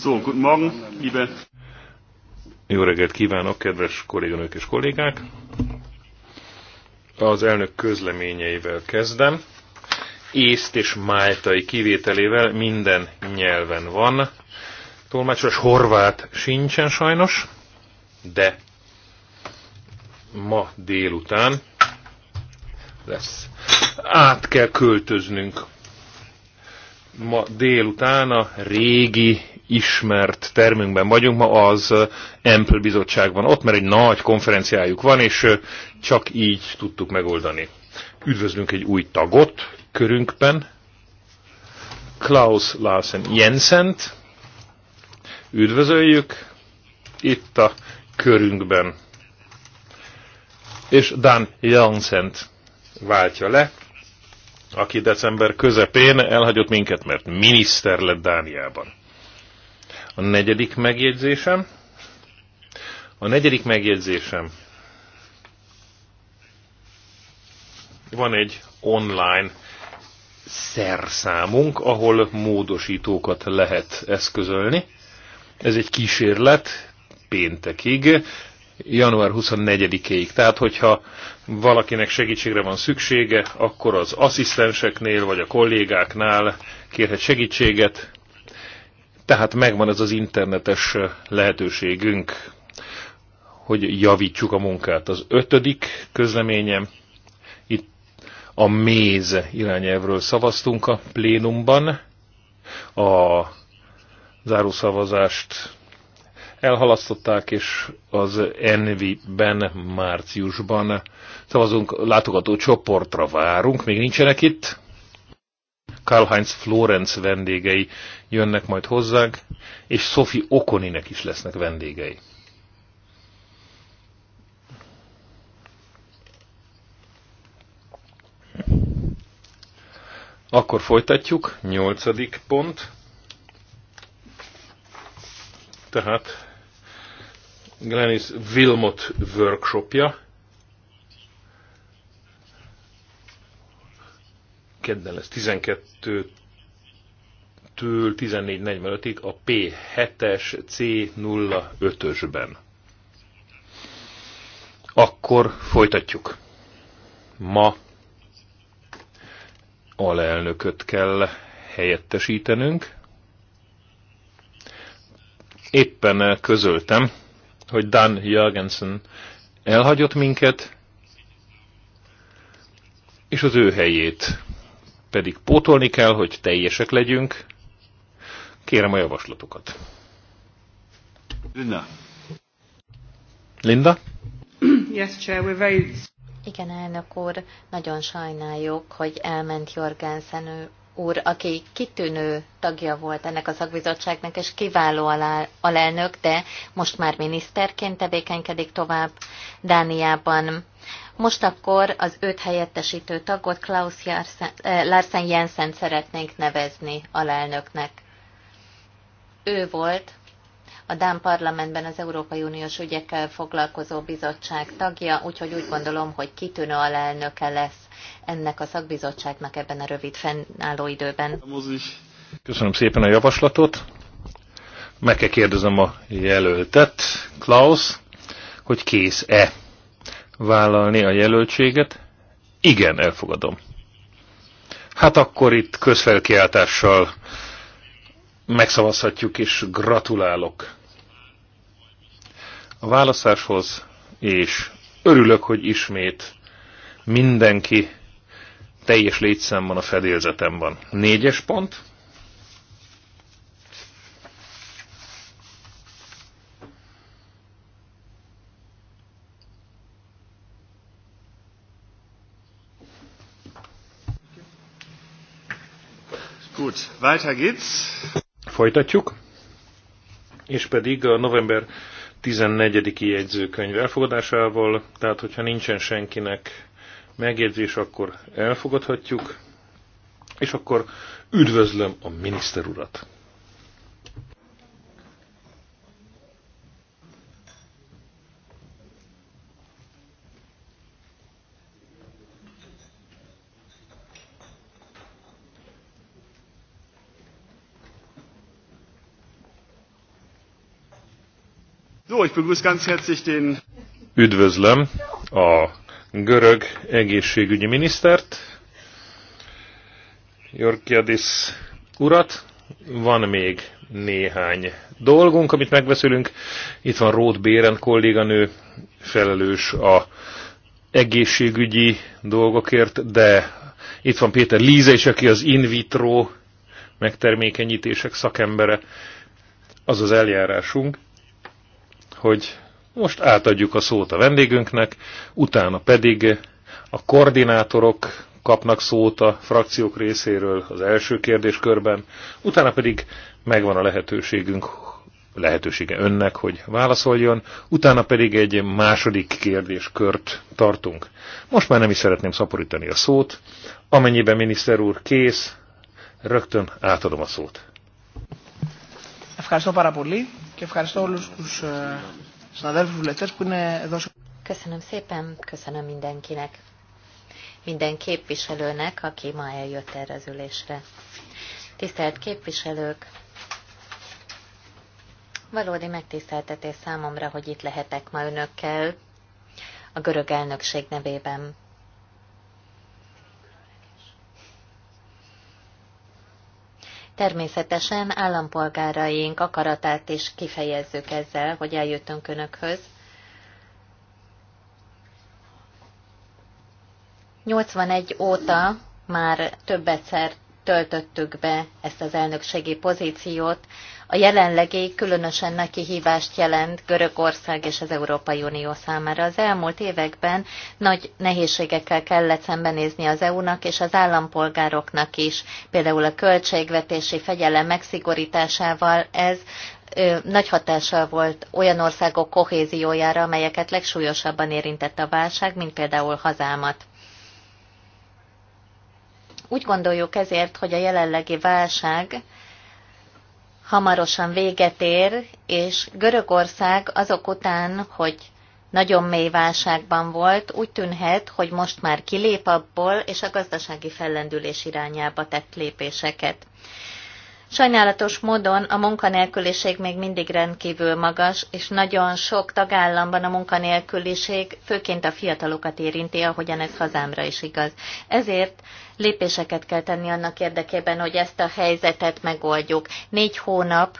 So, guten Morgen, liebe. Jó reggelt kívánok, kedves kolléganők és kollégák! Az elnök közleményeivel kezdem. Észt és máltai kivételével minden nyelven van. Tolmácsos horvát sincsen sajnos, de ma délután lesz. Át kell költöznünk ma délután a régi ismert termünkben vagyunk, ma az Ample bizottságban ott, mert egy nagy konferenciájuk van, és csak így tudtuk megoldani. Üdvözlünk egy új tagot körünkben, Klaus Larsen Jensent. Üdvözöljük itt a körünkben. És Dan Jansent váltja le, aki december közepén elhagyott minket, mert miniszter lett Dániában. A negyedik megjegyzésem. A negyedik megjegyzésem. Van egy online szerszámunk, ahol módosítókat lehet eszközölni. Ez egy kísérlet péntekig, január 24-ig. Tehát, hogyha valakinek segítségre van szüksége, akkor az asszisztenseknél vagy a kollégáknál kérhet segítséget. Tehát megvan ez az internetes lehetőségünk, hogy javítsuk a munkát. Az ötödik közleményem, itt a méz irányelvről szavaztunk a plénumban, a zárószavazást elhalasztották, és az Envi-ben márciusban szavazunk, látogató csoportra várunk, még nincsenek itt, Karl-Heinz Florenz vendégei jönnek majd hozzánk, és Sophie Okoninek is lesznek vendégei. Akkor folytatjuk, nyolcadik pont. Tehát Glenis Wilmot workshopja. kedden lesz 12-től 14.45-ig a P7-es C05-ösben. Akkor folytatjuk. Ma alelnököt kell helyettesítenünk. Éppen közöltem, hogy Dan Jörgensen elhagyott minket, és az ő helyét pedig pótolni kell, hogy teljesek legyünk. Kérem a javaslatokat. Linda. Linda? Yes, Chair, we're very... Igen, elnök úr, nagyon sajnáljuk, hogy elment Jorgensen úr, aki kitűnő tagja volt ennek a szakbizottságnak, és kiváló alelnök, de most már miniszterként tevékenykedik tovább Dániában most akkor az öt helyettesítő tagot Klaus eh, Larsen Jensen szeretnénk nevezni alelnöknek. Ő volt a Dán Parlamentben az Európai Uniós ügyekkel foglalkozó bizottság tagja, úgyhogy úgy gondolom, hogy kitűnő alelnöke lesz ennek a szakbizottságnak ebben a rövid fennálló időben. Köszönöm szépen a javaslatot. Meg kell kérdezem a jelöltet, Klaus, hogy kész-e vállalni a jelöltséget? Igen, elfogadom. Hát akkor itt közfelkiáltással megszavazhatjuk, és gratulálok a választáshoz, és örülök, hogy ismét mindenki teljes létszámban a fedélzetem van. Négyes pont. Gut, weiter geht's. Folytatjuk. És pedig a november 14 jegyzőkönyv elfogadásával, tehát hogyha nincsen senkinek megjegyzés, akkor elfogadhatjuk, és akkor üdvözlöm a miniszter urat. Ich begrüße ganz herzlich den... Üdvözlöm a görög egészségügyi minisztert, Jorkiadis urat. Van még néhány dolgunk, amit megbeszélünk. Itt van Rót Béren kolléganő, felelős a egészségügyi dolgokért, de itt van Péter Líze is, aki az in vitro megtermékenyítések szakembere. Az az eljárásunk, hogy most átadjuk a szót a vendégünknek, utána pedig a koordinátorok kapnak szót a frakciók részéről az első kérdéskörben, utána pedig megvan a lehetőségünk, lehetősége önnek, hogy válaszoljon, utána pedig egy második kérdéskört tartunk. Most már nem is szeretném szaporítani a szót, amennyiben miniszter úr kész, rögtön átadom a szót. Ευχαριστώ πάρα Και ευχαριστώ που είναι εδώ. Köszönöm szépen, köszönöm mindenkinek, minden képviselőnek, aki ma eljött erre az ülésre. Tisztelt képviselők, valódi megtiszteltetés számomra, hogy itt lehetek ma önökkel a görög elnökség nevében. Természetesen állampolgáraink akaratát is kifejezzük ezzel, hogy eljöttünk Önökhöz. 81 óta már többet szert töltöttük be ezt az elnökségi pozíciót, a jelenlegi különösen nagy hívást jelent Görögország és az Európai Unió számára. Az elmúlt években nagy nehézségekkel kellett szembenézni az EU-nak és az állampolgároknak is, például a költségvetési fegyelem megszigorításával ez nagy hatással volt olyan országok kohéziójára, amelyeket legsúlyosabban érintett a válság, mint például hazámat. Úgy gondoljuk ezért, hogy a jelenlegi válság hamarosan véget ér, és Görögország azok után, hogy nagyon mély válságban volt, úgy tűnhet, hogy most már kilép abból, és a gazdasági fellendülés irányába tett lépéseket. Sajnálatos módon a munkanélküliség még mindig rendkívül magas, és nagyon sok tagállamban a munkanélküliség főként a fiatalokat érinti, ahogyan ez hazámra is igaz. Ezért lépéseket kell tenni annak érdekében, hogy ezt a helyzetet megoldjuk. Négy hónap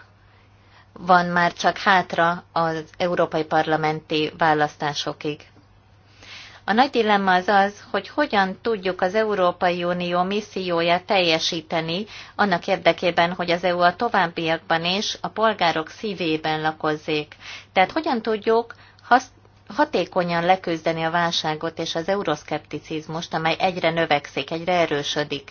van már csak hátra az európai parlamenti választásokig. A nagy dilemma az az, hogy hogyan tudjuk az Európai Unió misszióját teljesíteni, annak érdekében, hogy az EU a továbbiakban is a polgárok szívében lakozzék. Tehát hogyan tudjuk hasz, hatékonyan leküzdeni a válságot és az euroszkepticizmust, amely egyre növekszik, egyre erősödik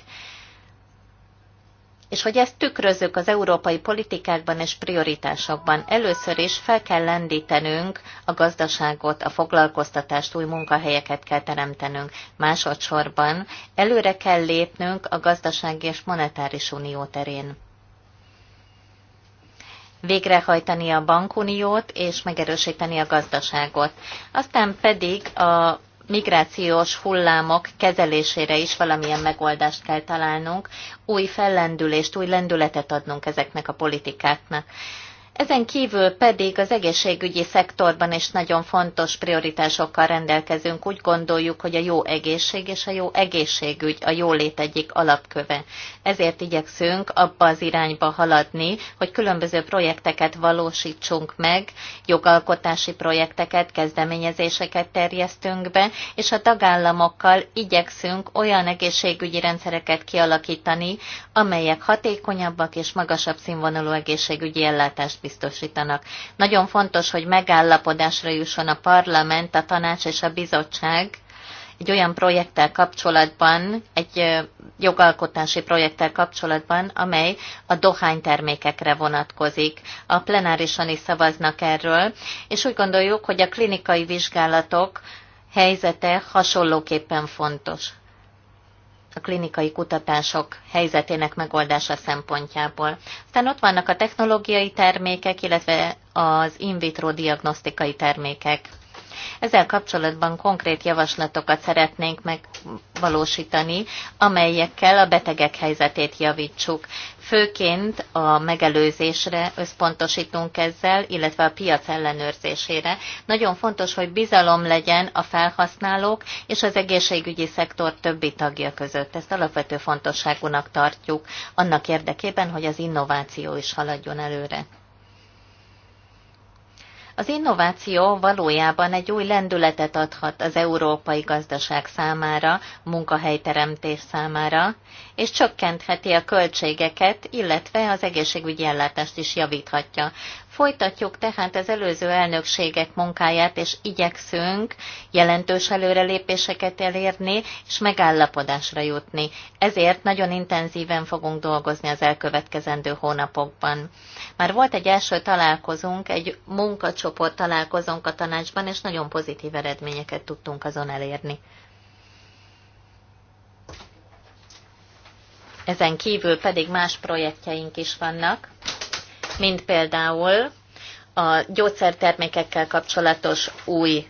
és hogy ezt tükrözzük az európai politikákban és prioritásokban. Először is fel kell lendítenünk a gazdaságot, a foglalkoztatást, új munkahelyeket kell teremtenünk. Másodszorban előre kell lépnünk a gazdasági és monetáris unió terén. Végrehajtani a bankuniót és megerősíteni a gazdaságot. Aztán pedig a migrációs hullámok kezelésére is valamilyen megoldást kell találnunk, új fellendülést, új lendületet adnunk ezeknek a politikáknak. Ezen kívül pedig az egészségügyi szektorban is nagyon fontos prioritásokkal rendelkezünk. Úgy gondoljuk, hogy a jó egészség és a jó egészségügy a jólét egyik alapköve. Ezért igyekszünk abba az irányba haladni, hogy különböző projekteket valósítsunk meg, jogalkotási projekteket, kezdeményezéseket terjesztünk be, és a tagállamokkal igyekszünk olyan egészségügyi rendszereket kialakítani, amelyek hatékonyabbak és magasabb színvonalú egészségügyi ellátást biztosítanak. Nagyon fontos, hogy megállapodásra jusson a parlament, a tanács és a bizottság egy olyan projekttel kapcsolatban, egy jogalkotási projekttel kapcsolatban, amely a dohánytermékekre vonatkozik. A plenárisan is szavaznak erről, és úgy gondoljuk, hogy a klinikai vizsgálatok helyzete hasonlóképpen fontos a klinikai kutatások helyzetének megoldása szempontjából. Aztán ott vannak a technológiai termékek, illetve az in vitro diagnosztikai termékek. Ezzel kapcsolatban konkrét javaslatokat szeretnénk megvalósítani, amelyekkel a betegek helyzetét javítsuk. Főként a megelőzésre összpontosítunk ezzel, illetve a piac ellenőrzésére. Nagyon fontos, hogy bizalom legyen a felhasználók és az egészségügyi szektor többi tagja között. Ezt alapvető fontosságúnak tartjuk, annak érdekében, hogy az innováció is haladjon előre. Az innováció valójában egy új lendületet adhat az európai gazdaság számára, munkahelyteremtés számára, és csökkentheti a költségeket, illetve az egészségügyi ellátást is javíthatja. Folytatjuk tehát az előző elnökségek munkáját, és igyekszünk jelentős előrelépéseket elérni, és megállapodásra jutni. Ezért nagyon intenzíven fogunk dolgozni az elkövetkezendő hónapokban. Már volt egy első találkozunk, egy munkacsoport találkozónk a tanácsban, és nagyon pozitív eredményeket tudtunk azon elérni. Ezen kívül pedig más projektjeink is vannak, mint például a gyógyszertermékekkel kapcsolatos új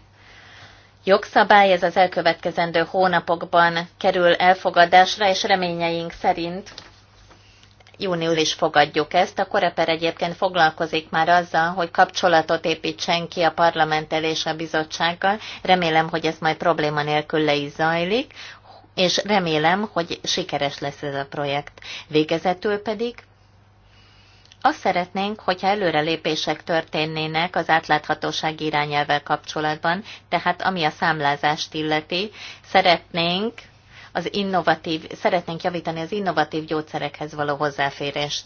jogszabály, ez az elkövetkezendő hónapokban kerül elfogadásra, és reményeink szerint június is fogadjuk ezt. A Koreper egyébként foglalkozik már azzal, hogy kapcsolatot építsen ki a parlamenttel és a bizottsággal. Remélem, hogy ez majd probléma nélkül le is zajlik, és remélem, hogy sikeres lesz ez a projekt. Végezetül pedig azt szeretnénk, hogyha előrelépések történnének az átláthatóság irányelvel kapcsolatban, tehát ami a számlázást illeti, szeretnénk az innovatív, szeretnénk javítani az innovatív gyógyszerekhez való hozzáférést.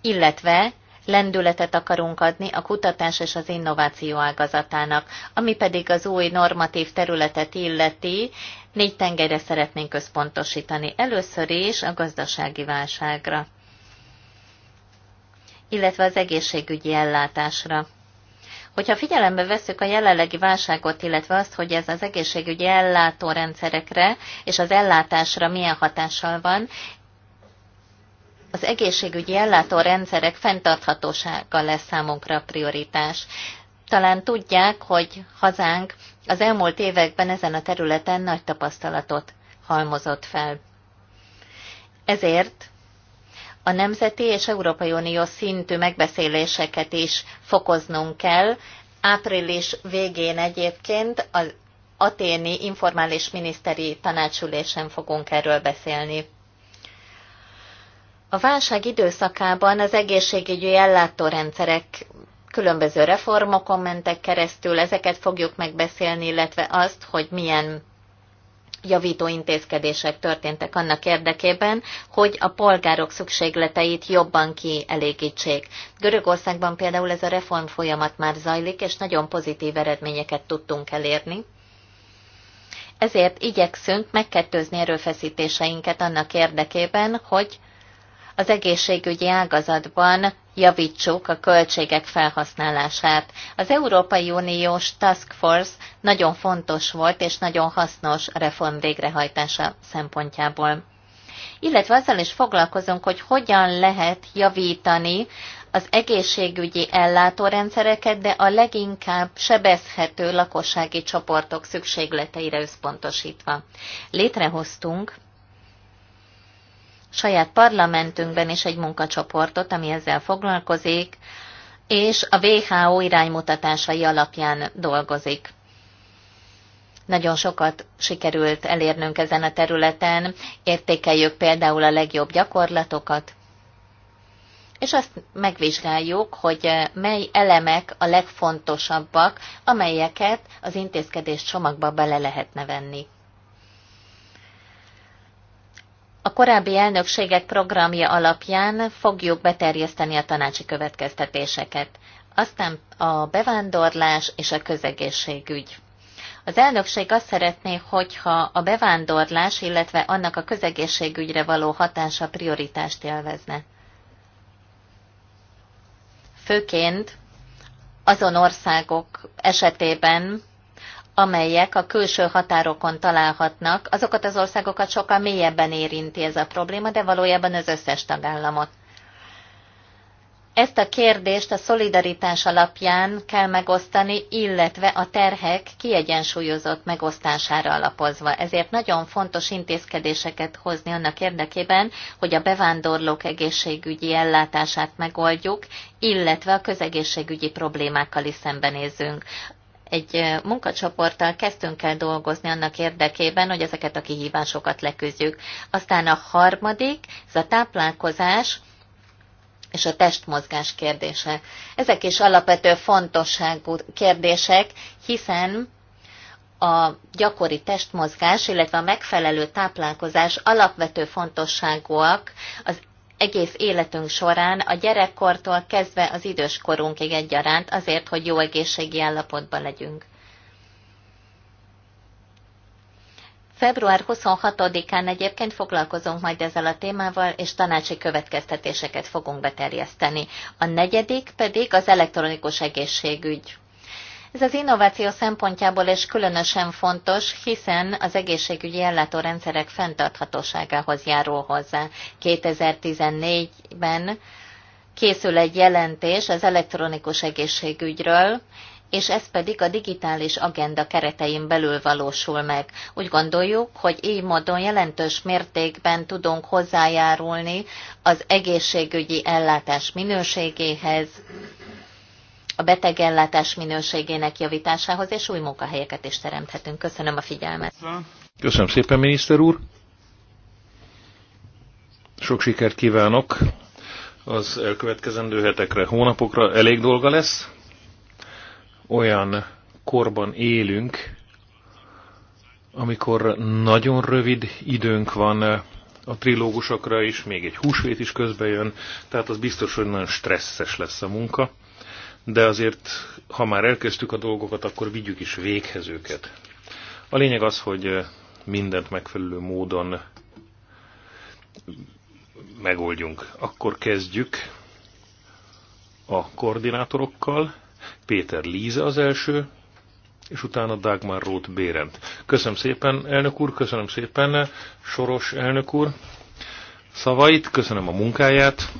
Illetve lendületet akarunk adni a kutatás és az innováció ágazatának, ami pedig az új normatív területet illeti, négy tengerre szeretnénk központosítani. Először is a gazdasági válságra illetve az egészségügyi ellátásra. Hogyha figyelembe veszük a jelenlegi válságot, illetve azt, hogy ez az egészségügyi ellátórendszerekre és az ellátásra milyen hatással van, az egészségügyi ellátórendszerek fenntarthatósága lesz számunkra a prioritás. Talán tudják, hogy hazánk az elmúlt években ezen a területen nagy tapasztalatot halmozott fel. Ezért a nemzeti és Európai Unió szintű megbeszéléseket is fokoznunk kell. Április végén egyébként az aténi informális miniszteri tanácsülésen fogunk erről beszélni. A válság időszakában az egészségügyi ellátórendszerek különböző reformokon mentek keresztül, ezeket fogjuk megbeszélni, illetve azt, hogy milyen javító intézkedések történtek annak érdekében, hogy a polgárok szükségleteit jobban kielégítsék. Görögországban például ez a reform folyamat már zajlik, és nagyon pozitív eredményeket tudtunk elérni. Ezért igyekszünk megkettőzni erőfeszítéseinket annak érdekében, hogy az egészségügyi ágazatban javítsuk a költségek felhasználását. Az Európai Uniós Task Force nagyon fontos volt és nagyon hasznos reform végrehajtása szempontjából. Illetve azzal is foglalkozunk, hogy hogyan lehet javítani az egészségügyi ellátórendszereket, de a leginkább sebezhető lakossági csoportok szükségleteire összpontosítva. Létrehoztunk saját parlamentünkben is egy munkacsoportot, ami ezzel foglalkozik, és a WHO iránymutatásai alapján dolgozik. Nagyon sokat sikerült elérnünk ezen a területen, értékeljük például a legjobb gyakorlatokat, és azt megvizsgáljuk, hogy mely elemek a legfontosabbak, amelyeket az intézkedés csomagba bele lehetne venni. a korábbi elnökségek programja alapján fogjuk beterjeszteni a tanácsi következtetéseket. Aztán a bevándorlás és a közegészségügy. Az elnökség azt szeretné, hogyha a bevándorlás, illetve annak a közegészségügyre való hatása prioritást élvezne. Főként azon országok esetében, amelyek a külső határokon találhatnak, azokat az országokat sokkal mélyebben érinti ez a probléma, de valójában az összes tagállamot. Ezt a kérdést a szolidaritás alapján kell megosztani, illetve a terhek kiegyensúlyozott megosztására alapozva. Ezért nagyon fontos intézkedéseket hozni annak érdekében, hogy a bevándorlók egészségügyi ellátását megoldjuk, illetve a közegészségügyi problémákkal is szembenézzünk egy munkacsoporttal kezdtünk el dolgozni annak érdekében, hogy ezeket a kihívásokat leküzdjük. Aztán a harmadik, ez a táplálkozás, és a testmozgás kérdése. Ezek is alapvető fontosságú kérdések, hiszen a gyakori testmozgás, illetve a megfelelő táplálkozás alapvető fontosságúak az egész életünk során, a gyerekkortól kezdve az idős korunkig egyaránt, azért, hogy jó egészségi állapotban legyünk. Február 26-án egyébként foglalkozunk majd ezzel a témával, és tanácsi következtetéseket fogunk beterjeszteni. A negyedik pedig az elektronikus egészségügy. Ez az innováció szempontjából is különösen fontos, hiszen az egészségügyi ellátórendszerek fenntarthatóságához járul hozzá. 2014-ben készül egy jelentés az elektronikus egészségügyről, és ez pedig a digitális agenda keretein belül valósul meg. Úgy gondoljuk, hogy így módon jelentős mértékben tudunk hozzájárulni az egészségügyi ellátás minőségéhez, a betegellátás minőségének javításához, és új munkahelyeket is teremthetünk. Köszönöm a figyelmet. Köszönöm szépen, miniszter úr. Sok sikert kívánok az elkövetkezendő hetekre, hónapokra. Elég dolga lesz. Olyan korban élünk, amikor nagyon rövid időnk van a trilógusokra is, még egy húsvét is közbe jön, tehát az biztos, hogy nagyon stresszes lesz a munka de azért, ha már elkezdtük a dolgokat, akkor vigyük is véghez őket. A lényeg az, hogy eh, mindent megfelelő módon megoldjunk. Akkor kezdjük a koordinátorokkal. Péter Líze az első, és utána Dagmar Roth Bérent. Köszönöm szépen, elnök úr, köszönöm szépen, Soros elnök úr szavait, köszönöm a munkáját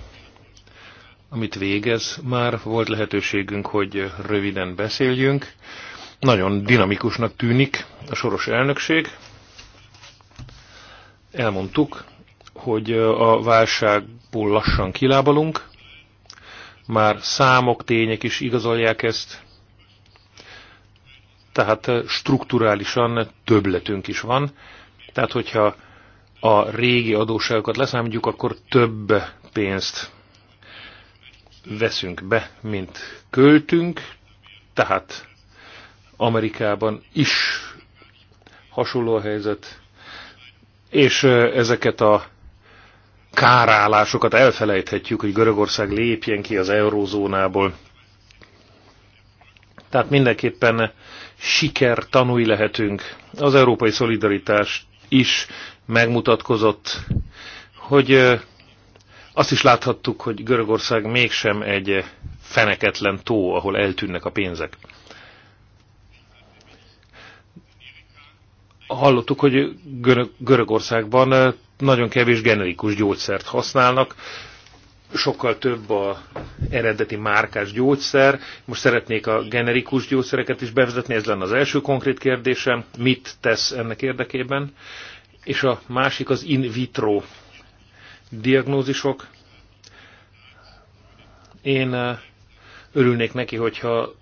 amit végez. Már volt lehetőségünk, hogy röviden beszéljünk. Nagyon dinamikusnak tűnik a soros elnökség. Elmondtuk, hogy a válságból lassan kilábalunk. Már számok, tények is igazolják ezt. Tehát strukturálisan többletünk is van. Tehát, hogyha a régi adósságokat leszámítjuk, akkor több pénzt veszünk be, mint költünk, tehát Amerikában is hasonló a helyzet, és ezeket a kárállásokat elfelejthetjük, hogy Görögország lépjen ki az eurózónából. Tehát mindenképpen siker tanúi lehetünk. Az európai szolidaritás is megmutatkozott, hogy azt is láthattuk, hogy Görögország mégsem egy feneketlen tó, ahol eltűnnek a pénzek. Hallottuk, hogy Görög Görögországban nagyon kevés generikus gyógyszert használnak, sokkal több a eredeti márkás gyógyszer. Most szeretnék a generikus gyógyszereket is bevezetni, ez lenne az első konkrét kérdésem. Mit tesz ennek érdekében? És a másik az in vitro diagnózisok. Én eh, örülnék neki, hogyha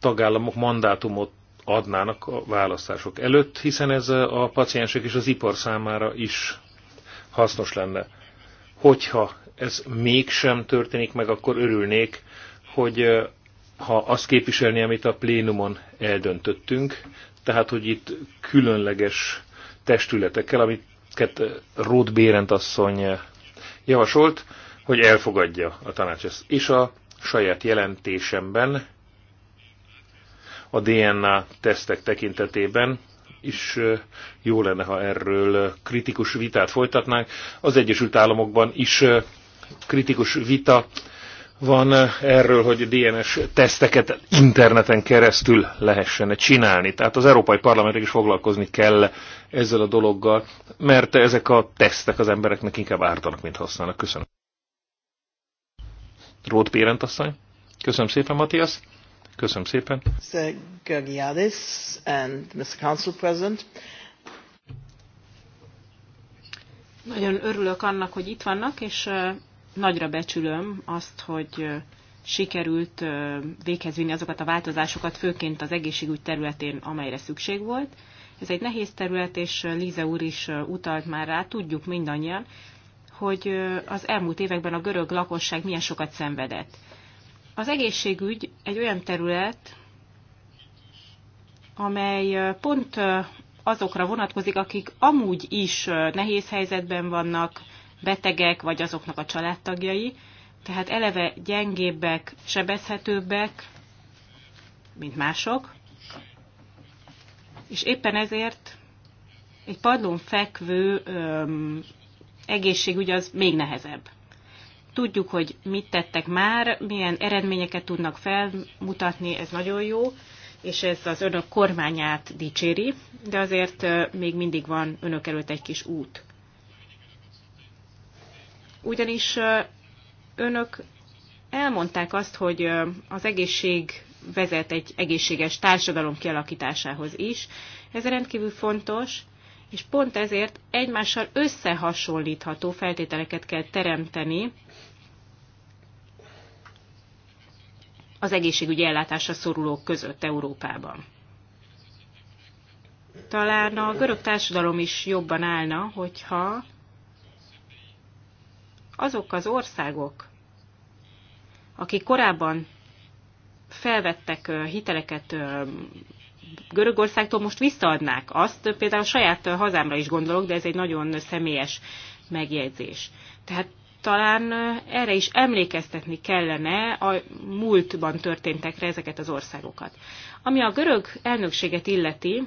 tagállamok mandátumot adnának a választások előtt, hiszen ez eh, a paciensek és az ipar számára is hasznos lenne. Hogyha ez mégsem történik meg, akkor örülnék, hogy eh, ha azt képviselni, amit a plénumon eldöntöttünk, tehát hogy itt különleges testületekkel, amit amiket Ruth Bérent asszony javasolt, hogy elfogadja a tanács ezt. És a saját jelentésemben a DNA tesztek tekintetében is jó lenne, ha erről kritikus vitát folytatnánk. Az Egyesült Államokban is kritikus vita van eh, erről, hogy DNS teszteket interneten keresztül lehessen csinálni. Tehát az Európai Parlamentnek is foglalkozni kell ezzel a dologgal, mert ezek a tesztek az embereknek inkább ártanak, mint használnak. Köszönöm. Rót Pérent asszony. Köszönöm szépen, Matthias. Köszönöm szépen. Mr. and Mr. Council President. Nagyon örülök annak, hogy itt vannak, és eh, nagyra becsülöm azt, hogy sikerült véghez vinni azokat a változásokat, főként az egészségügy területén, amelyre szükség volt. Ez egy nehéz terület, és Líze úr is utalt már rá, tudjuk mindannyian, hogy az elmúlt években a görög lakosság milyen sokat szenvedett. Az egészségügy egy olyan terület, amely pont azokra vonatkozik, akik amúgy is nehéz helyzetben vannak, betegek, vagy azoknak a családtagjai, tehát eleve gyengébbek, sebezhetőbbek, mint mások, és éppen ezért egy padlón fekvő öm, egészségügy az még nehezebb. Tudjuk, hogy mit tettek már, milyen eredményeket tudnak felmutatni, ez nagyon jó, és ez az önök kormányát dicséri, de azért még mindig van önök előtt egy kis út ugyanis önök elmondták azt, hogy az egészség vezet egy egészséges társadalom kialakításához is. Ez rendkívül fontos, és pont ezért egymással összehasonlítható feltételeket kell teremteni az egészségügyi ellátásra szorulók között Európában. Talán a görög társadalom is jobban állna, hogyha azok az országok, akik korábban felvettek hiteleket Görögországtól, most visszaadnák azt, például a saját hazámra is gondolok, de ez egy nagyon személyes megjegyzés. Tehát talán erre is emlékeztetni kellene a múltban történtekre ezeket az országokat. Ami a görög elnökséget illeti,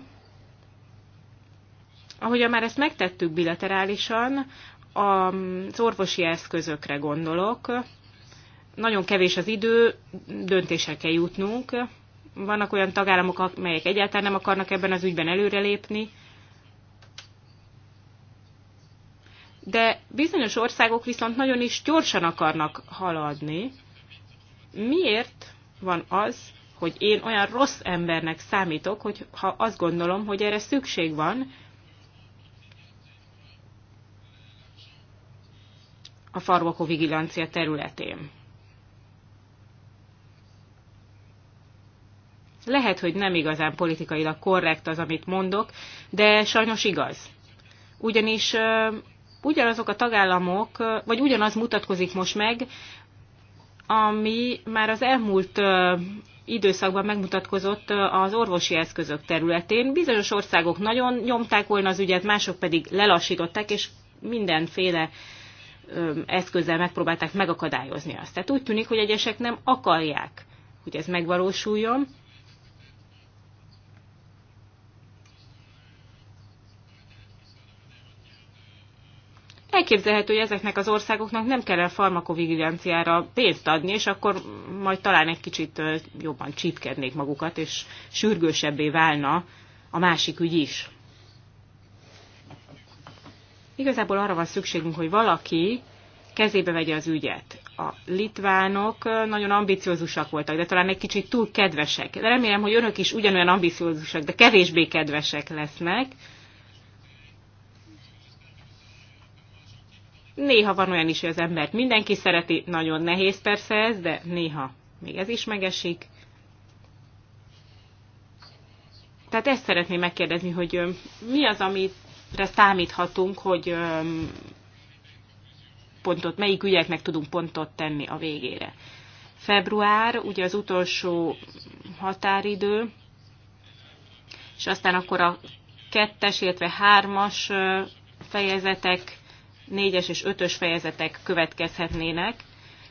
ahogyan már ezt megtettük bilaterálisan, az orvosi eszközökre gondolok. Nagyon kevés az idő, döntésekkel kell jutnunk. Vannak olyan tagállamok, amelyek egyáltalán nem akarnak ebben az ügyben előrelépni. De bizonyos országok viszont nagyon is gyorsan akarnak haladni. Miért van az, hogy én olyan rossz embernek számítok, hogy ha azt gondolom, hogy erre szükség van, a farmakovigilancia területén. Lehet, hogy nem igazán politikailag korrekt az, amit mondok, de sajnos igaz. Ugyanis ugyanazok a tagállamok, vagy ugyanaz mutatkozik most meg, ami már az elmúlt időszakban megmutatkozott az orvosi eszközök területén. Bizonyos országok nagyon nyomták volna az ügyet, mások pedig lelassították, és mindenféle eszközzel megpróbálták megakadályozni azt. Tehát úgy tűnik, hogy egyesek nem akarják, hogy ez megvalósuljon. Elképzelhető, hogy ezeknek az országoknak nem kell a farmakovigilanciára pénzt adni, és akkor majd talán egy kicsit jobban csípkednék magukat, és sürgősebbé válna a másik ügy is. Igazából arra van szükségünk, hogy valaki kezébe vegye az ügyet. A litvánok nagyon ambiciózusak voltak, de talán egy kicsit túl kedvesek. De remélem, hogy önök is ugyanolyan ambiciózusak, de kevésbé kedvesek lesznek. Néha van olyan is, hogy az embert mindenki szereti, nagyon nehéz persze ez, de néha még ez is megesik. Tehát ezt szeretném megkérdezni, hogy mi az, amit számíthatunk, hogy pontot, melyik ügyeknek tudunk pontot tenni a végére. Február, ugye az utolsó határidő, és aztán akkor a kettes, illetve hármas fejezetek, négyes és ötös fejezetek következhetnének,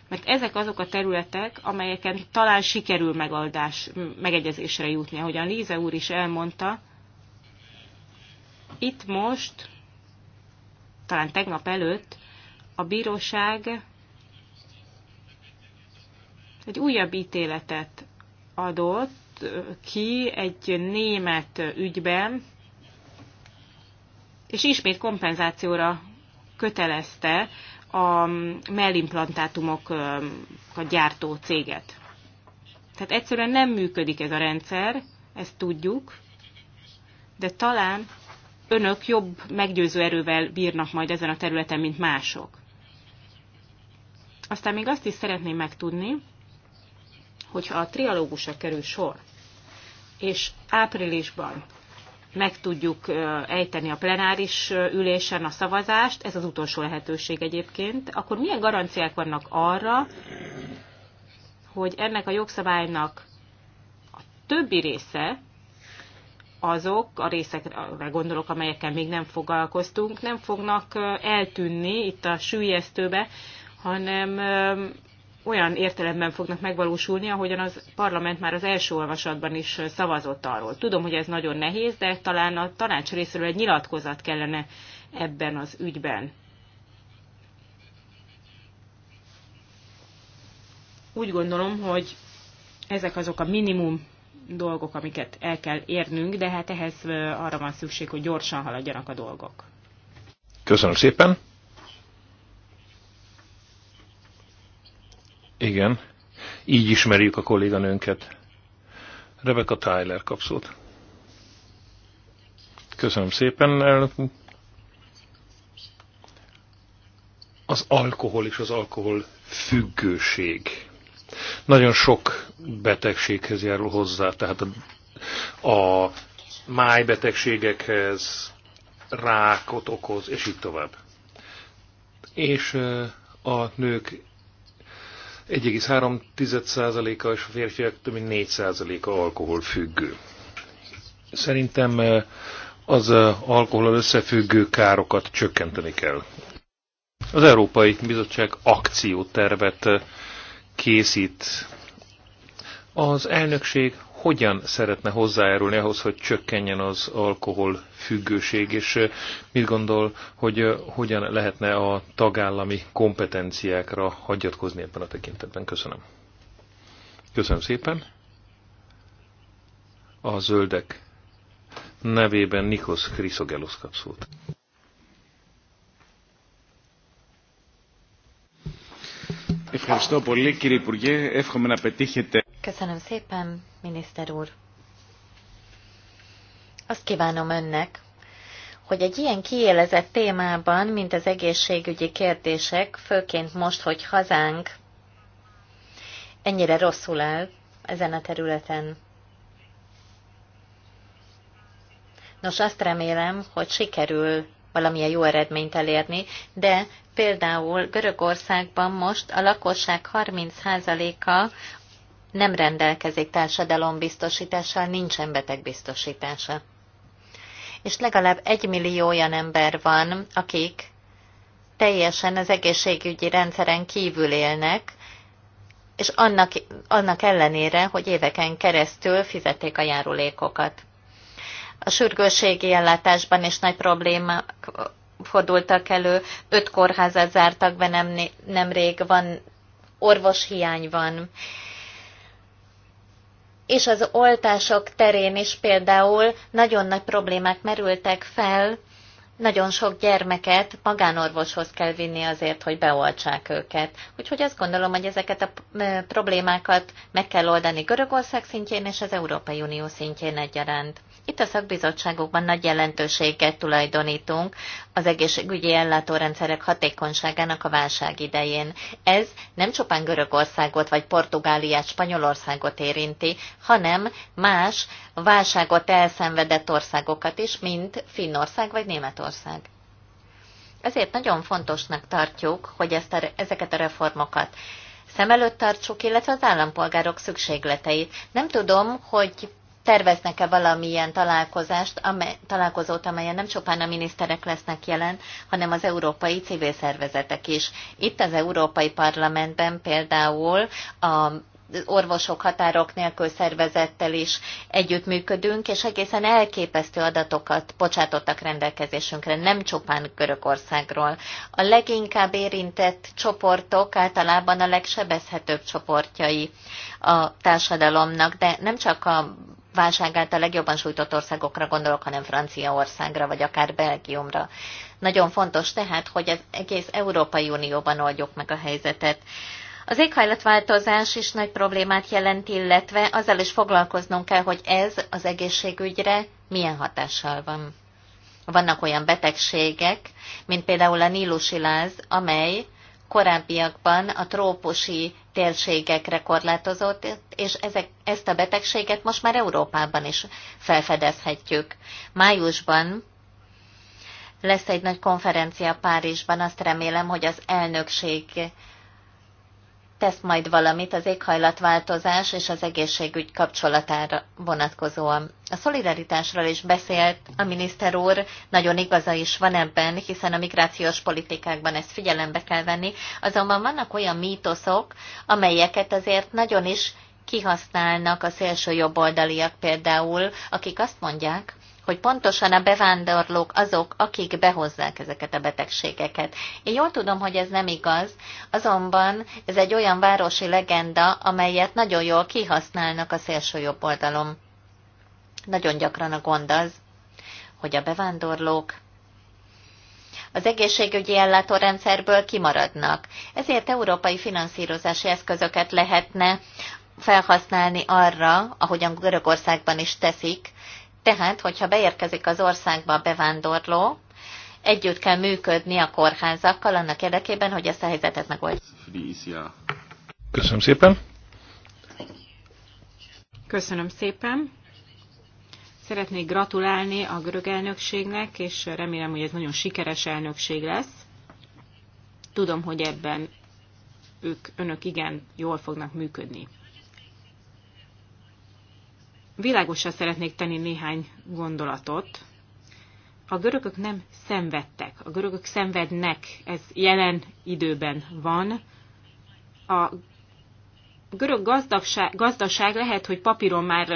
mert ezek azok a területek, amelyeken talán sikerül megoldás, megegyezésre jutni. Ahogyan Líze úr is elmondta, itt most, talán tegnap előtt, a bíróság egy újabb ítéletet adott ki egy német ügyben, és ismét kompenzációra kötelezte a mellimplantátumok a gyártó céget. Tehát egyszerűen nem működik ez a rendszer, ezt tudjuk, de talán önök jobb meggyőző erővel bírnak majd ezen a területen, mint mások. Aztán még azt is szeretném megtudni, hogyha a trialógusra kerül sor, és áprilisban meg tudjuk ejteni a plenáris ülésen a szavazást, ez az utolsó lehetőség egyébként, akkor milyen garanciák vannak arra, hogy ennek a jogszabálynak a többi része, azok a részekre gondolok, amelyekkel még nem foglalkoztunk, nem fognak eltűnni itt a sűjesztőbe, hanem olyan értelemben fognak megvalósulni, ahogyan az parlament már az első olvasatban is szavazott arról. Tudom, hogy ez nagyon nehéz, de talán a tanács részéről egy nyilatkozat kellene ebben az ügyben. Úgy gondolom, hogy ezek azok a minimum dolgok, amiket el kell érnünk, de hát ehhez arra van szükség, hogy gyorsan haladjanak a dolgok. Köszönöm szépen! Igen, így ismerjük a kolléganőnket. Rebecca Tyler kapszót. Köszönöm szépen, elnök Az alkohol és az alkohol függőség nagyon sok betegséghez járul hozzá, tehát a, a májbetegségekhez, rákot okoz, és így tovább. És a nők 1,3%-a és a férfiak több mint 4%-a alkoholfüggő. Szerintem az alkohol összefüggő károkat csökkenteni kell. Az Európai Bizottság akciótervet készít. Az elnökség hogyan szeretne hozzájárulni ahhoz, hogy csökkenjen az alkohol függőség, és mit gondol, hogy hogyan lehetne a tagállami kompetenciákra hagyatkozni ebben a tekintetben? Köszönöm. Köszönöm szépen. A zöldek nevében Nikos Krisogelos kap Ευχαριστώ πολύ κύριε Υπουργέ. Εύχομαι να πετύχετε. Köszönöm szépen, miniszter úr. Azt kívánom önnek, hogy egy ilyen kiélezett témában, mint az egészségügyi kérdések, főként most, hogy hazánk ennyire rosszul áll ezen a területen. Nos, azt remélem, hogy sikerül valamilyen jó eredményt elérni, de például Görögországban most a lakosság 30%-a nem rendelkezik társadalombiztosítással, nincsen betegbiztosítása. És legalább egy millió olyan ember van, akik teljesen az egészségügyi rendszeren kívül élnek, és annak, annak ellenére, hogy éveken keresztül fizették a járulékokat. A sürgősségi ellátásban is nagy problémák fordultak elő. Öt kórházat zártak be nem, nemrég, van orvoshiány van. És az oltások terén is például nagyon nagy problémák merültek fel, nagyon sok gyermeket magánorvoshoz kell vinni azért, hogy beoltsák őket. Úgyhogy azt gondolom, hogy ezeket a problémákat meg kell oldani Görögország szintjén és az Európai Unió szintjén egyaránt. Itt a szakbizottságokban nagy jelentőséget tulajdonítunk az egészségügyi ellátórendszerek hatékonyságának a válság idején. Ez nem csupán Görögországot vagy Portugáliát, Spanyolországot érinti, hanem más válságot elszenvedett országokat is, mint Finnország vagy Németország. Ezért nagyon fontosnak tartjuk, hogy ezt a, ezeket a reformokat szem előtt tartsuk, illetve az állampolgárok szükségleteit. Nem tudom, hogy terveznek-e valamilyen találkozást, amely, találkozót, amelyen nem csupán a miniszterek lesznek jelen, hanem az európai civil szervezetek is. Itt az Európai Parlamentben például a orvosok határok nélkül szervezettel is együttműködünk, és egészen elképesztő adatokat bocsátottak rendelkezésünkre, nem csupán Görögországról. A leginkább érintett csoportok általában a legsebezhetőbb csoportjai a társadalomnak, de nem csak a válság által legjobban sújtott országokra gondolok, hanem Franciaországra, vagy akár Belgiumra. Nagyon fontos tehát, hogy az egész Európai Unióban oldjuk meg a helyzetet. Az éghajlatváltozás is nagy problémát jelent, illetve azzal is foglalkoznunk kell, hogy ez az egészségügyre milyen hatással van. Vannak olyan betegségek, mint például a láz, amely korábbiakban a trópusi térségekre korlátozott, és ezek, ezt a betegséget most már Európában is felfedezhetjük. Májusban lesz egy nagy konferencia Párizsban, azt remélem, hogy az elnökség tesz majd valamit az éghajlatváltozás és az egészségügy kapcsolatára vonatkozóan. A szolidaritásról is beszélt a miniszter úr, nagyon igaza is van ebben, hiszen a migrációs politikákban ezt figyelembe kell venni, azonban vannak olyan mítoszok, amelyeket azért nagyon is kihasználnak a szélső jobboldaliak például, akik azt mondják, hogy pontosan a bevándorlók azok, akik behozzák ezeket a betegségeket. Én jól tudom, hogy ez nem igaz, azonban ez egy olyan városi legenda, amelyet nagyon jól kihasználnak a szélső jobb oldalon. Nagyon gyakran a gond az, hogy a bevándorlók az egészségügyi ellátórendszerből kimaradnak. Ezért európai finanszírozási eszközöket lehetne felhasználni arra, ahogyan Görögországban is teszik, tehát, hogyha beérkezik az országba a bevándorló, együtt kell működni a kórházakkal annak érdekében, hogy ezt a helyzetet megoldjuk. Köszönöm szépen. Köszönöm szépen. Szeretnék gratulálni a görög elnökségnek, és remélem, hogy ez nagyon sikeres elnökség lesz. Tudom, hogy ebben ők, önök igen jól fognak működni világosra szeretnék tenni néhány gondolatot. A görögök nem szenvedtek, a görögök szenvednek, ez jelen időben van. A görög gazdagság, gazdaság lehet, hogy papíron már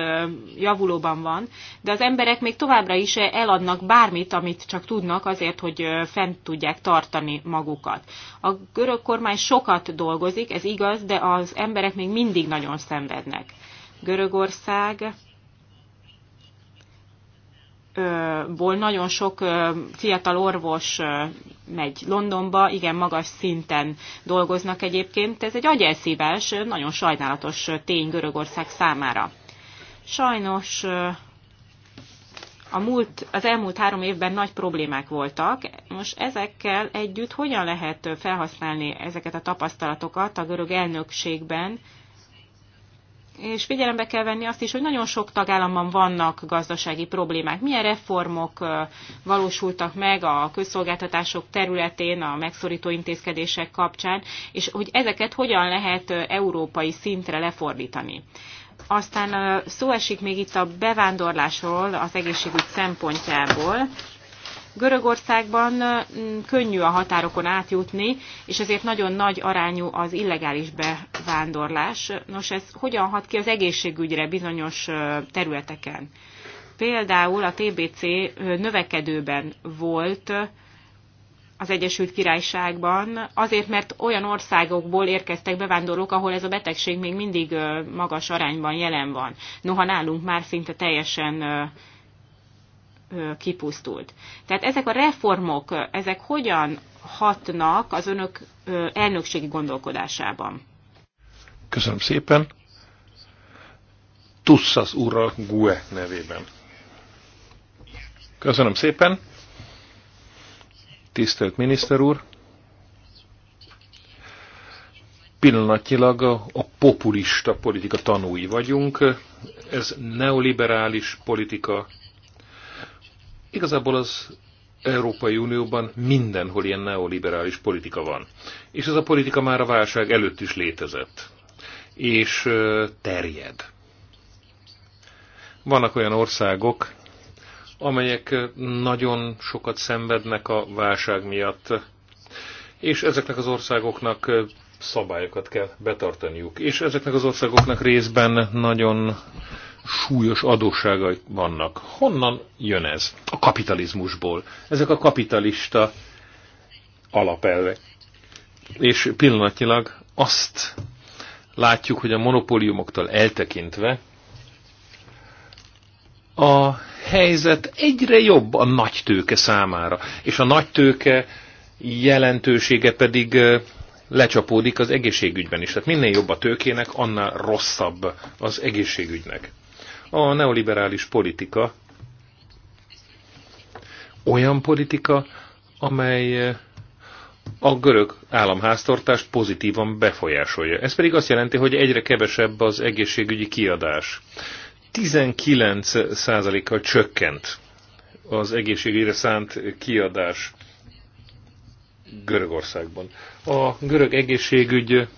javulóban van, de az emberek még továbbra is eladnak bármit, amit csak tudnak azért, hogy fent tudják tartani magukat. A görög kormány sokat dolgozik, ez igaz, de az emberek még mindig nagyon szenvednek. Görögország ból nagyon sok fiatal orvos megy Londonba, igen magas szinten dolgoznak egyébként. Ez egy agyelszívás, nagyon sajnálatos tény Görögország számára. Sajnos a múlt, az elmúlt három évben nagy problémák voltak. Most ezekkel együtt hogyan lehet felhasználni ezeket a tapasztalatokat a görög elnökségben, és figyelembe kell venni azt is, hogy nagyon sok tagállamban vannak gazdasági problémák. Milyen reformok valósultak meg a közszolgáltatások területén, a megszorító intézkedések kapcsán, és hogy ezeket hogyan lehet európai szintre lefordítani. Aztán szó esik még itt a bevándorlásról az egészségügy szempontjából. Görögországban könnyű a határokon átjutni, és ezért nagyon nagy arányú az illegális bevándorlás. Nos, ez hogyan hat ki az egészségügyre bizonyos területeken? Például a TBC növekedőben volt az Egyesült Királyságban, azért, mert olyan országokból érkeztek bevándorlók, ahol ez a betegség még mindig magas arányban jelen van. Noha nálunk már szinte teljesen kipusztult. Tehát ezek a reformok, ezek hogyan hatnak az önök elnökségi gondolkodásában? Köszönöm szépen. Tussas úrral Gue nevében. Köszönöm szépen. Tisztelt miniszter úr. Pillanatnyilag a populista politika tanúi vagyunk. Ez neoliberális politika Igazából az Európai Unióban mindenhol ilyen neoliberális politika van. És ez a politika már a válság előtt is létezett. És terjed. Vannak olyan országok, amelyek nagyon sokat szenvednek a válság miatt, és ezeknek az országoknak szabályokat kell betartaniuk. És ezeknek az országoknak részben nagyon súlyos adósságai vannak. Honnan jön ez? A kapitalizmusból. Ezek a kapitalista alapelvek. És pillanatnyilag azt látjuk, hogy a monopóliumoktól eltekintve a helyzet egyre jobb a nagy tőke számára, és a nagy tőke jelentősége pedig lecsapódik az egészségügyben is. Tehát minél jobb a tőkének, annál rosszabb az egészségügynek a neoliberális politika olyan politika, amely eh, a görög államháztartás pozitívan befolyásolja. Ez pedig azt jelenti, hogy egyre kevesebb az egészségügyi kiadás. 19%-kal csökkent az egészségügyre szánt kiadás Görögországban. A görög egészségügy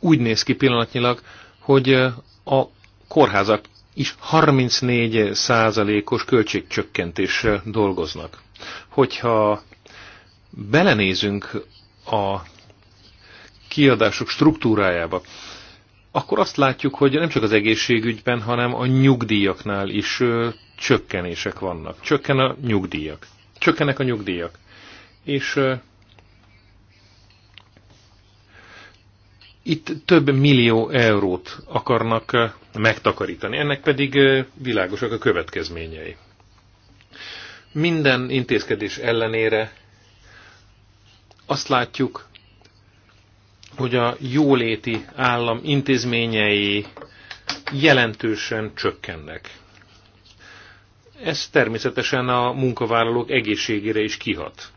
úgy néz ki pillanatnyilag, hogy a kórházak is 34 százalékos költségcsökkentéssel dolgoznak. Hogyha belenézünk a kiadások struktúrájába, akkor azt látjuk, hogy nem csak az egészségügyben, hanem a nyugdíjaknál is csökkenések vannak. Csökken a nyugdíjak. Csökkenek a nyugdíjak. És itt több millió eurót akarnak eh, megtakarítani, ennek pedig eh, világosak a következményei. Minden intézkedés ellenére azt látjuk, hogy a jóléti állam intézményei jelentősen csökkennek. Ez természetesen a munkavállalók egészségére is kihat.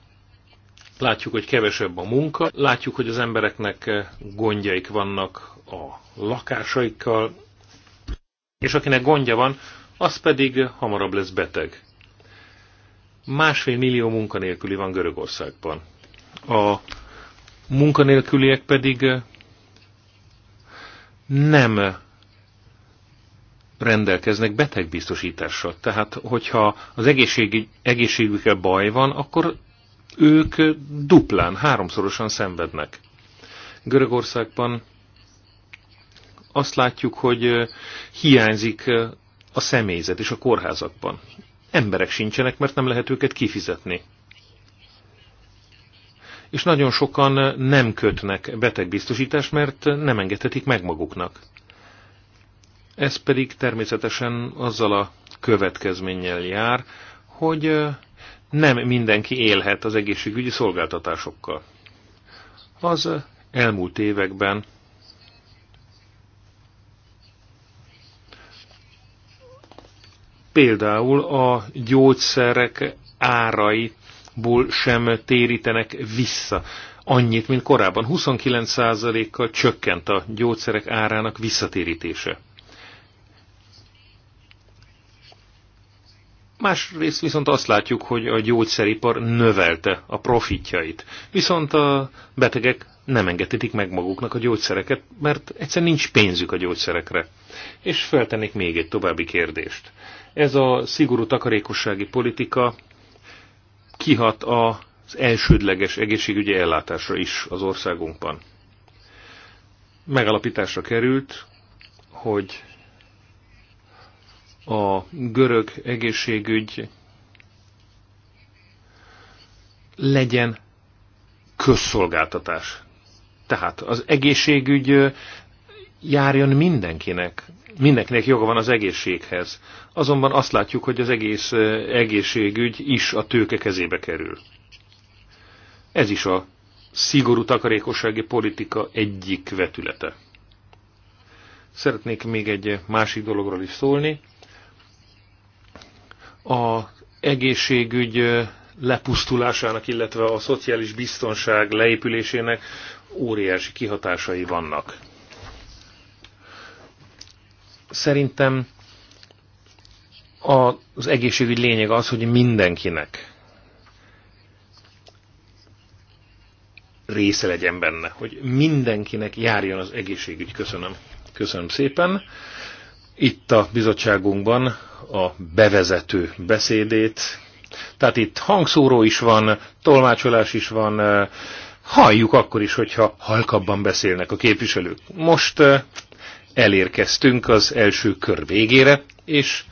Látjuk, hogy kevesebb a munka, látjuk, hogy az embereknek gondjaik vannak a lakásaikkal, és akinek gondja van, az pedig hamarabb lesz beteg. Másfél millió munkanélküli van Görögországban. A munkanélküliek pedig nem rendelkeznek betegbiztosítással. Tehát, hogyha az egészségügy, egészségükkel baj van, akkor ők duplán, háromszorosan szenvednek. Görögországban azt látjuk, hogy hiányzik a személyzet és a kórházakban. Emberek sincsenek, mert nem lehet őket kifizetni. És nagyon sokan nem kötnek betegbiztosítást, mert nem engedhetik meg maguknak. Ez pedig természetesen azzal a következménnyel jár, hogy nem mindenki élhet az egészségügyi szolgáltatásokkal. Az elmúlt években például a gyógyszerek áraiból sem térítenek vissza annyit, mint korábban. 29%-kal csökkent a gyógyszerek árának visszatérítése. Másrészt viszont azt látjuk, hogy a gyógyszeripar növelte a profitjait, viszont a betegek nem engedhetik meg maguknak a gyógyszereket, mert egyszer nincs pénzük a gyógyszerekre. És feltennék még egy további kérdést. Ez a szigorú takarékossági politika kihat az elsődleges egészségügyi ellátásra is az országunkban. Megalapításra került, hogy a görög egészségügy legyen közszolgáltatás. Tehát az egészségügy járjon mindenkinek. Mindenkinek joga van az egészséghez. Azonban azt látjuk, hogy az egész egészségügy is a tőke kezébe kerül. Ez is a szigorú takarékossági politika egyik vetülete. Szeretnék még egy másik dologról is szólni a egészségügy lepusztulásának, illetve a szociális biztonság leépülésének óriási kihatásai vannak. Szerintem az egészségügy lényeg az, hogy mindenkinek része legyen benne, hogy mindenkinek járjon az egészségügy. Köszönöm. Köszönöm szépen itt a bizottságunkban a bevezető beszédét. Tehát itt hangszóró is van, tolmácsolás is van, halljuk akkor is, hogyha halkabban beszélnek a képviselők. Most elérkeztünk az első kör végére, és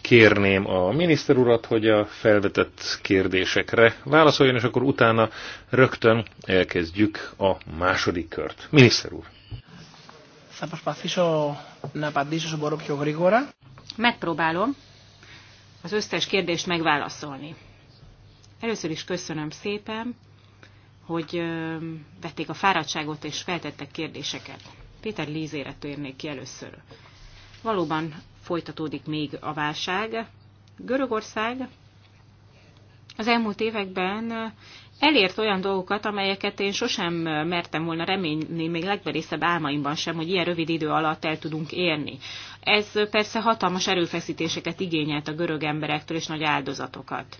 kérném a miniszter urat, hogy a felvetett kérdésekre válaszoljon, és akkor utána rögtön elkezdjük a második kört. Miniszter úr! Θα προσπαθήσω να απαντήσω όσο μπορώ πιο γρήγορα. Megpróbálom az összes kérdést megválaszolni. Először is köszönöm szépen, hogy vették a fáradtságot és feltettek kérdéseket. Péter Lízére térnék ki először. Valóban folytatódik még a válság. Görögország az elmúlt években elért olyan dolgokat, amelyeket én sosem mertem volna reményni, még legverészebb álmaimban sem, hogy ilyen rövid idő alatt el tudunk érni. Ez persze hatalmas erőfeszítéseket igényelt a görög emberektől és nagy áldozatokat.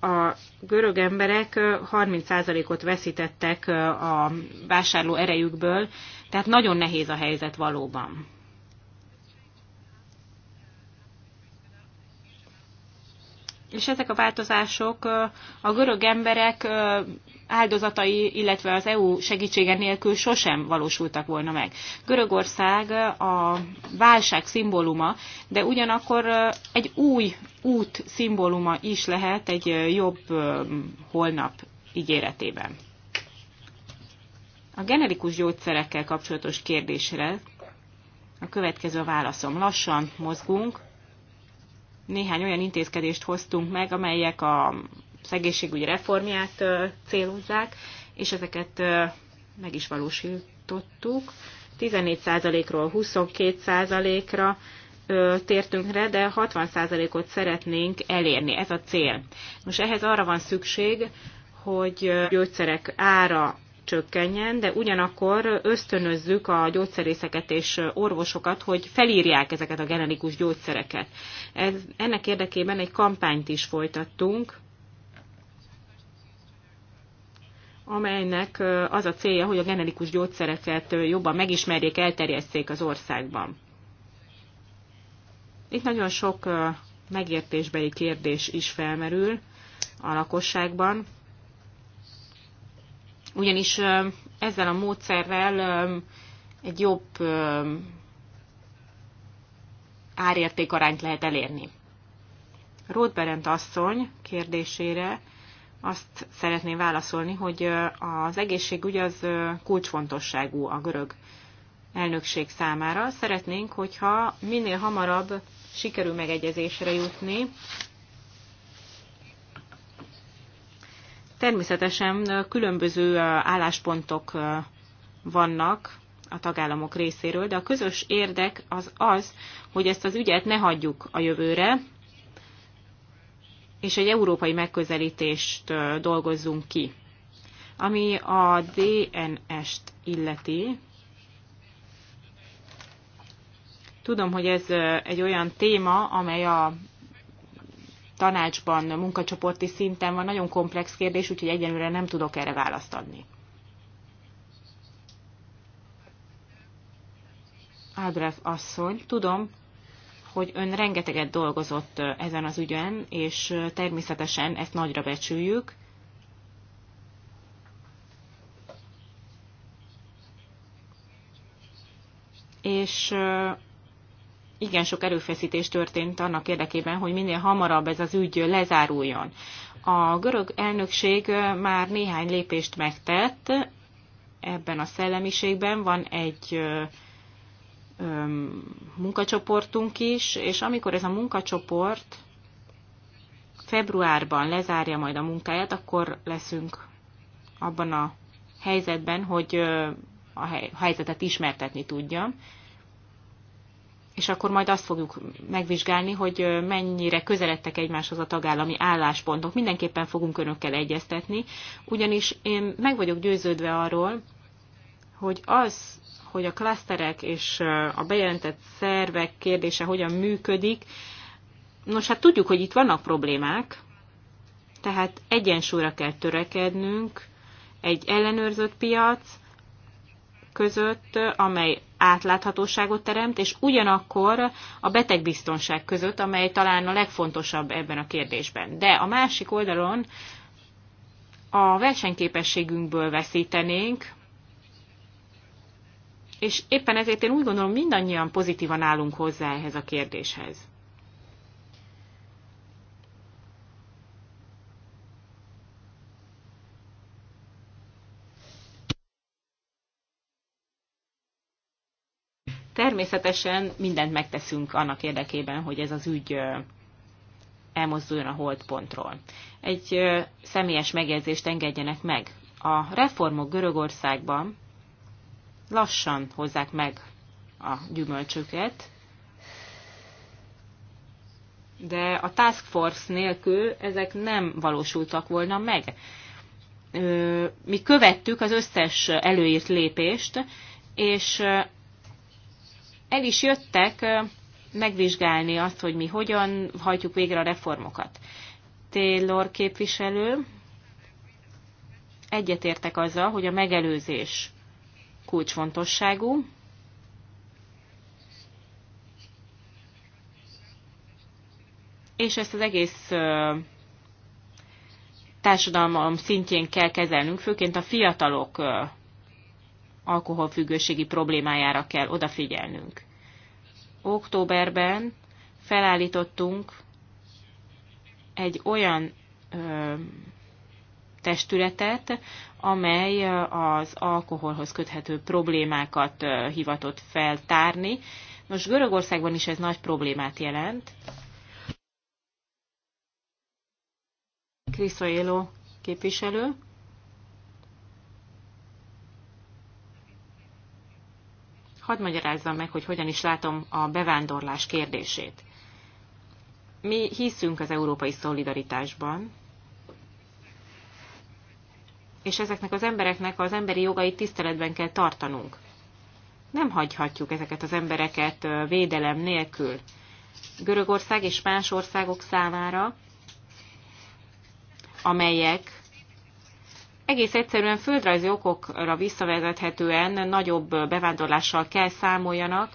A görög emberek 30%-ot veszítettek a vásárló erejükből, tehát nagyon nehéz a helyzet valóban. és ezek a változások a görög emberek áldozatai, illetve az EU segítsége nélkül sosem valósultak volna meg. Görögország a válság szimbóluma, de ugyanakkor egy új út szimbóluma is lehet egy jobb holnap ígéretében. A generikus gyógyszerekkel kapcsolatos kérdésre a következő válaszom. Lassan mozgunk, néhány olyan intézkedést hoztunk meg, amelyek a szegészségügyi reformját célozzák, és ezeket meg is valósítottuk. 14%-ról 22%-ra tértünk rá, de 60%-ot szeretnénk elérni, ez a cél. Most ehhez arra van szükség, hogy gyógyszerek ára csökkenjen, de ugyanakkor ösztönözzük a gyógyszerészeket és orvosokat, hogy felírják ezeket a generikus gyógyszereket. Ez, ennek érdekében egy kampányt is folytattunk, amelynek az a célja, hogy a generikus gyógyszereket jobban megismerjék, elterjesszék az országban. Itt nagyon sok megértésbeli kérdés is felmerül a lakosságban ugyanis ezzel a módszerrel egy jobb árértékarányt lehet elérni. Ruth Berent asszony kérdésére azt szeretném válaszolni, hogy az egészségügy az kulcsfontosságú a görög elnökség számára. Szeretnénk, hogyha minél hamarabb sikerül megegyezésre jutni Természetesen különböző álláspontok vannak a tagállamok részéről, de a közös érdek az az, hogy ezt az ügyet ne hagyjuk a jövőre, és egy európai megközelítést dolgozzunk ki. Ami a DNS-t illeti, tudom, hogy ez egy olyan téma, amely a tanácsban, munkacsoporti szinten van, nagyon komplex kérdés, úgyhogy egyenlőre nem tudok erre választ adni. Ábrev asszony, tudom, hogy ön rengeteget dolgozott ezen az ügyen, és természetesen ezt nagyra becsüljük. És igen sok erőfeszítés történt annak érdekében, hogy minél hamarabb ez az ügy lezáruljon. A görög elnökség már néhány lépést megtett ebben a szellemiségben, van egy munkacsoportunk is, és amikor ez a munkacsoport februárban lezárja majd a munkáját, akkor leszünk abban a helyzetben, hogy a helyzetet ismertetni tudjam és akkor majd azt fogjuk megvizsgálni, hogy mennyire közeledtek egymáshoz a tagállami álláspontok. Mindenképpen fogunk önökkel egyeztetni, ugyanis én meg vagyok győződve arról, hogy az, hogy a klaszterek és a bejelentett szervek kérdése hogyan működik, nos hát tudjuk, hogy itt vannak problémák, tehát egyensúlyra kell törekednünk egy ellenőrzött piac között, amely átláthatóságot teremt, és ugyanakkor a betegbiztonság között, amely talán a legfontosabb ebben a kérdésben. De a másik oldalon a versenyképességünkből veszítenénk, és éppen ezért én úgy gondolom, mindannyian pozitívan állunk hozzá ehhez a kérdéshez. természetesen mindent megteszünk annak érdekében, hogy ez az ügy elmozduljon a holdpontról. Egy személyes megjegyzést engedjenek meg. A reformok Görögországban lassan hozzák meg a gyümölcsöket, de a task force nélkül ezek nem valósultak volna meg. Mi követtük az összes előírt lépést, és el is jöttek megvizsgálni azt, hogy mi hogyan hajtjuk végre a reformokat. Taylor képviselő egyetértek azzal, hogy a megelőzés kulcsfontosságú, és ezt az egész társadalom szintjén kell kezelnünk, főként a fiatalok alkoholfüggőségi problémájára kell odafigyelnünk. Októberben felállítottunk egy olyan ö, testületet, amely az alkoholhoz köthető problémákat ö, hivatott feltárni. Most Görögországban is ez nagy problémát jelent. Kriszoéló képviselő. hadd magyarázzam meg, hogy hogyan is látom a bevándorlás kérdését. Mi hiszünk az európai szolidaritásban, és ezeknek az embereknek az emberi jogait tiszteletben kell tartanunk. Nem hagyhatjuk ezeket az embereket védelem nélkül. Görögország és más országok számára, amelyek egész egyszerűen földrajzi okokra visszavezethetően nagyobb bevándorlással kell számoljanak,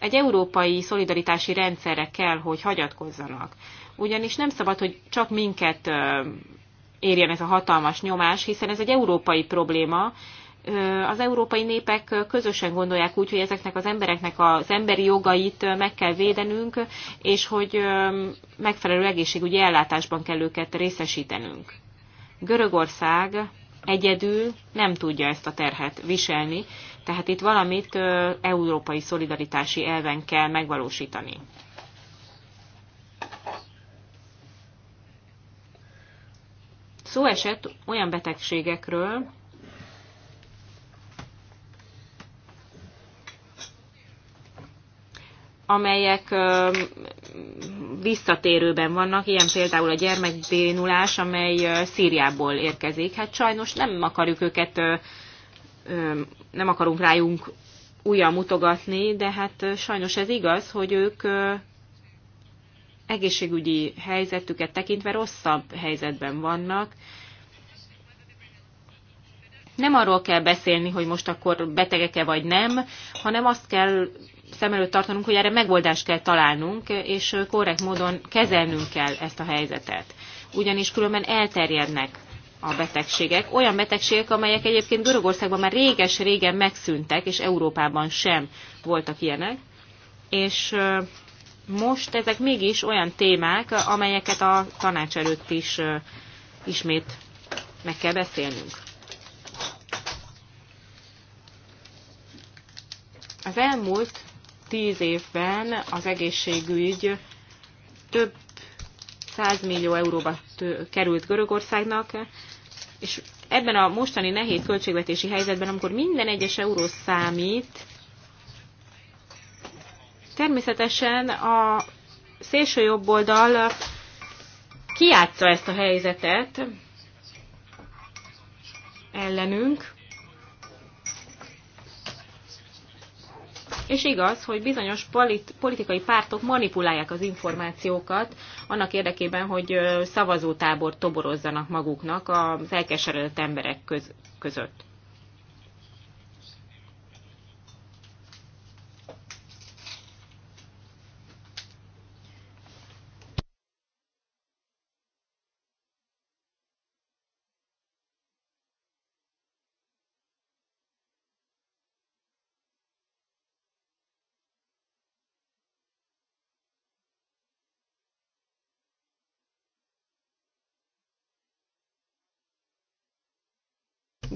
egy európai szolidaritási rendszerre kell, hogy hagyatkozzanak. Ugyanis nem szabad, hogy csak minket érjen ez a hatalmas nyomás, hiszen ez egy európai probléma. Az európai népek közösen gondolják úgy, hogy ezeknek az embereknek az emberi jogait meg kell védenünk, és hogy megfelelő egészségügyi ellátásban kell őket részesítenünk. Görögország egyedül nem tudja ezt a terhet viselni, tehát itt valamit európai szolidaritási elven kell megvalósítani. Szó esett olyan betegségekről, amelyek visszatérőben vannak, ilyen például a gyermekbénulás, amely Szíriából érkezik. Hát sajnos nem akarjuk őket, nem akarunk rájunk újra mutogatni, de hát sajnos ez igaz, hogy ők egészségügyi helyzetüket tekintve rosszabb helyzetben vannak. Nem arról kell beszélni, hogy most akkor betegek-e vagy nem, hanem azt kell szem előtt tartanunk, hogy erre megoldást kell találnunk, és korrekt módon kezelnünk kell ezt a helyzetet. Ugyanis különben elterjednek a betegségek, olyan betegségek, amelyek egyébként Görögországban már réges-régen megszűntek, és Európában sem voltak ilyenek. És most ezek mégis olyan témák, amelyeket a tanács előtt is ismét meg kell beszélnünk. Az elmúlt tíz évben az egészségügy több százmillió millió euróba került Görögországnak, és ebben a mostani nehéz költségvetési helyzetben, amikor minden egyes euró számít, természetesen a szélső jobb oldal kiátsza ezt a helyzetet ellenünk, és igaz, hogy bizonyos politikai pártok manipulálják az információkat annak érdekében, hogy szavazótábor toborozzanak maguknak az elkeseredett emberek között.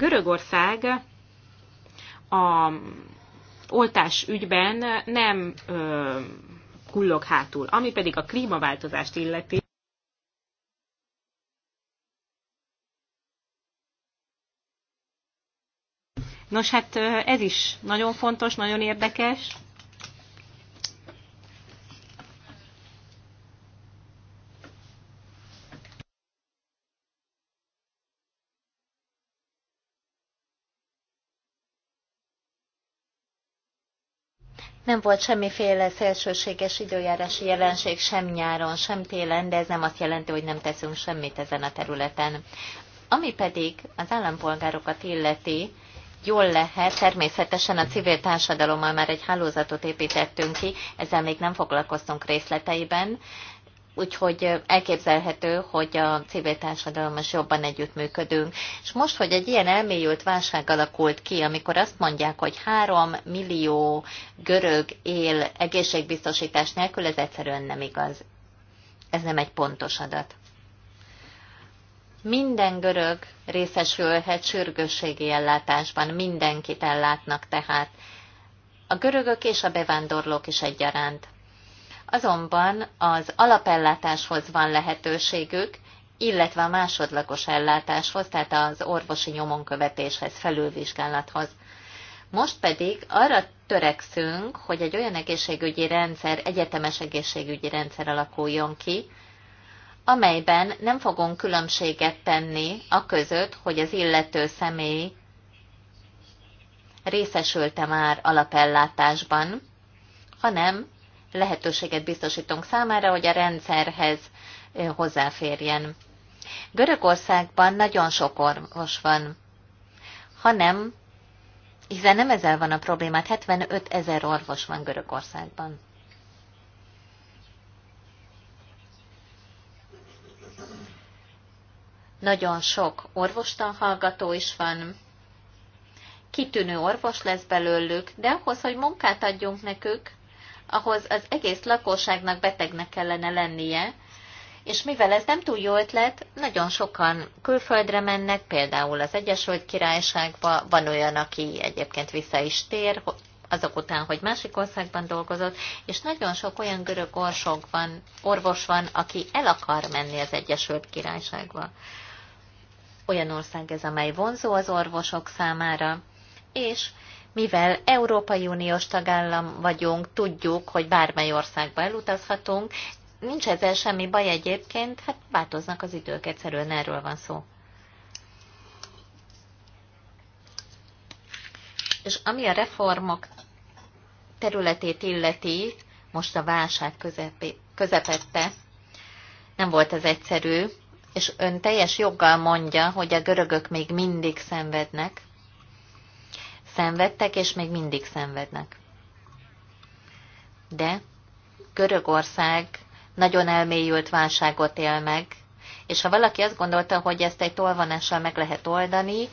Görögország a oltás ügyben nem ö, kullog hátul. Ami pedig a klímaváltozást illeti, Nos, hát ez is nagyon fontos, nagyon érdekes. nem volt semmiféle szélsőséges időjárási jelenség sem nyáron, sem télen, de ez nem azt jelenti, hogy nem teszünk semmit ezen a területen. Ami pedig az állampolgárokat illeti, jól lehet, természetesen a civil társadalommal már egy hálózatot építettünk ki, ezzel még nem foglalkoztunk részleteiben, Úgyhogy elképzelhető, hogy a civil is jobban együttműködünk. És most, hogy egy ilyen elmélyült válság alakult ki, amikor azt mondják, hogy három millió görög él egészségbiztosítás nélkül, ez egyszerűen nem igaz. Ez nem egy pontos adat. Minden görög részesülhet sürgősségi ellátásban, mindenkit ellátnak tehát. A görögök és a bevándorlók is egyaránt azonban az alapellátáshoz van lehetőségük, illetve a másodlagos ellátáshoz, tehát az orvosi nyomonkövetéshez, felülvizsgálathoz. Most pedig arra törekszünk, hogy egy olyan egészségügyi rendszer, egyetemes egészségügyi rendszer alakuljon ki, amelyben nem fogunk különbséget tenni a között, hogy az illető személy részesülte már alapellátásban, hanem lehetőséget biztosítunk számára, hogy a rendszerhez hozzáférjen. Görögországban nagyon sok orvos van, hanem, hiszen nem ezzel van a problémát, 75 ezer orvos van Görögországban. Nagyon sok orvostanhallgató is van, kitűnő orvos lesz belőlük, de ahhoz, hogy munkát adjunk nekük, ahhoz az egész lakosságnak betegnek kellene lennie, és mivel ez nem túl jó ötlet, nagyon sokan külföldre mennek, például az Egyesült Királyságba, van olyan, aki egyébként vissza is tér, azok után, hogy másik országban dolgozott, és nagyon sok olyan görög orsok van, orvos van, aki el akar menni az Egyesült Királyságba. Olyan ország ez, amely vonzó az orvosok számára, és mivel Európai Uniós tagállam vagyunk, tudjuk, hogy bármely országba elutazhatunk, nincs ezzel semmi baj egyébként, hát változnak az idők, egyszerűen erről van szó. És ami a reformok területét illeti, most a válság közepi, közepette, nem volt ez egyszerű, és ön teljes joggal mondja, hogy a görögök még mindig szenvednek, szenvedtek, és még mindig szenvednek. De Görögország nagyon elmélyült válságot él meg, és ha valaki azt gondolta, hogy ezt egy tolvanással meg lehet oldani,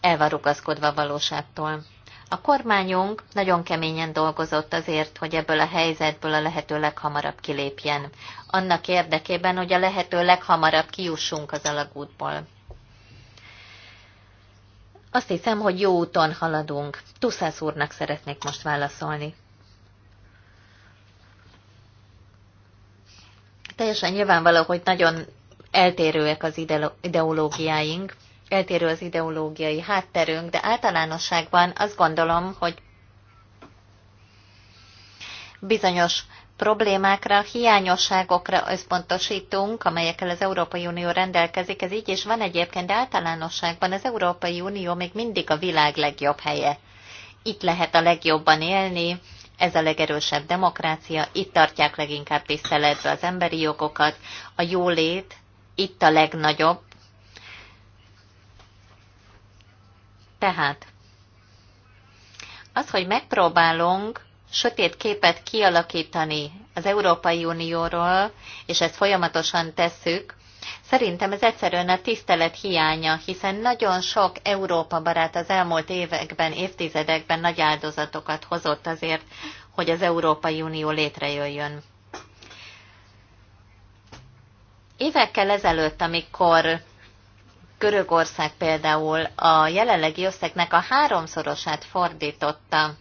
el van rugaszkodva a valóságtól. A kormányunk nagyon keményen dolgozott azért, hogy ebből a helyzetből a lehető leghamarabb kilépjen. Annak érdekében, hogy a lehető leghamarabb kiussunk az alagútból. Azt hiszem, hogy jó úton haladunk. Tuszász úrnak szeretnék most válaszolni. Teljesen nyilvánvaló, hogy nagyon eltérőek az ideológiáink, eltérő az ideológiai hátterünk, de általánosságban azt gondolom, hogy bizonyos problémákra, hiányosságokra összpontosítunk, amelyekkel az Európai Unió rendelkezik. Ez így is van egyébként, de általánosságban az Európai Unió még mindig a világ legjobb helye. Itt lehet a legjobban élni, ez a legerősebb demokrácia, itt tartják leginkább tiszteletbe az emberi jogokat, a jólét itt a legnagyobb. Tehát az, hogy megpróbálunk sötét képet kialakítani az Európai Unióról, és ezt folyamatosan tesszük, Szerintem ez egyszerűen a tisztelet hiánya, hiszen nagyon sok Európa barát az elmúlt években, évtizedekben nagy áldozatokat hozott azért, hogy az Európai Unió létrejöjjön. Évekkel ezelőtt, amikor Görögország például a jelenlegi összegnek a háromszorosát fordította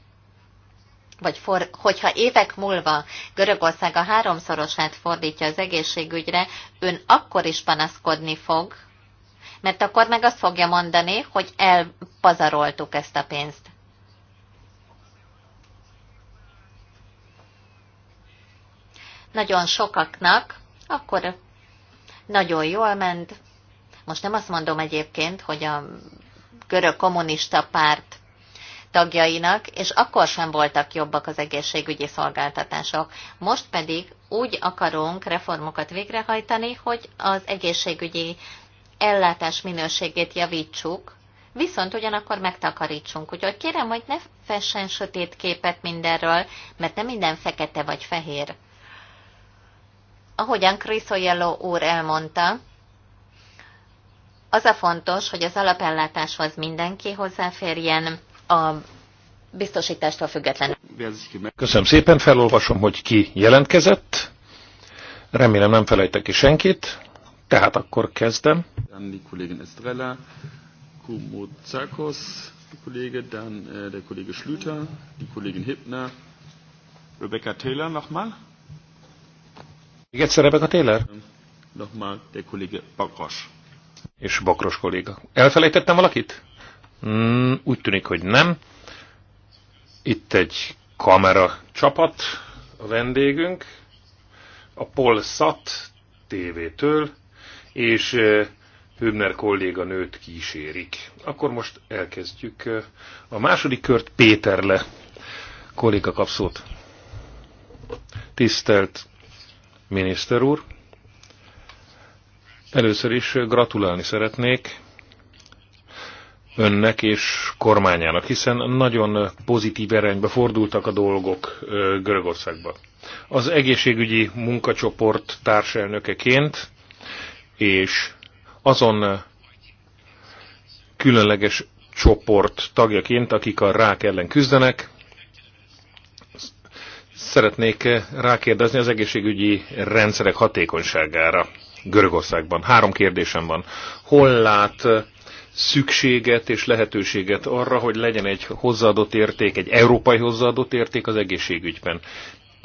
vagy for, hogyha évek múlva Görögország a háromszorosát fordítja az egészségügyre, ön akkor is panaszkodni fog, mert akkor meg azt fogja mondani, hogy elpazaroltuk ezt a pénzt. Nagyon sokaknak akkor nagyon jól ment. Most nem azt mondom egyébként, hogy a görög kommunista párt tagjainak, és akkor sem voltak jobbak az egészségügyi szolgáltatások. Most pedig úgy akarunk reformokat végrehajtani, hogy az egészségügyi ellátás minőségét javítsuk, viszont ugyanakkor megtakarítsunk. Úgyhogy kérem, hogy ne fessen sötét képet mindenről, mert nem minden fekete vagy fehér. Ahogyan Chris Oyello úr elmondta, az a fontos, hogy az alapellátáshoz mindenki hozzáférjen, a biztosítástól függetlenül. Köszönöm szépen, felolvasom, hogy ki jelentkezett. Remélem nem felejtek ki senkit. Tehát akkor kezdem. Dann Kollégin Estrella, Kumozakos, die Kollege, dann äh, der Kollege Schlüter, die Kollegin Hipner, Rebecca Taylor nochmal. Még egyszer Rebecca Taylor? Nochmal der Kollege Bakros. És Bakros kolléga. Elfelejtettem valakit? Mm, úgy tűnik, hogy nem. Itt egy kamera csapat, a vendégünk, a Polsat TV-től, és eh, Hübner kolléga nőt kísérik. Akkor most elkezdjük eh, a második kört Péterle kolléga kap szót. Tisztelt miniszter úr! Először is eh, gratulálni szeretnék önnek és kormányának, hiszen nagyon pozitív erenybe fordultak a dolgok Görögországban. Az egészségügyi munkacsoport társelnökeként és azon különleges csoport tagjaként, akik a rák ellen küzdenek, szeretnék rákérdezni az egészségügyi rendszerek hatékonyságára Görögországban. Három kérdésem van. Hol lát szükséget és lehetőséget arra, hogy legyen egy hozzáadott érték, egy európai hozzáadott érték az egészségügyben.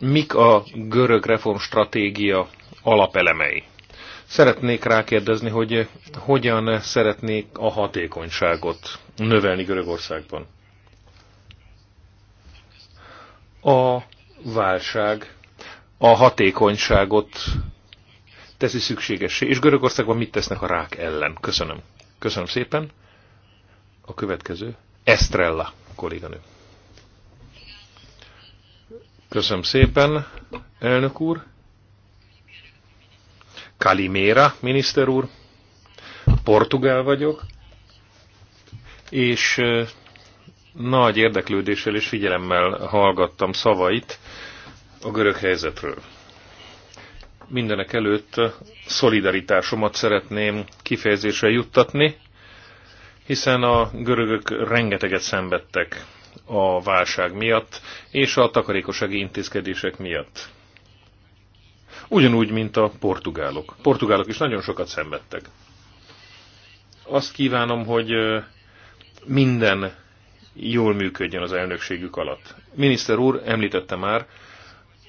Mik a görög reformstratégia alapelemei? Szeretnék rákérdezni, hogy hogyan szeretnék a hatékonyságot növelni Görögországban. A válság a hatékonyságot teszi szükségessé, és Görögországban mit tesznek a rák ellen? Köszönöm. Köszönöm szépen. A következő, Estrella kolléganő. Köszönöm szépen, elnök úr. Kaliméra, miniszter úr. Portugál vagyok, és nagy érdeklődéssel és figyelemmel hallgattam szavait a görög helyzetről mindenek előtt szolidaritásomat szeretném kifejezésre juttatni, hiszen a görögök rengeteget szenvedtek a válság miatt és a takarékossági intézkedések miatt. Ugyanúgy, mint a portugálok. Portugálok is nagyon sokat szenvedtek. Azt kívánom, hogy minden jól működjön az elnökségük alatt. Miniszter úr említette már,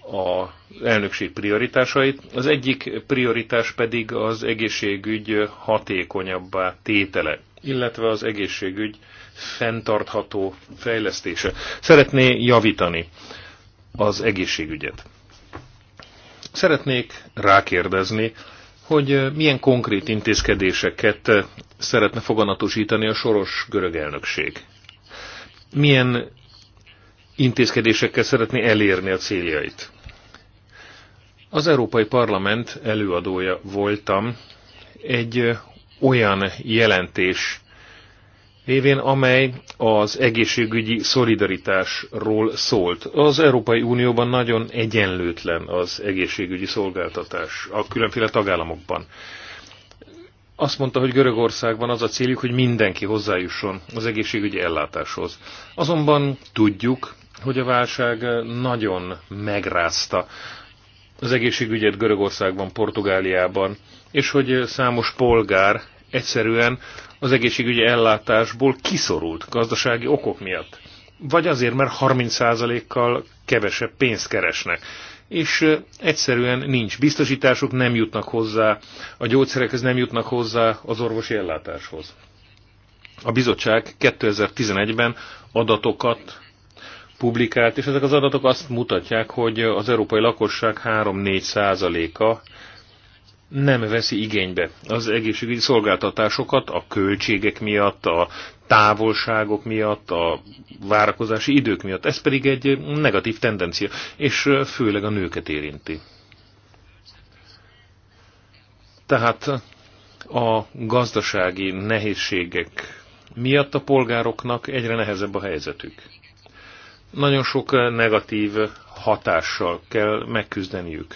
az elnökség prioritásait. Az egyik prioritás pedig az egészségügy hatékonyabbá tétele, illetve az egészségügy fenntartható fejlesztése. Szeretné javítani az egészségügyet. Szeretnék rákérdezni, hogy milyen konkrét intézkedéseket szeretne foganatosítani a soros görög elnökség. Milyen intézkedésekkel szeretné elérni a céljait. Az Európai Parlament előadója voltam egy olyan jelentés révén, amely az egészségügyi szolidaritásról szólt. Az Európai Unióban nagyon egyenlőtlen az egészségügyi szolgáltatás a különféle tagállamokban. Azt mondta, hogy Görögországban az a céljuk, hogy mindenki hozzájusson az egészségügyi ellátáshoz. Azonban tudjuk, hogy a válság nagyon megrázta az egészségügyet Görögországban, Portugáliában, és hogy számos polgár egyszerűen az egészségügyi ellátásból kiszorult gazdasági okok miatt. Vagy azért, mert 30%-kal kevesebb pénzt keresnek. És egyszerűen nincs biztosításuk, nem jutnak hozzá, a gyógyszerekhez nem jutnak hozzá az orvosi ellátáshoz. A bizottság 2011-ben adatokat publikált, és ezek az adatok azt mutatják, hogy az európai lakosság 3-4 százaléka nem veszi igénybe az egészségügyi szolgáltatásokat a költségek miatt, a távolságok miatt, a várakozási idők miatt. Ez pedig egy negatív tendencia, és főleg a nőket érinti. Tehát a gazdasági nehézségek miatt a polgároknak egyre nehezebb a helyzetük nagyon sok eh, negatív hatással kell megküzdeniük.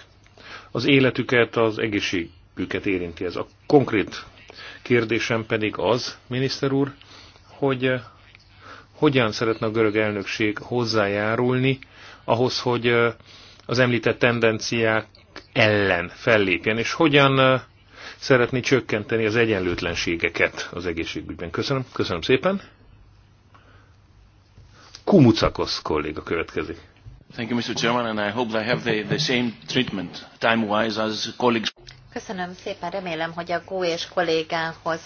Az életüket, az egészségüket érinti ez. A konkrét kérdésem pedig az, miniszter úr, hogy eh, hogyan szeretne a görög elnökség hozzájárulni ahhoz, hogy eh, az említett tendenciák ellen fellépjen, és hogyan szeretni csökkenteni az egyenlőtlenségeket az egészségügyben. Köszönöm, köszönöm szépen. Kumucakos kolléga következik. Thank you, Mr. Chairman, and I hope they have the, the same treatment time-wise as colleagues. Köszönöm szépen, remélem, hogy a Gó és kollégához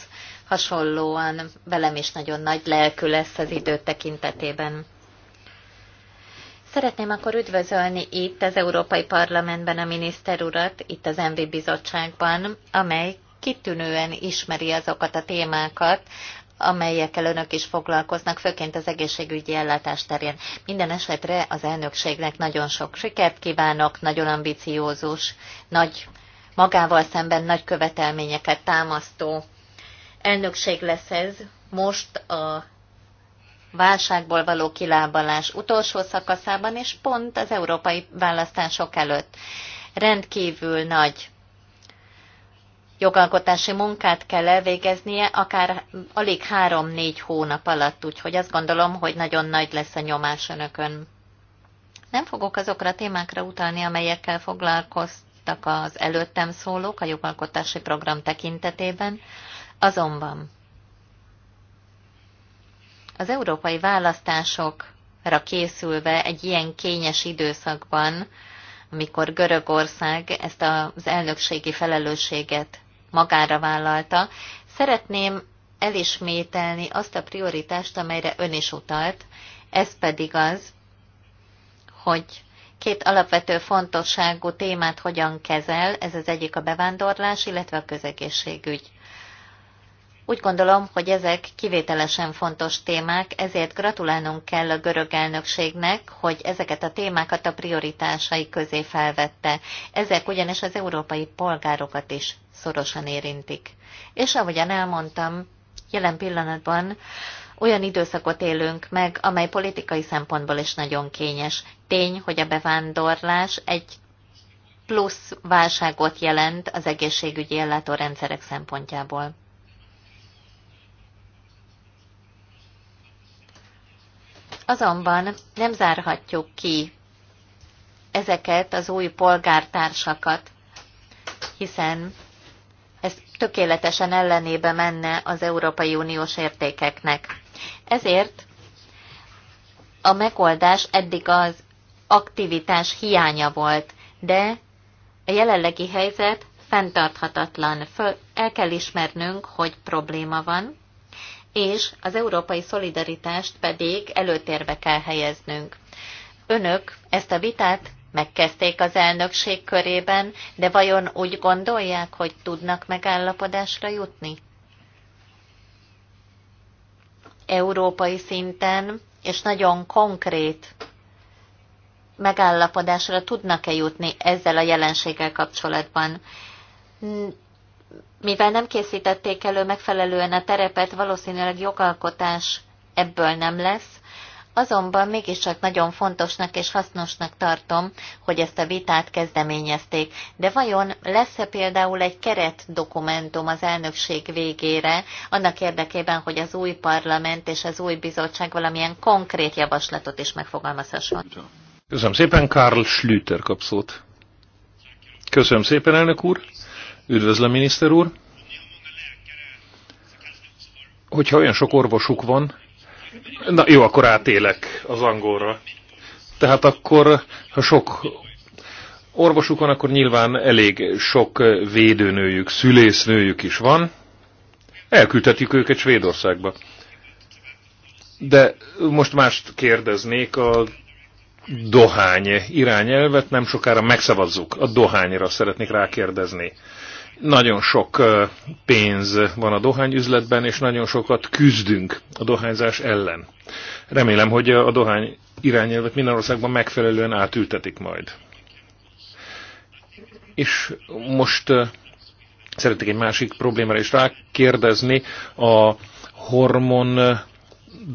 hasonlóan velem is nagyon nagy lelkű lesz az idő tekintetében. Szeretném akkor üdvözölni itt az Európai Parlamentben a miniszter urat, itt az MV bizottságban, amely kitűnően ismeri azokat a témákat, amelyekkel önök is foglalkoznak, főként az egészségügyi ellátás terén. Minden esetre az elnökségnek nagyon sok sikert kívánok, nagyon ambiciózus, nagy magával szemben nagy követelményeket támasztó elnökség lesz ez. Most a válságból való kilábalás utolsó szakaszában, és pont az európai választások előtt. Rendkívül nagy jogalkotási munkát kell elvégeznie, akár alig három-négy hónap alatt, úgyhogy azt gondolom, hogy nagyon nagy lesz a nyomás önökön. Nem fogok azokra a témákra utalni, amelyekkel foglalkoztak az előttem szólók a jogalkotási program tekintetében, azonban az európai választásokra készülve egy ilyen kényes időszakban, amikor Görögország ezt az elnökségi felelősséget magára vállalta. Szeretném elismételni azt a prioritást, amelyre ön is utalt, ez pedig az, hogy két alapvető fontosságú témát hogyan kezel, ez az egyik a bevándorlás, illetve a közegészségügy. Úgy gondolom, hogy ezek kivételesen fontos témák, ezért gratulálnunk kell a görög elnökségnek, hogy ezeket a témákat a prioritásai közé felvette. Ezek ugyanis az európai polgárokat is szorosan érintik. És ahogyan elmondtam, jelen pillanatban olyan időszakot élünk meg, amely politikai szempontból is nagyon kényes. Tény, hogy a bevándorlás egy plusz válságot jelent az egészségügyi ellátórendszerek szempontjából. Azonban nem zárhatjuk ki ezeket az új polgártársakat, hiszen ez tökéletesen ellenébe menne az Európai Uniós értékeknek. Ezért a megoldás eddig az aktivitás hiánya volt, de a jelenlegi helyzet fenntarthatatlan. Föl, el kell ismernünk, hogy probléma van, és az európai szolidaritást pedig előtérbe kell helyeznünk. Önök ezt a vitát megkezdték az elnökség körében, de vajon úgy gondolják, hogy tudnak megállapodásra jutni? Európai szinten, és nagyon konkrét megállapodásra tudnak-e jutni ezzel a jelenséggel kapcsolatban? Mivel nem készítették elő megfelelően a terepet, valószínűleg jogalkotás ebből nem lesz, Azonban mégiscsak nagyon fontosnak és hasznosnak tartom, hogy ezt a vitát kezdeményezték. De vajon lesz-e például egy keret dokumentum az elnökség végére, annak érdekében, hogy az új parlament és az új bizottság valamilyen konkrét javaslatot is megfogalmazhasson? Köszönöm szépen, Karl Schlüter kap szót. Köszönöm szépen, elnök úr. Üdvözlöm, miniszter úr. Hogyha olyan sok orvosuk van, Na jó, akkor átélek az angolra. Tehát akkor, ha sok orvosuk van, akkor nyilván elég sok védőnőjük, szülésznőjük is van. Elküldhetjük őket Svédországba. De most mást kérdeznék, a dohány irányelvet nem sokára megszavazzuk. A dohányra szeretnék rákérdezni. Nagyon sok pénz van a dohányüzletben, és nagyon sokat küzdünk a dohányzás ellen. Remélem, hogy a dohány irányelvet minden országban megfelelően átültetik majd. És most szeretnék egy másik problémára is rákérdezni, a hormon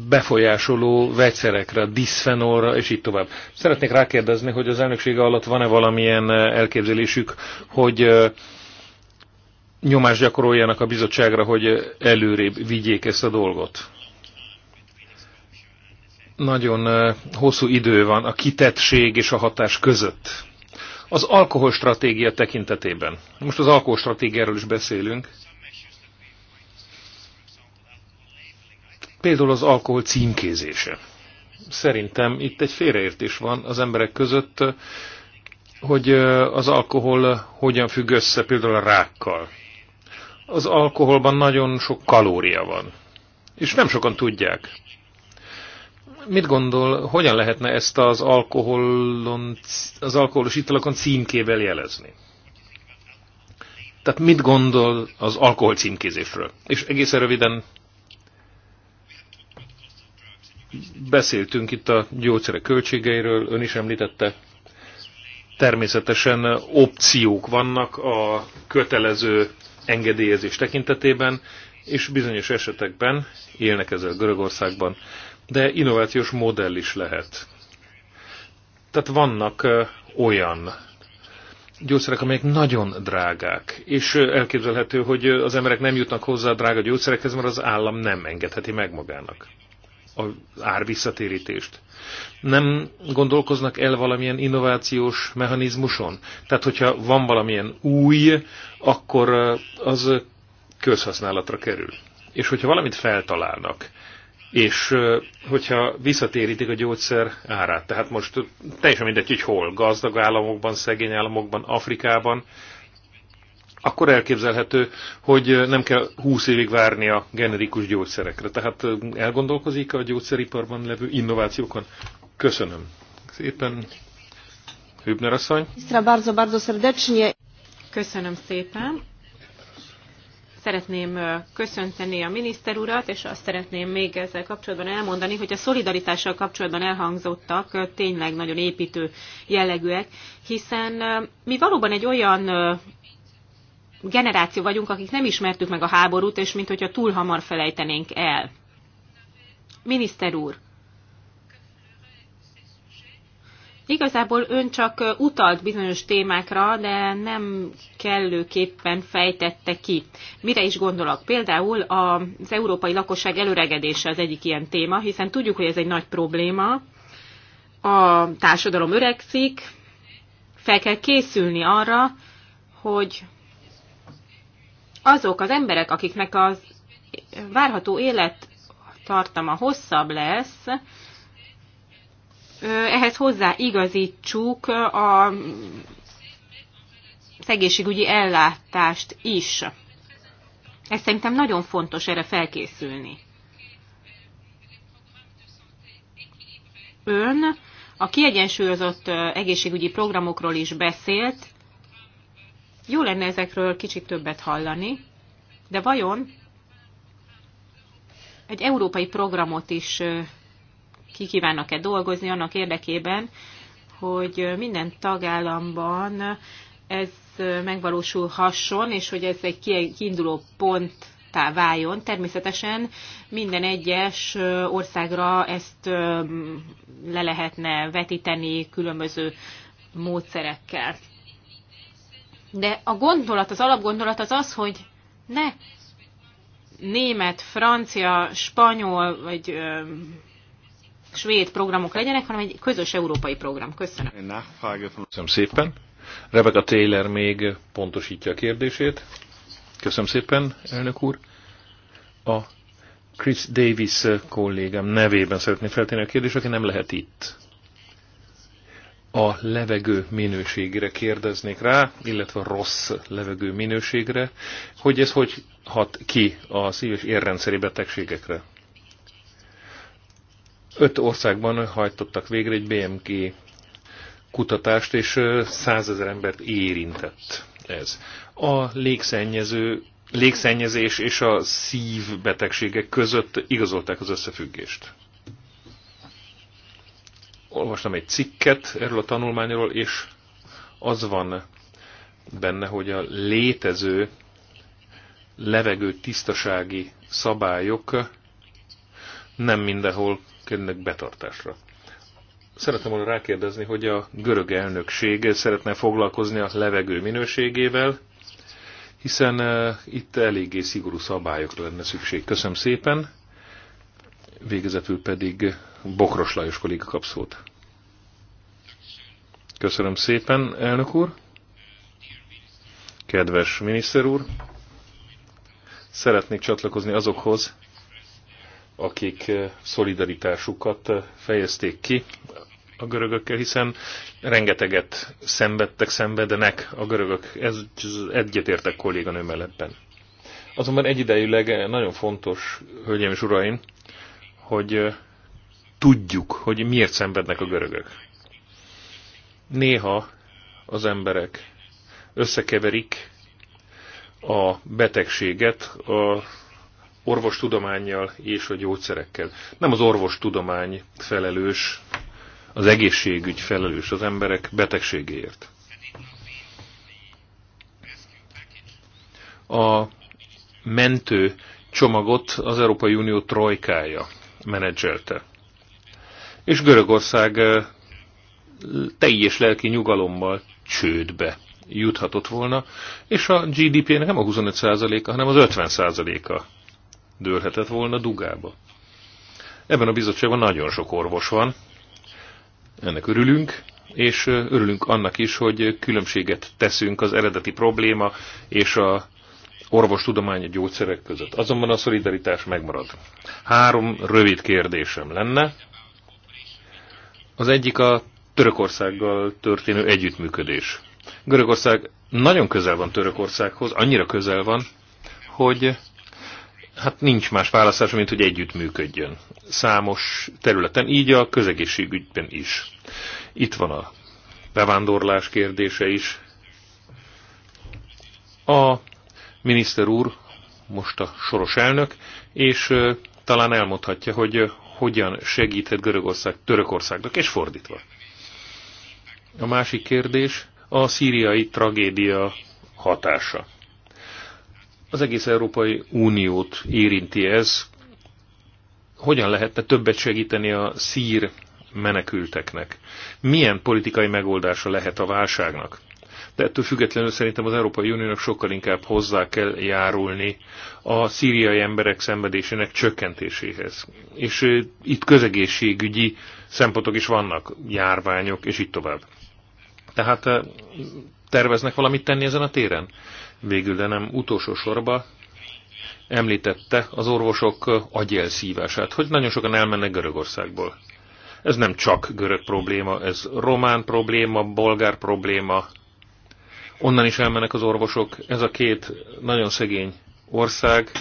befolyásoló vegyszerekre, diszfenolra, és így tovább. Szeretnék rákérdezni, hogy az elnöksége alatt van-e valamilyen elképzelésük, hogy nyomást gyakoroljanak a bizottságra, hogy előrébb vigyék ezt a dolgot. Nagyon hosszú idő van a kitettség és a hatás között. Az alkoholstratégia tekintetében. Most az alkoholstratégiáról is beszélünk. Például az alkohol címkézése. Szerintem itt egy félreértés van az emberek között, hogy az alkohol hogyan függ össze például a rákkal az alkoholban nagyon sok kalória van. És nem sokan tudják. Mit gondol, hogyan lehetne ezt az, alkoholon, az alkoholos italakon címkével jelezni? Tehát mit gondol az alkohol címkézésről? És egészen röviden beszéltünk itt a gyógyszerek költségeiről, ön is említette. Természetesen opciók vannak a kötelező engedélyezés tekintetében, és bizonyos esetekben élnek ezzel Görögországban, de innovációs modell is lehet. Tehát vannak olyan gyógyszerek, amelyek nagyon drágák, és elképzelhető, hogy az emberek nem jutnak hozzá a drága gyógyszerekhez, mert az állam nem engedheti meg magának az árvisszatérítést? Nem gondolkoznak el valamilyen innovációs mechanizmuson? Tehát, hogyha van valamilyen új, akkor eh, az közhasználatra kerül. És hogyha valamit feltalálnak, és eh, hogyha visszatérítik a gyógyszer árát, tehát most teljesen mindegy, hogy hol, gazdag államokban, szegény államokban, Afrikában, akkor elképzelhető, hogy nem kell 20 évig várni a generikus gyógyszerekre. Tehát elgondolkozik a gyógyszeriparban levő innovációkon? Köszönöm szépen. Hübner asszony. Bardzo, bardzo serdecznie. Köszönöm szépen. Szeretném köszönteni a miniszter urat, és azt szeretném még ezzel kapcsolatban elmondani, hogy a szolidaritással kapcsolatban elhangzottak tényleg nagyon építő jellegűek, hiszen mi valóban egy olyan generáció vagyunk, akik nem ismertük meg a háborút, és mint hogyha túl hamar felejtenénk el. Miniszter úr, Igazából ön csak utalt bizonyos témákra, de nem kellőképpen fejtette ki. Mire is gondolok? Például az európai lakosság előregedése az egyik ilyen téma, hiszen tudjuk, hogy ez egy nagy probléma. A társadalom öregszik, fel kell készülni arra, hogy azok az emberek, akiknek az várható élettartama hosszabb lesz, ehhez hozzáigazítsuk a szegészségügyi ellátást is. Ez szerintem nagyon fontos erre felkészülni. Ön a kiegyensúlyozott egészségügyi programokról is beszélt, jó lenne ezekről kicsit többet hallani, de vajon egy európai programot is ki kívánnak-e dolgozni annak érdekében, hogy minden tagállamban ez megvalósulhasson, és hogy ez egy kiinduló pont váljon. Természetesen minden egyes országra ezt le lehetne vetíteni különböző módszerekkel. De a gondolat, az alapgondolat az az, hogy ne német, francia, spanyol vagy ö, svéd programok legyenek, hanem egy közös európai program. Köszönöm. Köszönöm szépen. Rebecca Taylor még pontosítja a kérdését. Köszönöm szépen, elnök úr. A Chris Davis kollégám nevében szeretné feltenni a kérdést, aki nem lehet itt a levegő minőségre kérdeznék rá, illetve rossz levegő minőségre, hogy ez hogy hat ki a szív- és érrendszeri betegségekre. Öt országban hajtottak végre egy BMG kutatást, és százezer embert érintett ez. A légszennyező, légszennyezés és a szívbetegségek között igazolták az összefüggést olvastam egy cikket erről a tanulmányról, és az van benne, hogy a létező levegő tisztasági szabályok nem mindenhol kerülnek betartásra. Szeretném volna rákérdezni, hogy a görög elnökség szeretne foglalkozni a levegő minőségével, hiszen uh, itt eléggé szigorú szabályokra lenne szükség. Köszönöm szépen! végezetül pedig Bokros Lajos kolléga kap szót. Köszönöm szépen, elnök úr. Kedves miniszter úr, szeretnék csatlakozni azokhoz, akik szolidaritásukat fejezték ki a görögökkel, hiszen rengeteget szenvedtek, szenvedenek a görögök. Ez egyetértek kolléganőm ebben. Azonban egyidejűleg nagyon fontos, hölgyeim és uraim, hogy tudjuk, hogy miért szenvednek a görögök. Néha az emberek összekeverik a betegséget a orvostudományjal és a gyógyszerekkel. Nem az orvostudomány felelős, az egészségügy felelős az emberek betegségéért. A mentő csomagot az Európai Unió trojkája menedzselte. És Görögország teljes lelki nyugalommal csődbe juthatott volna, és a GDP-nek nem a 25%-a, hanem az 50%-a dőlhetett volna dugába. Ebben a bizottságban nagyon sok orvos van, ennek örülünk, és örülünk annak is, hogy különbséget teszünk az eredeti probléma és a orvostudomány a gyógyszerek között. Azonban a szolidaritás megmarad. Három rövid kérdésem lenne. Az egyik a Törökországgal történő együttműködés. Görögország nagyon közel van Törökországhoz, annyira közel van, hogy hát nincs más választás, mint hogy együttműködjön számos területen, így a közegészségügyben is. Itt van a bevándorlás kérdése is. A miniszter úr most a soros elnök, és talán elmondhatja, hogy hogyan segíthet Görögország Törökországnak, és fordítva. A másik kérdés a szíriai tragédia hatása. Az egész Európai Uniót érinti ez. Hogyan lehetne többet segíteni a szír menekülteknek? Milyen politikai megoldása lehet a válságnak? de ettől függetlenül szerintem az Európai Uniónak sokkal inkább hozzá kell járulni a szíriai emberek szenvedésének csökkentéséhez. És itt közegészségügyi szempontok is vannak, járványok, és így tovább. Tehát terveznek valamit tenni ezen a téren? Végül, de nem utolsó sorba, említette az orvosok agyelszívását, hogy nagyon sokan elmennek Görögországból. Ez nem csak görög probléma, ez román probléma, bolgár probléma, onnan is elmennek az orvosok. Ez a két nagyon szegény ország.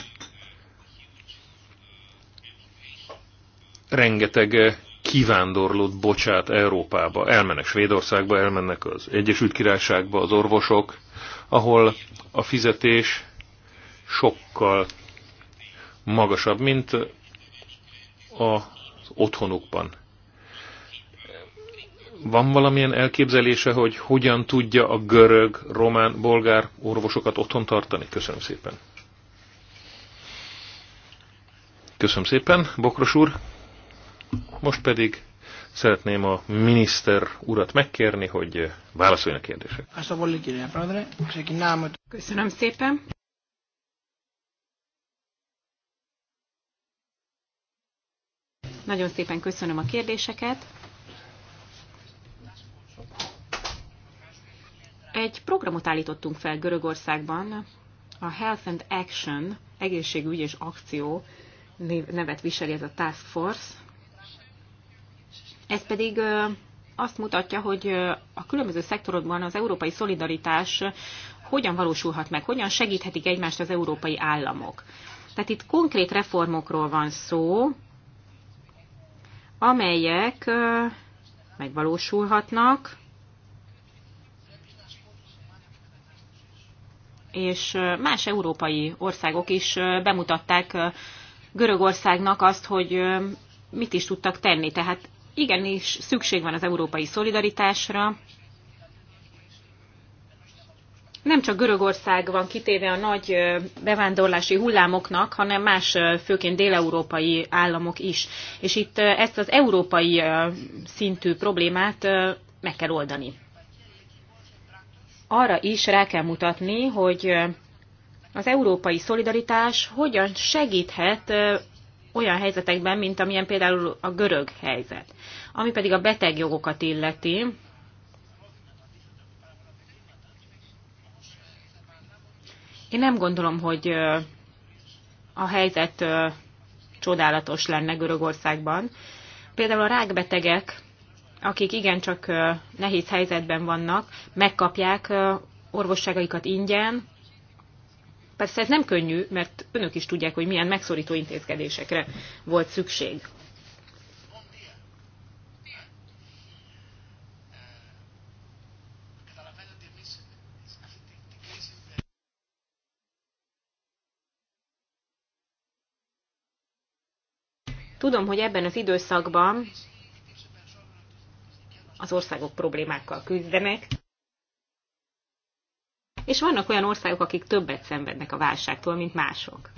Rengeteg kivándorlót bocsát Európába. Elmennek Svédországba, elmennek az Egyesült Királyságba az orvosok, ahol a fizetés sokkal magasabb, mint az otthonukban van valamilyen elképzelése, hogy hogyan tudja a görög, román, bolgár orvosokat otthon tartani? Köszönöm szépen. Köszönöm szépen, Bokros úr. Most pedig szeretném a miniszter urat megkérni, hogy válaszoljon a kérdésre. Köszönöm szépen. Nagyon szépen köszönöm a kérdéseket. Egy programot állítottunk fel Görögországban, a Health and Action, egészségügy és akció nevet viseli ez a Task Force. Ez pedig azt mutatja, hogy a különböző szektorokban az európai szolidaritás hogyan valósulhat meg, hogyan segíthetik egymást az európai államok. Tehát itt konkrét reformokról van szó, amelyek megvalósulhatnak, és más európai országok is bemutatták Görögországnak azt, hogy mit is tudtak tenni. Tehát igenis szükség van az európai szolidaritásra. Nem csak Görögország van kitéve a nagy bevándorlási hullámoknak, hanem más, főként déleurópai államok is. És itt ezt az európai szintű problémát meg kell oldani arra is rá kell mutatni, hogy az európai szolidaritás hogyan segíthet olyan helyzetekben, mint amilyen például a görög helyzet. Ami pedig a betegjogokat illeti, én nem gondolom, hogy a helyzet csodálatos lenne Görögországban. Például a rákbetegek akik igencsak nehéz helyzetben vannak, megkapják orvosságaikat ingyen. Persze ez nem könnyű, mert önök is tudják, hogy milyen megszorító intézkedésekre volt szükség. Tudom, hogy ebben az időszakban az országok problémákkal küzdenek, és vannak olyan országok, akik többet szenvednek a válságtól, mint mások.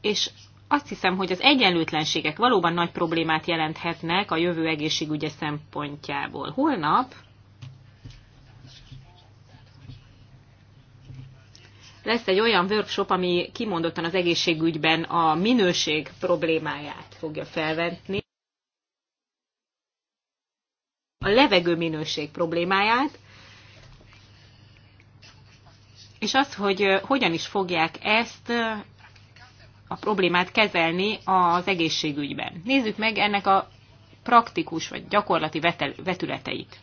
És azt hiszem, hogy az egyenlőtlenségek valóban nagy problémát jelenthetnek a jövő egészségügye szempontjából. Holnap lesz egy olyan workshop, ami kimondottan az egészségügyben a minőség problémáját fogja felvetni, a levegő minőség problémáját, és az, hogy hogyan is fogják ezt a problémát kezelni az egészségügyben. Nézzük meg ennek a praktikus vagy gyakorlati vetületeit.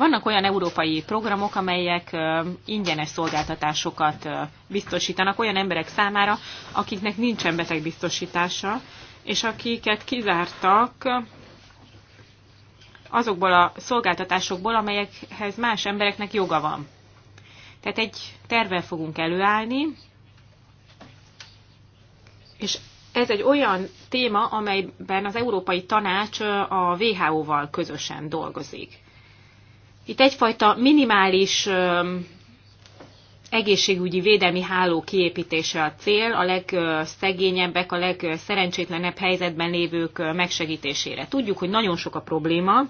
Vannak olyan európai programok, amelyek ingyenes szolgáltatásokat biztosítanak olyan emberek számára, akiknek nincsen betegbiztosítása, és akiket kizártak azokból a szolgáltatásokból, amelyekhez más embereknek joga van. Tehát egy tervvel fogunk előállni, és ez egy olyan téma, amelyben az Európai Tanács a WHO-val közösen dolgozik. Itt egyfajta minimális egészségügyi védelmi háló kiépítése a cél, a legszegényebbek, a legszerencsétlenebb helyzetben lévők megsegítésére. Tudjuk, hogy nagyon sok a probléma,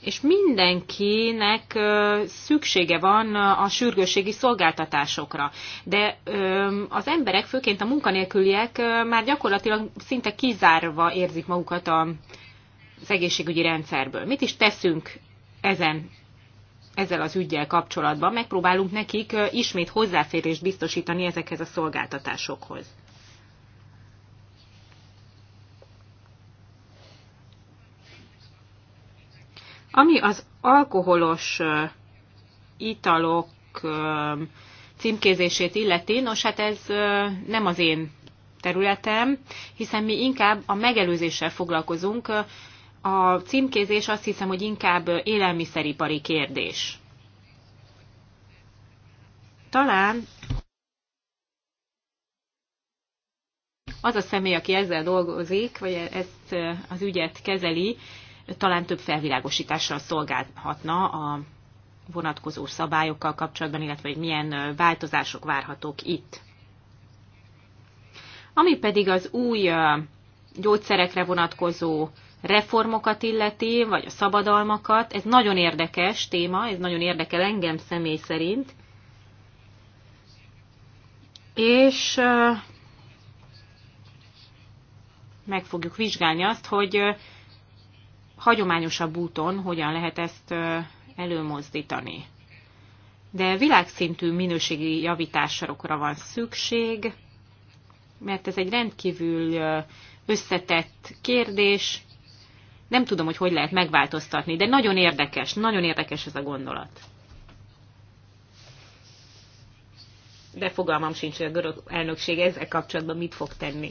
és mindenkinek szüksége van a sürgősségi szolgáltatásokra. De az emberek, főként a munkanélküliek már gyakorlatilag szinte kizárva érzik magukat a az egészségügyi rendszerből. Mit is teszünk ezen ezzel az ügyel kapcsolatban, megpróbálunk nekik ismét hozzáférést biztosítani ezekhez a szolgáltatásokhoz. Ami az alkoholos italok címkézését illeti, nos hát ez nem az én területem, hiszen mi inkább a megelőzéssel foglalkozunk, a címkézés azt hiszem, hogy inkább élelmiszeripari kérdés. Talán az a személy, aki ezzel dolgozik, vagy ezt eh, az ügyet kezeli, talán több felvilágosítással szolgálhatna a vonatkozó szabályokkal kapcsolatban, illetve hogy milyen eh, változások várhatók itt. Ami pedig az új eh, gyógyszerekre vonatkozó reformokat illeti, vagy a szabadalmakat. Ez nagyon érdekes téma, ez nagyon érdekel engem személy szerint. És meg fogjuk vizsgálni azt, hogy hagyományosabb úton hogyan lehet ezt előmozdítani. De világszintű minőségi javításokra van szükség, mert ez egy rendkívül összetett kérdés, nem tudom, hogy hogy lehet megváltoztatni, de nagyon érdekes, nagyon érdekes ez a gondolat. De fogalmam sincs, hogy a görög elnökség ezzel kapcsolatban mit fog tenni.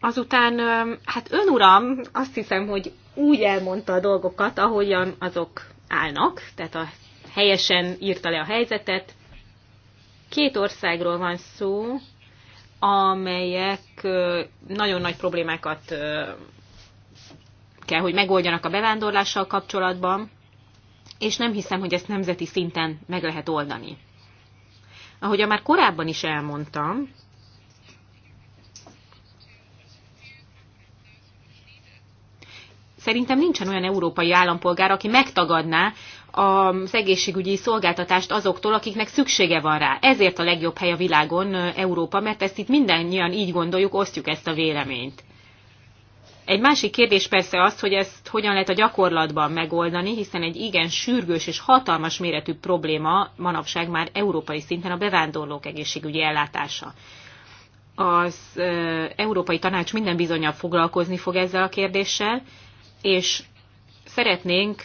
Azután, hát ön uram, azt hiszem, hogy úgy elmondta a dolgokat, ahogyan azok állnak, tehát a helyesen írta le a helyzetet. Két országról van szó, amelyek nagyon nagy problémákat kell, hogy megoldjanak a bevándorlással kapcsolatban, és nem hiszem, hogy ezt nemzeti szinten meg lehet oldani. Ahogy már korábban is elmondtam, szerintem nincsen olyan európai állampolgár, aki megtagadná az egészségügyi szolgáltatást azoktól, akiknek szüksége van rá. Ezért a legjobb hely a világon Európa, mert ezt itt mindannyian így gondoljuk, osztjuk ezt a véleményt. Egy másik kérdés persze az, hogy ezt hogyan lehet a gyakorlatban megoldani, hiszen egy igen sürgős és hatalmas méretű probléma manapság már európai szinten a bevándorlók egészségügyi ellátása. Az Európai Tanács minden bizonyal foglalkozni fog ezzel a kérdéssel, és szeretnénk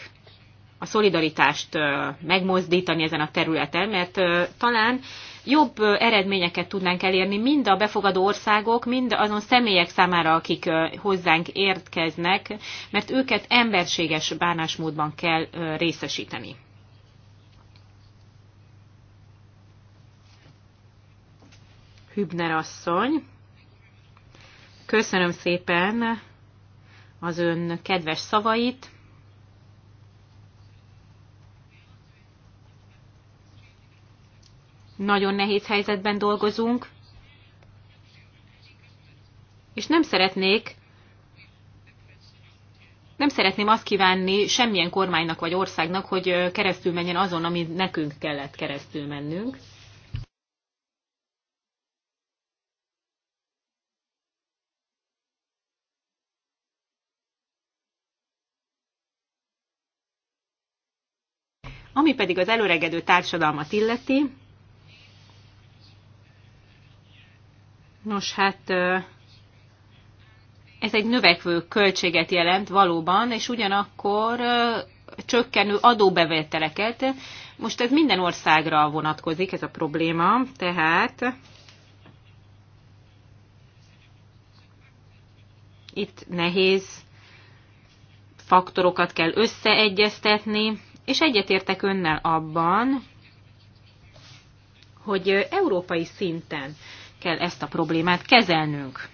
a szolidaritást megmozdítani ezen a területen, mert talán jobb eredményeket tudnánk elérni mind a befogadó országok, mind azon személyek számára, akik hozzánk érkeznek, mert őket emberséges bánásmódban kell részesíteni. Hübner asszony, köszönöm szépen az ön kedves szavait. nagyon nehéz helyzetben dolgozunk, és nem szeretnék, nem szeretném azt kívánni semmilyen kormánynak vagy országnak, hogy keresztül menjen azon, ami nekünk kellett keresztül mennünk. Ami pedig az előregedő társadalmat illeti, Nos, hát ez egy növekvő költséget jelent valóban, és ugyanakkor csökkenő adóbevételeket. Most ez minden országra vonatkozik, ez a probléma, tehát itt nehéz faktorokat kell összeegyeztetni, és egyetértek önnel abban, hogy európai szinten kell ezt a problémát kezelnünk,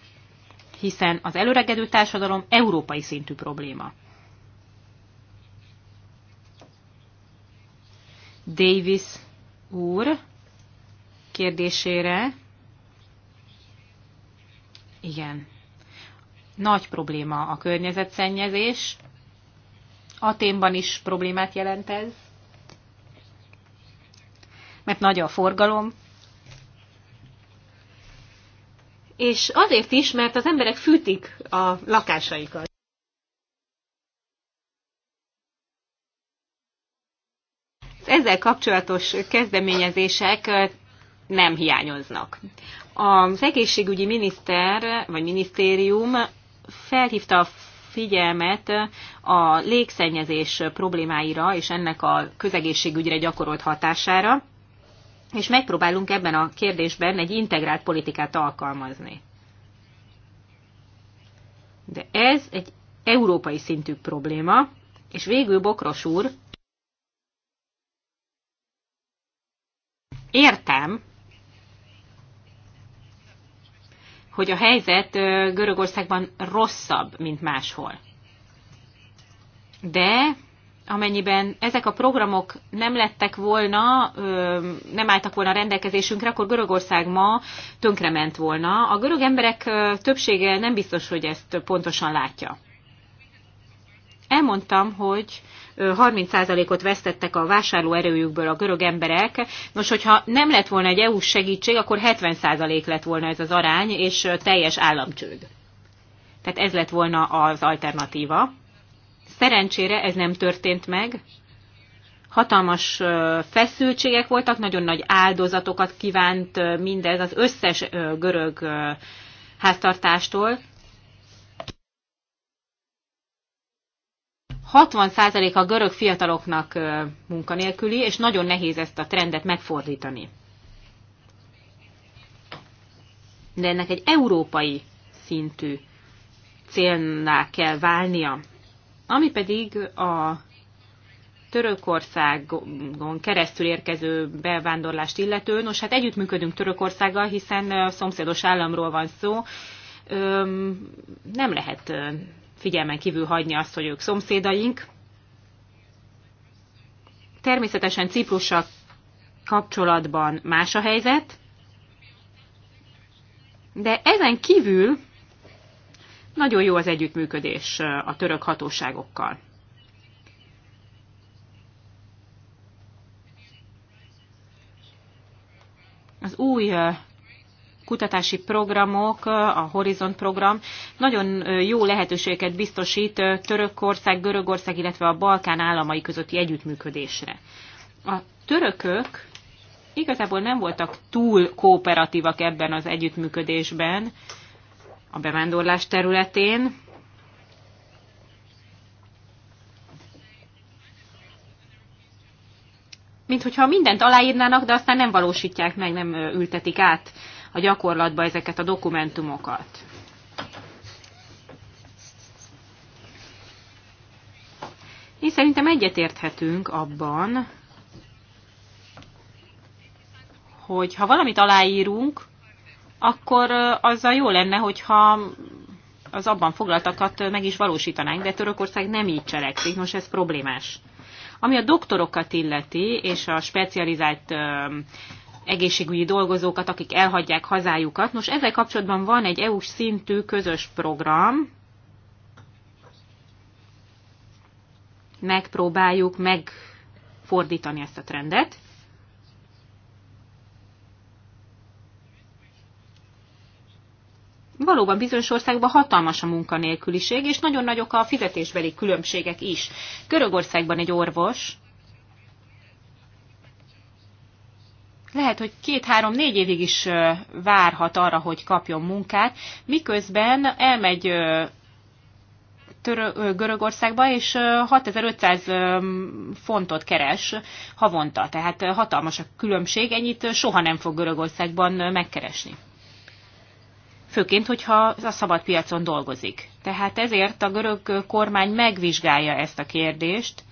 hiszen az előregedő társadalom európai szintű probléma. Davis úr kérdésére. Igen. Nagy probléma a környezetszennyezés. Aténban is problémát jelent ez, mert nagy a forgalom, és azért is, mert az emberek fűtik a lakásaikat. Az ezzel kapcsolatos kezdeményezések nem hiányoznak. Az egészségügyi miniszter, vagy minisztérium felhívta a figyelmet a légszennyezés problémáira és ennek a közegészségügyre gyakorolt hatására, és megpróbálunk ebben a kérdésben egy integrált politikát alkalmazni. De ez egy európai szintű probléma, és végül Bokros úr, értem, hogy a helyzet Görögországban rosszabb, mint máshol. De amennyiben ezek a programok nem lettek volna, nem álltak volna rendelkezésünkre, akkor Görögország ma tönkrement volna. A görög emberek többsége nem biztos, hogy ezt pontosan látja. Elmondtam, hogy 30%-ot vesztettek a vásárlóerőjükből a görög emberek. Nos, hogyha nem lett volna egy EU-s segítség, akkor 70% lett volna ez az arány, és teljes államcsőd. Tehát ez lett volna az alternatíva. Szerencsére ez nem történt meg. Hatalmas feszültségek voltak, nagyon nagy áldozatokat kívánt mindez az összes görög háztartástól. 60% a görög fiataloknak munkanélküli, és nagyon nehéz ezt a trendet megfordítani. De ennek egy európai szintű célnál kell válnia. Ami pedig a Törökországon keresztül érkező bevándorlást illető, nos hát együttműködünk Törökországgal, hiszen szomszédos államról van szó, nem lehet figyelmen kívül hagyni azt, hogy ők szomszédaink. Természetesen Ciprussal kapcsolatban más a helyzet, de ezen kívül nagyon jó az együttműködés a török hatóságokkal. Az új kutatási programok, a Horizont program nagyon jó lehetőséget biztosít Törökország, Görögország, illetve a Balkán államai közötti együttműködésre. A törökök igazából nem voltak túl kooperatívak ebben az együttműködésben, a bevándorlás területén. Mint hogyha mindent aláírnának, de aztán nem valósítják meg, nem ültetik át a gyakorlatba ezeket a dokumentumokat. Én szerintem egyetérthetünk abban, hogy ha valamit aláírunk, akkor azzal jó lenne, hogyha az abban foglaltakat meg is valósítanánk, de Törökország nem így cselekszik, most ez problémás. Ami a doktorokat illeti, és a specializált egészségügyi dolgozókat, akik elhagyják hazájukat. Nos, ezzel kapcsolatban van egy EU-s szintű közös program. Megpróbáljuk megfordítani ezt a trendet. valóban bizonyos országban hatalmas a munkanélküliség, és nagyon nagyok a fizetésbeli különbségek is. Görögországban egy orvos lehet, hogy két-három-négy évig is várhat arra, hogy kapjon munkát, miközben elmegy Görögországba, és 6500 fontot keres havonta. Tehát hatalmas a különbség, ennyit soha nem fog Görögországban megkeresni főként, hogyha a szabad piacon dolgozik. Tehát ezért a görög kormány megvizsgálja ezt a kérdést,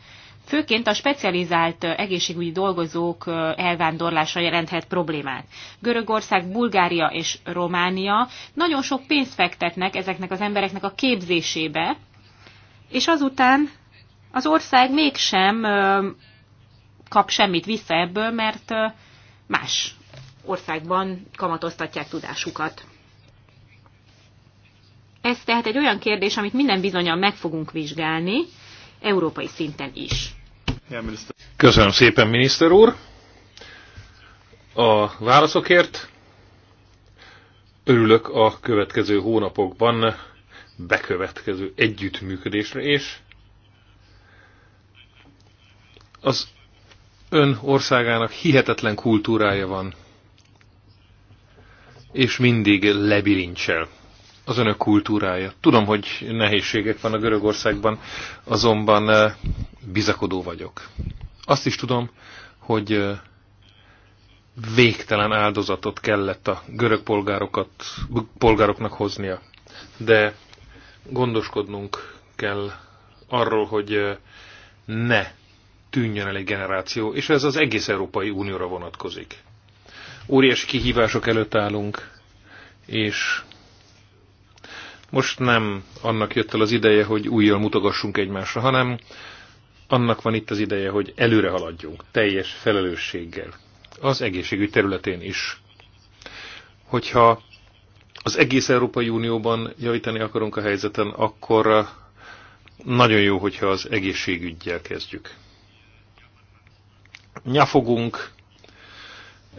főként a specializált egészségügyi dolgozók elvándorlása jelenthet problémát. Görögország, Bulgária és Románia nagyon sok pénzt fektetnek ezeknek az embereknek a képzésébe, és azután az ország mégsem kap semmit vissza ebből, mert más országban kamatoztatják tudásukat. Ez tehát egy olyan kérdés, amit minden bizonyal meg fogunk vizsgálni, európai szinten is. Köszönöm szépen, miniszter úr! A válaszokért örülök a következő hónapokban bekövetkező együttműködésre, és az ön országának hihetetlen kultúrája van, és mindig lebilincsel az önök kultúrája. Tudom, hogy nehézségek van a Görögországban, azonban eh, bizakodó vagyok. Azt is tudom, hogy eh, végtelen áldozatot kellett a görög polgárokat, polgároknak hoznia. De gondoskodnunk kell arról, hogy eh, ne tűnjön el egy generáció, és ez az egész Európai Unióra vonatkozik. Óriási kihívások előtt állunk, és most nem annak jött el az ideje, hogy újjal mutogassunk egymásra, hanem annak van itt az ideje, hogy előre haladjunk, teljes felelősséggel, az egészségügy területén is. Hogyha az egész Európai Unióban javítani akarunk a helyzeten, akkor nagyon jó, hogyha az egészségügyjel kezdjük. Nyafogunk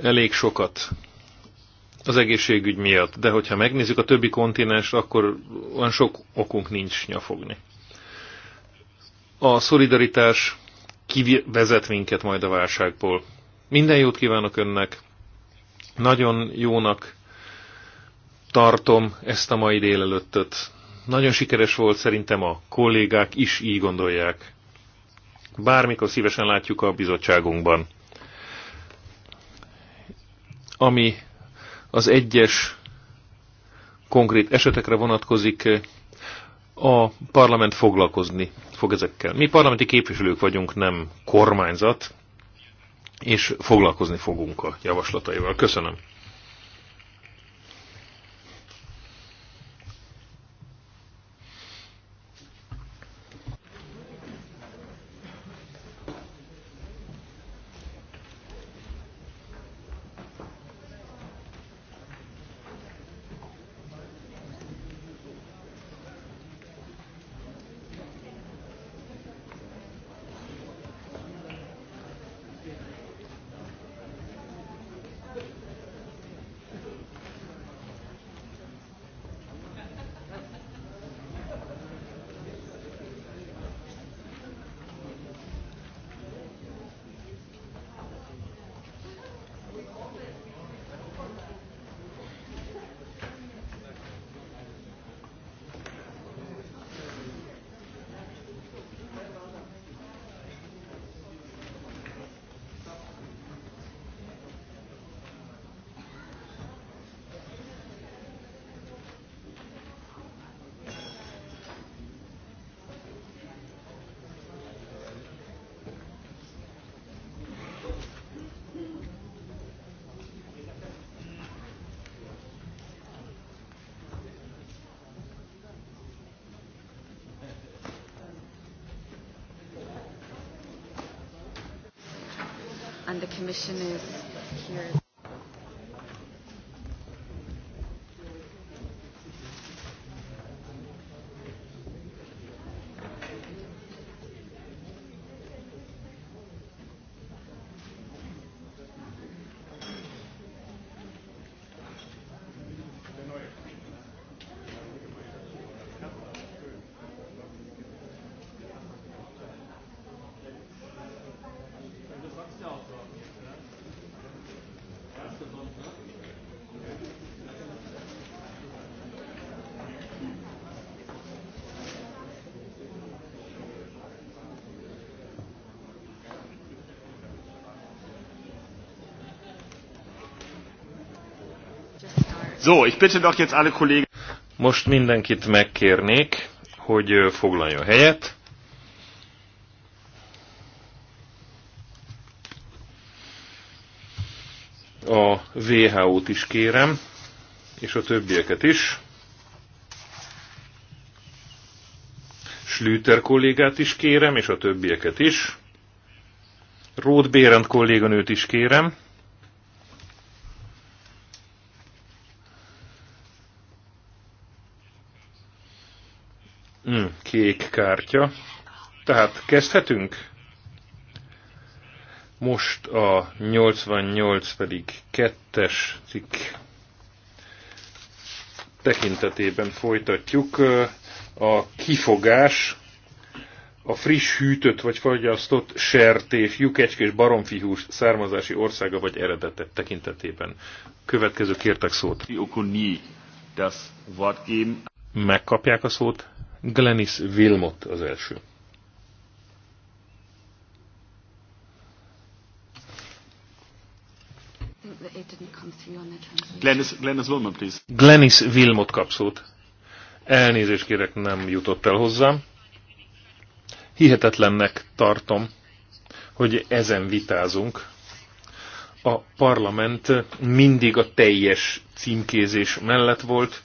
elég sokat az egészségügy miatt, de hogyha megnézzük a többi kontinens, akkor olyan sok okunk nincs nyafogni. A szolidaritás kivezet minket majd a válságból. Minden jót kívánok önnek, nagyon jónak tartom ezt a mai délelőttöt. Nagyon sikeres volt, szerintem a kollégák is így gondolják. Bármikor szívesen látjuk a bizottságunkban. Ami az egyes konkrét esetekre vonatkozik, a parlament foglalkozni fog ezekkel. Mi parlamenti képviselők vagyunk, nem kormányzat, és foglalkozni fogunk a javaslataival. Köszönöm. commission is. So, ich bitte doch jetzt alle Kollegen. Most mindenkit megkérnék, hogy foglaljon helyet. A WHO-t is kérem, és a többieket is. Schlüter kollégát is kérem, és a többieket is. Ród Bérend kolléganőt is kérem. kártya. Tehát kezdhetünk? Most a 88 pedig kettes cikk tekintetében folytatjuk. A kifogás, a friss hűtött vagy fagyasztott sertés, lyukecske és baromfihús származási országa vagy eredete tekintetében. Következő kértek szót. Megkapják a szót Glenis Wilmot az első. Glenis, Wilmot, please. Glenis Wilmot kapszót. Elnézést kérek, nem jutott el hozzám. Hihetetlennek tartom, hogy ezen vitázunk. A parlament mindig a teljes címkézés mellett volt,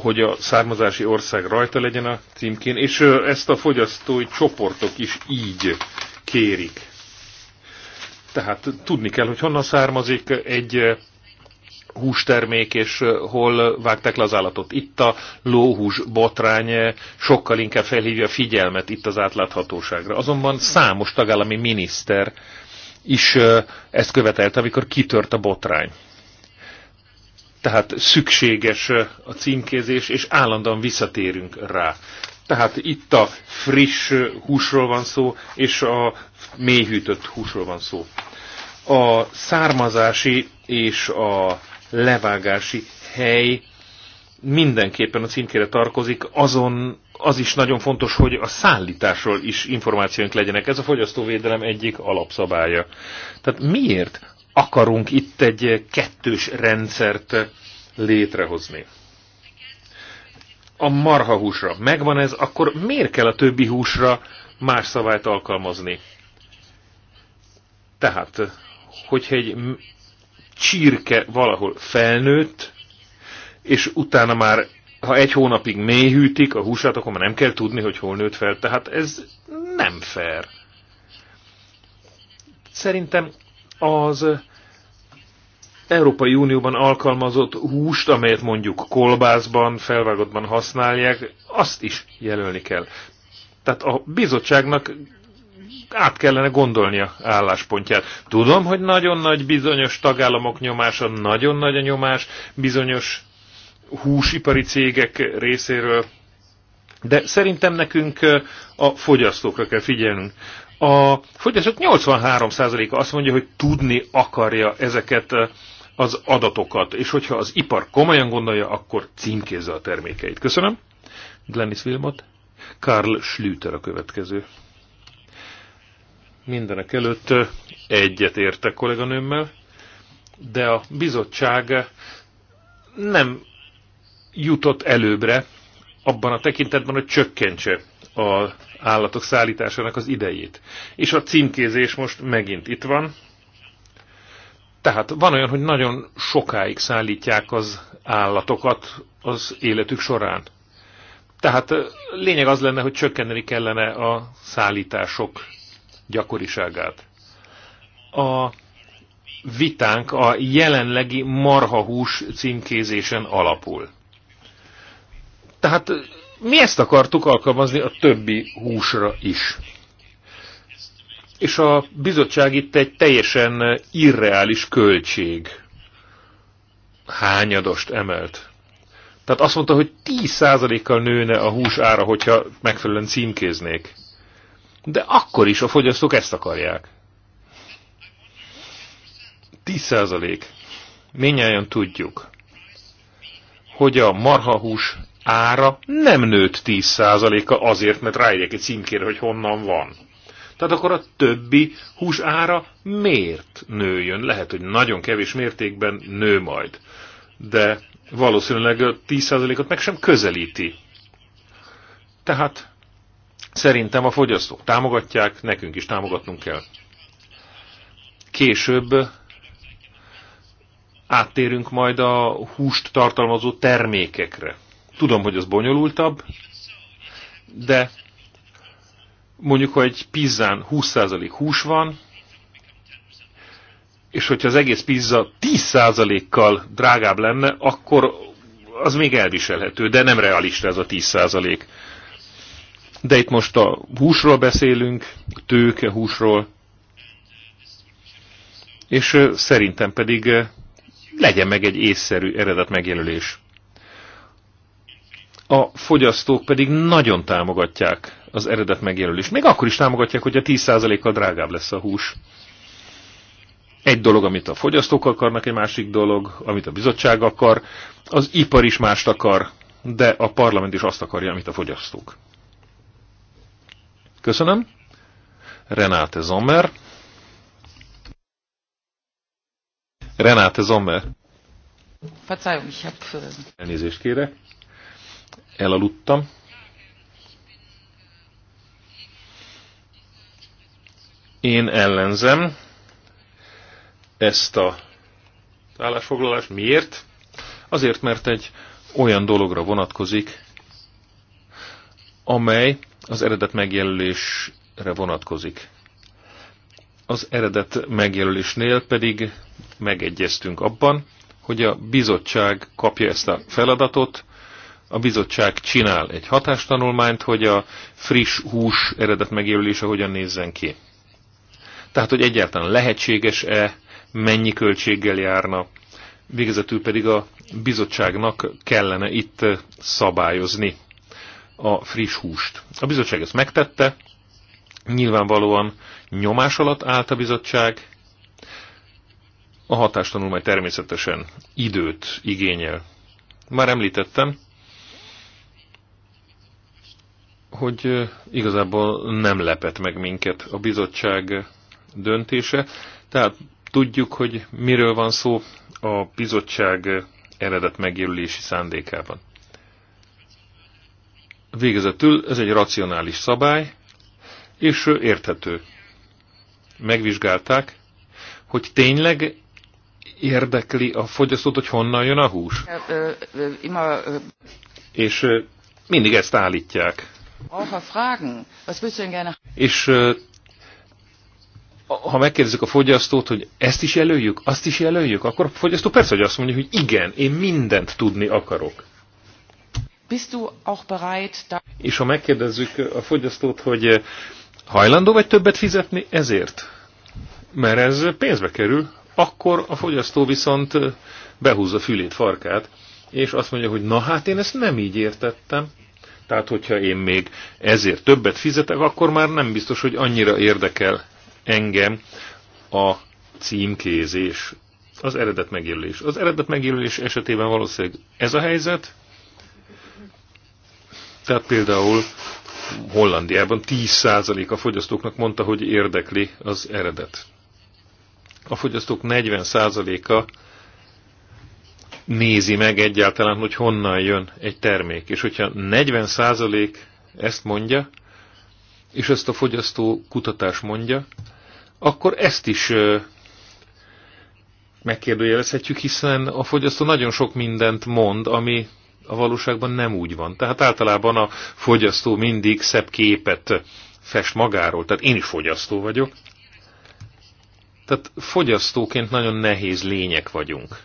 hogy a származási ország rajta legyen a címkén, és ezt a fogyasztói csoportok is így kérik. Tehát tudni kell, hogy honnan származik egy hústermék, és hol vágták le az állatot. Itt a lóhús botrány sokkal inkább felhívja a figyelmet itt az átláthatóságra. Azonban számos tagállami miniszter is ezt követelte, amikor kitört a botrány tehát szükséges a címkézés, és állandóan visszatérünk rá. Tehát itt a friss húsról van szó, és a mélyhűtött húsról van szó. A származási és a levágási hely mindenképpen a címkére tartozik, azon az is nagyon fontos, hogy a szállításról is információink legyenek. Ez a fogyasztóvédelem egyik alapszabálya. Tehát miért akarunk itt egy kettős rendszert létrehozni. A marhahúsra megvan ez, akkor miért kell a többi húsra más szabályt alkalmazni? Tehát, hogyha egy csirke valahol felnőtt, és utána már, ha egy hónapig mélyhűtik a húsát, akkor már nem kell tudni, hogy hol nőtt fel. Tehát ez nem fair. Szerintem az Európai Unióban alkalmazott húst, amelyet mondjuk kolbászban, felvágottban használják, azt is jelölni kell. Tehát a bizottságnak át kellene gondolnia álláspontját. Tudom, hogy nagyon nagy bizonyos tagállamok nyomása, nagyon nagy a nyomás bizonyos húsipari cégek részéről, de szerintem nekünk a fogyasztókra kell figyelnünk. A fogyasztók 83%-a azt mondja, hogy tudni akarja ezeket az adatokat, és hogyha az ipar komolyan gondolja, akkor címkézze a termékeit. Köszönöm. Glennis Wilmot, Karl Schlüter a következő. Mindenek előtt egyet értek kolléganőmmel, de a bizottság nem jutott előbbre abban a tekintetben, hogy csökkentse az állatok szállításának az idejét. És a címkézés most megint itt van, tehát van olyan, hogy nagyon sokáig szállítják az állatokat az életük során. Tehát lényeg az lenne, hogy csökkenteni kellene a szállítások gyakoriságát. A vitánk a jelenlegi marhahús címkézésen alapul. Tehát mi ezt akartuk alkalmazni a többi húsra is. És a bizottság itt egy teljesen irreális költség hányadost emelt. Tehát azt mondta, hogy 10%-kal nőne a hús ára, hogyha megfelelően címkéznék. De akkor is a fogyasztók ezt akarják. 10%. Minnyáján tudjuk, hogy a marhahús ára nem nőtt 10%-a azért, mert ráírják egy címkére, hogy honnan van. Tehát akkor a többi hús ára miért nőjön? Lehet, hogy nagyon kevés mértékben nő majd, de valószínűleg a 10%-ot meg sem közelíti. Tehát szerintem a fogyasztók támogatják, nekünk is támogatnunk kell. Később áttérünk majd a húst tartalmazó termékekre. Tudom, hogy az bonyolultabb, de mondjuk, hogy egy pizzán 20% hús van, és hogyha az egész pizza 10%-kal drágább lenne, akkor az még elviselhető, de nem realista ez a 10%. De itt most a húsról beszélünk, tőke húsról, és szerintem pedig legyen meg egy észszerű eredet megjelölés a fogyasztók pedig nagyon támogatják az eredet megjelölést. Még akkor is támogatják, hogy a 10%-kal drágább lesz a hús. Egy dolog, amit a fogyasztók akarnak, egy másik dolog, amit a bizottság akar, az ipar is mást akar, de a parlament is azt akarja, amit a fogyasztók. Köszönöm. Renáte Zommer. Renáte Zommer. Verzeihung, ich habe... Äh, Elnézést kérek elaludtam. Én ellenzem ezt a állásfoglalást. Miért? Azért, mert egy olyan dologra vonatkozik, amely az eredet megjelölésre vonatkozik. Az eredet megjelölésnél pedig megegyeztünk abban, hogy a bizottság kapja ezt a feladatot, a bizottság csinál egy hatástanulmányt, hogy a friss hús eredet megjelölése hogyan nézzen ki. Tehát, hogy egyáltalán lehetséges-e, mennyi költséggel járna. Végezetül pedig a bizottságnak kellene itt szabályozni a friss húst. A bizottság ezt megtette, nyilvánvalóan nyomás alatt állt a bizottság, a hatástanulmány természetesen időt igényel. Már említettem, hogy igazából nem lepett meg minket a bizottság döntése. Tehát tudjuk, hogy miről van szó a bizottság eredet megjelölési szándékában. Végezetül ez egy racionális szabály, és érthető. Megvizsgálták, hogy tényleg érdekli a fogyasztót, hogy honnan jön a hús. És mindig ezt állítják. És ha megkérdezzük a fogyasztót, hogy ezt is jelöljük, azt is jelöljük, akkor a fogyasztó persze, hogy azt mondja, hogy igen, én mindent tudni akarok. És ha megkérdezzük a fogyasztót, hogy hajlandó vagy többet fizetni ezért, mert ez pénzbe kerül, akkor a fogyasztó viszont behúzza fülét, farkát, és azt mondja, hogy na hát én ezt nem így értettem, tehát, hogyha én még ezért többet fizetek, akkor már nem biztos, hogy annyira érdekel engem a címkézés, az eredet megjelölés. Az eredet megjelölés esetében valószínűleg ez a helyzet. Tehát például Hollandiában 10% a fogyasztóknak mondta, hogy érdekli az eredet. A fogyasztók 40%-a nézi meg egyáltalán, hogy honnan jön egy termék. És hogyha 40% ezt mondja, és ezt a fogyasztó kutatás mondja, akkor ezt is megkérdőjelezhetjük, hiszen a fogyasztó nagyon sok mindent mond, ami a valóságban nem úgy van. Tehát általában a fogyasztó mindig szebb képet fest magáról. Tehát én is fogyasztó vagyok. Tehát fogyasztóként nagyon nehéz lények vagyunk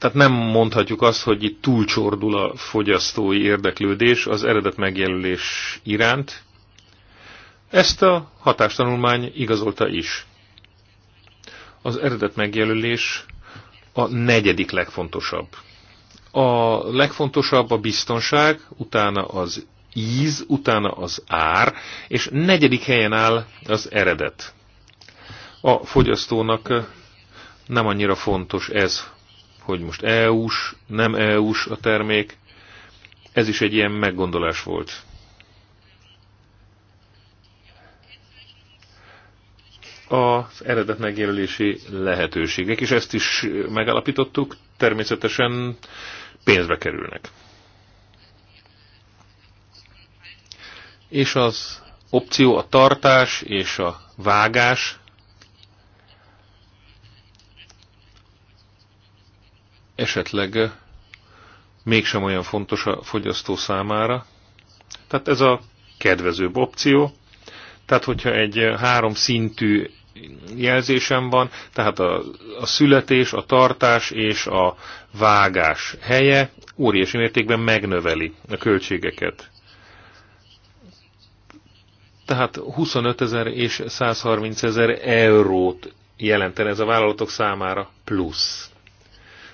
tehát nem mondhatjuk azt, hogy itt túlcsordul a fogyasztói érdeklődés az eredet megjelölés iránt. Ezt a hatástanulmány igazolta is. Az eredet megjelölés a negyedik legfontosabb. A legfontosabb a biztonság, utána az íz, utána az ár, és negyedik helyen áll az eredet. A fogyasztónak nem annyira fontos ez, hogy most EU-s, nem EU-s a termék. Ez is egy ilyen meggondolás volt. Az eredet megjelölési lehetőségek, és ezt is megalapítottuk. természetesen pénzbe kerülnek. És az opció a tartás és a vágás esetleg mégsem olyan fontos a fogyasztó számára. Tehát ez a kedvezőbb opció. Tehát, hogyha egy három szintű jelzésem van, tehát a, a születés, a tartás és a vágás helye óriási mértékben megnöveli a költségeket. Tehát 25 ezer és 130 ezer eurót jelenten ez a vállalatok számára plusz.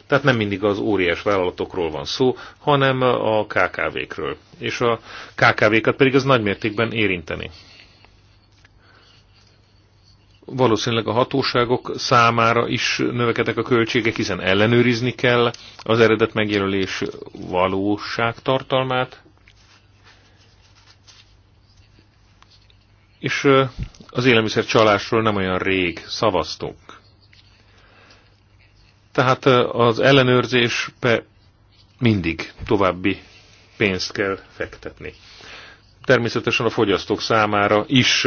Tehát nem mindig az óriás vállalatokról van szó, hanem a KKV-kről. És a KKV-kat pedig az nagymértékben érinteni. Valószínűleg a hatóságok számára is növekednek a költségek, hiszen ellenőrizni kell az eredet megjelölés valóságtartalmát, és az élelmiszer csalásról nem olyan rég szavaztunk. Tehát az ellenőrzésbe mindig további pénzt kell fektetni. Természetesen a fogyasztók számára is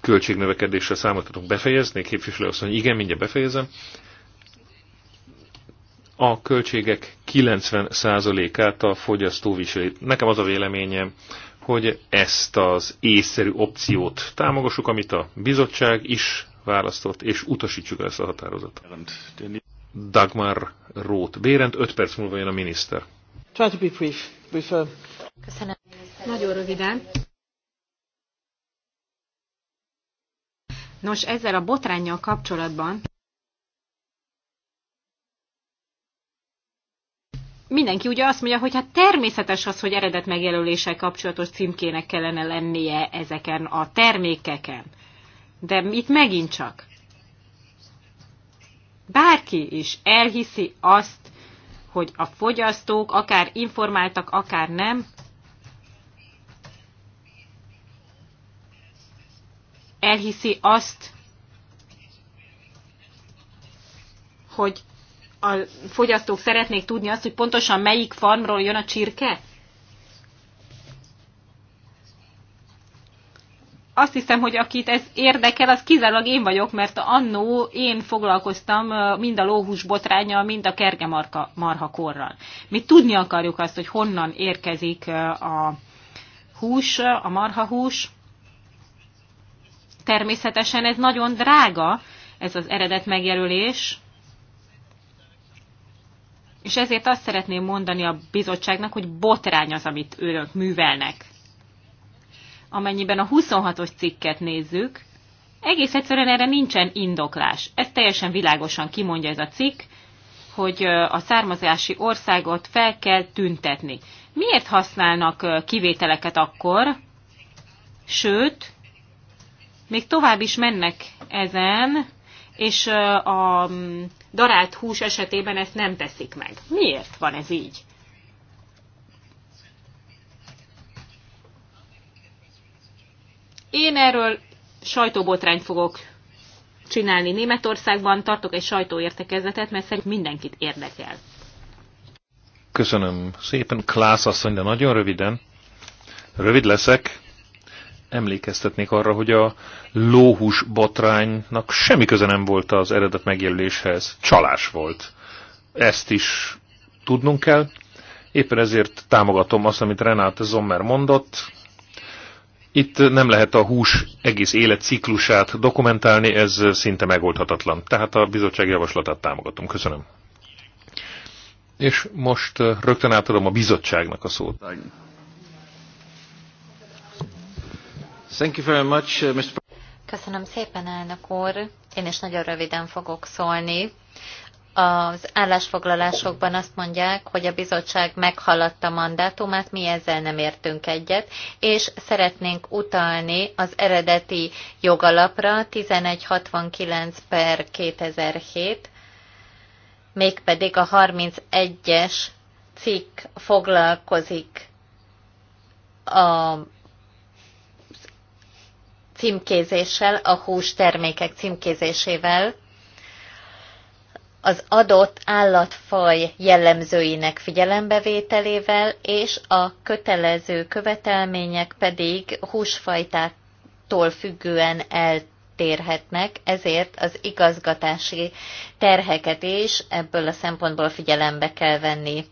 költségnövekedéssel számot tudunk befejezni. Képviselő azt mondja, igen, mindjárt befejezem. A költségek 90%-át a fogyasztó viseli. Nekem az a véleményem, hogy ezt az észszerű opciót támogassuk, amit a bizottság is választott, és utasítsuk el ezt a határozatot. Dagmar Rót Bérend, 5 perc múlva jön a miniszter. Try to be brief. Prefer. Uh, Köszönöm. Nagyon röviden. Nos, ezzel a botránnyal kapcsolatban mindenki ugye azt mondja, hogy hát természetes az, hogy eredet megjelöléssel kapcsolatos címkének kellene lennie ezeken a termékeken. De itt megint csak bárki is elhiszi azt, hogy a fogyasztók akár informáltak, akár nem, elhiszi azt, hogy a fogyasztók szeretnék tudni azt, hogy pontosan melyik farmról jön a csirke? azt hiszem, hogy akit ez érdekel, az kizárólag én vagyok, mert annó én foglalkoztam mind a lóhús botránya mind a kergemarka marha korral. Mi tudni akarjuk azt, hogy honnan érkezik a hús, a marha hús. Természetesen ez nagyon drága, ez az eredet megjelölés. És ezért azt szeretném mondani a bizottságnak, hogy botrány az, amit őrök művelnek amennyiben a 26-os cikket nézzük, egész egyszerűen erre nincsen indoklás. Ez teljesen világosan kimondja ez a cikk, hogy a származási országot fel kell tüntetni. Miért használnak kivételeket akkor? Sőt, még tovább is mennek ezen, és a darált hús esetében ezt nem teszik meg. Miért van ez így? Én erről sajtóbotrányt fogok csinálni Németországban, tartok egy sajtóértekezletet, mert szerint mindenkit érdekel. Köszönöm szépen, Klász asszony, de nagyon röviden. Rövid leszek. Emlékeztetnék arra, hogy a lóhús botránynak semmi köze nem volt az eredet megjelöléshez. Csalás volt. Ezt is tudnunk kell. Éppen ezért támogatom azt, amit Renát Zommer mondott, itt nem lehet a hús egész életciklusát dokumentálni, ez szinte megoldhatatlan. Tehát a bizottság javaslatát támogatom. Köszönöm. És most eh, rögtön átadom a bizottságnak a szót. Thank you very much, eh, Mr. Köszönöm szépen, elnök úr. Én is nagyon röviden fogok szólni az állásfoglalásokban azt mondják, hogy a bizottság meghaladta mandátumát, mi ezzel nem értünk egyet, és szeretnénk utalni az eredeti jogalapra 1169 per 2007, mégpedig a 31-es cikk foglalkozik a címkézéssel, a hústermékek címkézésével, az adott állatfaj jellemzőinek figyelembevételével, és a kötelező követelmények pedig húsfajtától függően eltérhetnek, ezért az igazgatási terheket is ebből a szempontból figyelembe kell venni.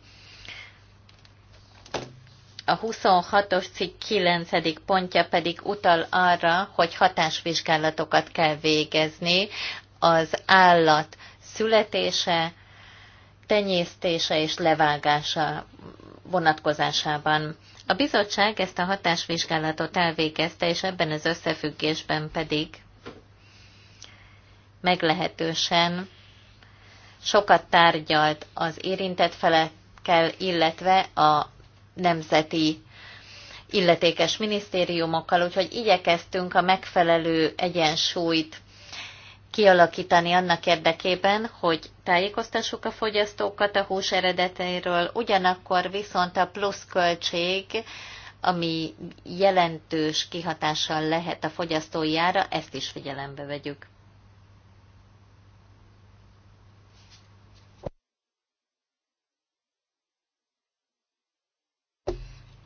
A 26-os cikk 9. pontja pedig utal arra, hogy hatásvizsgálatokat kell végezni az állat születése, tenyésztése és levágása vonatkozásában. A bizottság ezt a hatásvizsgálatot elvégezte, és ebben az összefüggésben pedig meglehetősen sokat tárgyalt az érintett felekkel, illetve a nemzeti illetékes minisztériumokkal, úgyhogy igyekeztünk a megfelelő egyensúlyt kialakítani annak érdekében, hogy tájékoztassuk a fogyasztókat a hús eredetéről, ugyanakkor viszont a pluszköltség, ami jelentős kihatással lehet a fogyasztói ára, ezt is figyelembe vegyük.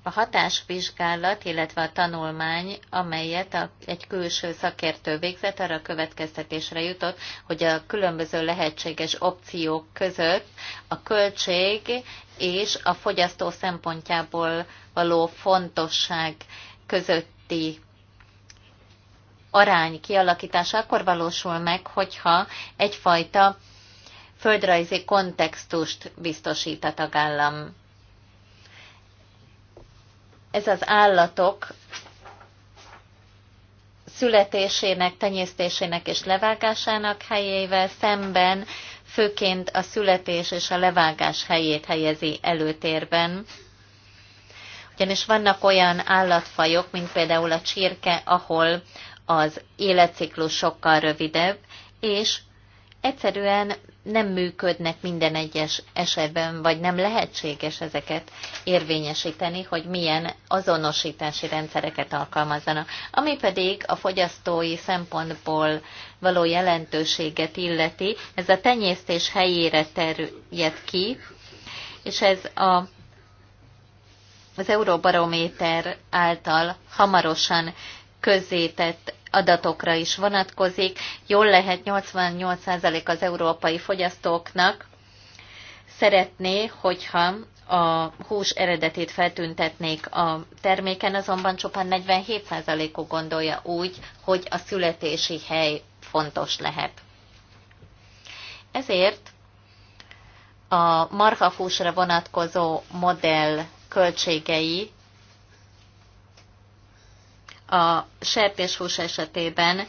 A hatásvizsgálat, illetve a tanulmány, amelyet a, egy külső szakértő végzett, arra a következtetésre jutott, hogy a különböző lehetséges opciók között a költség és a fogyasztó szempontjából való fontosság közötti arány kialakítása akkor valósul meg, hogyha egyfajta földrajzi kontextust biztosít a tagállam ez az állatok születésének, tenyésztésének és levágásának helyével szemben főként a születés és a levágás helyét helyezi előtérben. Ugyanis vannak olyan állatfajok, mint például a csirke, ahol az életciklus sokkal rövidebb, és egyszerűen nem működnek minden egyes esetben, vagy nem lehetséges ezeket érvényesíteni, hogy milyen azonosítási rendszereket alkalmazzanak. Ami pedig a fogyasztói szempontból való jelentőséget illeti, ez a tenyésztés helyére terjed ki, és ez a, az Euróbarométer által hamarosan közzétett adatokra is vonatkozik. Jól lehet 88% az európai fogyasztóknak szeretné, hogyha a hús eredetét feltüntetnék a terméken, azonban csupán 47%-uk gondolja úgy, hogy a születési hely fontos lehet. Ezért a marhafúsra vonatkozó modell költségei a sertéshús esetében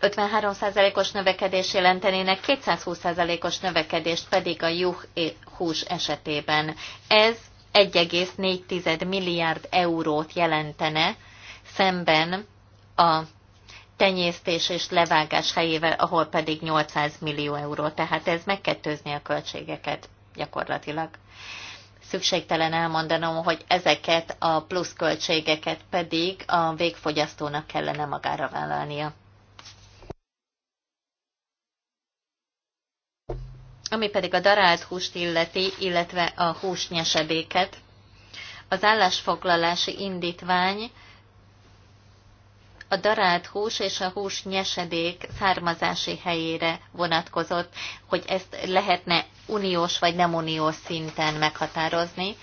53%-os növekedés jelentenének, 220%-os növekedést pedig a juh hús esetében. Ez 1,4 milliárd eurót jelentene szemben a tenyésztés és levágás helyével, ahol pedig 800 millió euró. Tehát ez megkettőzni a költségeket gyakorlatilag szükségtelen elmondanom, hogy ezeket a pluszköltségeket pedig a végfogyasztónak kellene magára vállalnia. Ami pedig a darált húst illeti, illetve a húsnyesedéket, az állásfoglalási indítvány a darált hús és a hús nyesedék származási helyére vonatkozott, hogy ezt lehetne uniós vagy nem uniós szinten meghatározni.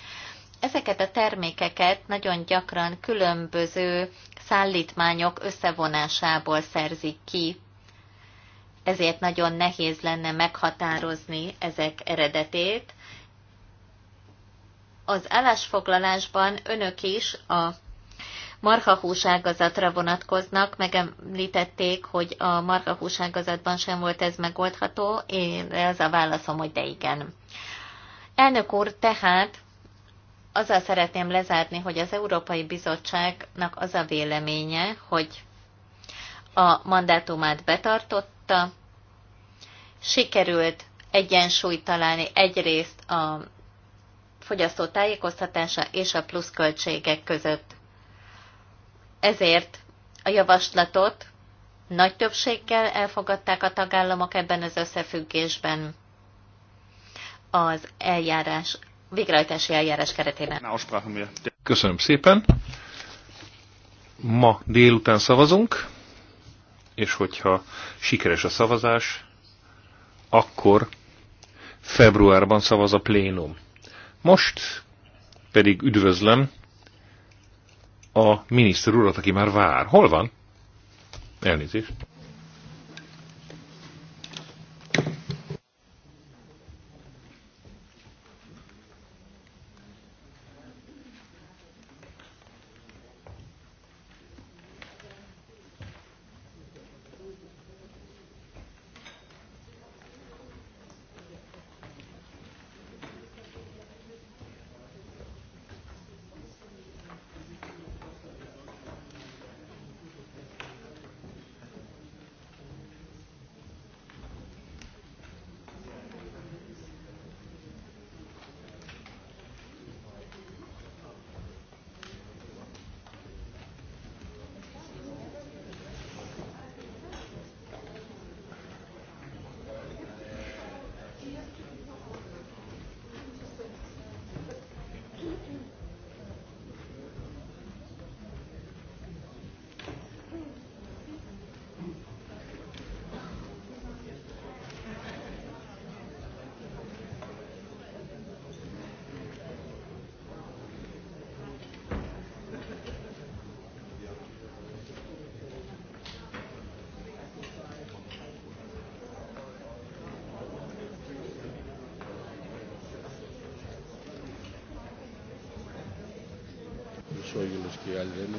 Ezeket a termékeket nagyon gyakran különböző szállítmányok összevonásából szerzik ki, ezért nagyon nehéz lenne meghatározni ezek eredetét. Az állásfoglalásban önök is a marhahúságazatra vonatkoznak. Megemlítették, hogy a marhahúságazatban sem volt ez megoldható, én az a válaszom, hogy de igen. Elnök úr, tehát azzal szeretném lezárni, hogy az Európai Bizottságnak az a véleménye, hogy a mandátumát betartotta, sikerült egyensúlyt találni egyrészt a fogyasztó tájékoztatása és a pluszköltségek között. Ezért a javaslatot nagy többséggel elfogadták a tagállamok ebben az összefüggésben az eljárás, végrehajtási eljárás keretében. Köszönöm szépen. Ma délután szavazunk, és hogyha sikeres a szavazás, akkor februárban szavaz a plénum. Most pedig üdvözlöm a miniszter urat, aki már vár. Hol van? Elnézést. soy los que al verme.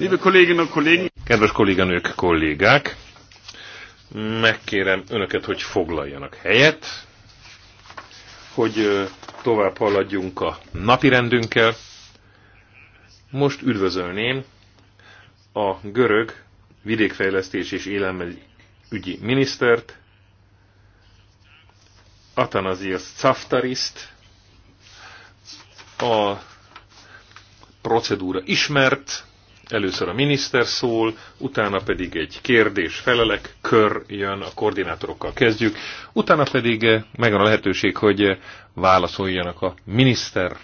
Liebe Kolleginnen und Kollegen! Kedves kolléganők, kollégák! Megkérem önöket, hogy foglaljanak helyet, hogy tovább haladjunk a napirendünkkel. Most üdvözölném a görög vidékfejlesztés és élelmezőügyi minisztert, Atanasius Caftariszt, a procedúra ismert, először a miniszter szól, utána pedig egy kérdés-felelek kör jön, a koordinátorokkal kezdjük, utána pedig eh, megvan a lehetőség, hogy eh, válaszoljanak a miniszter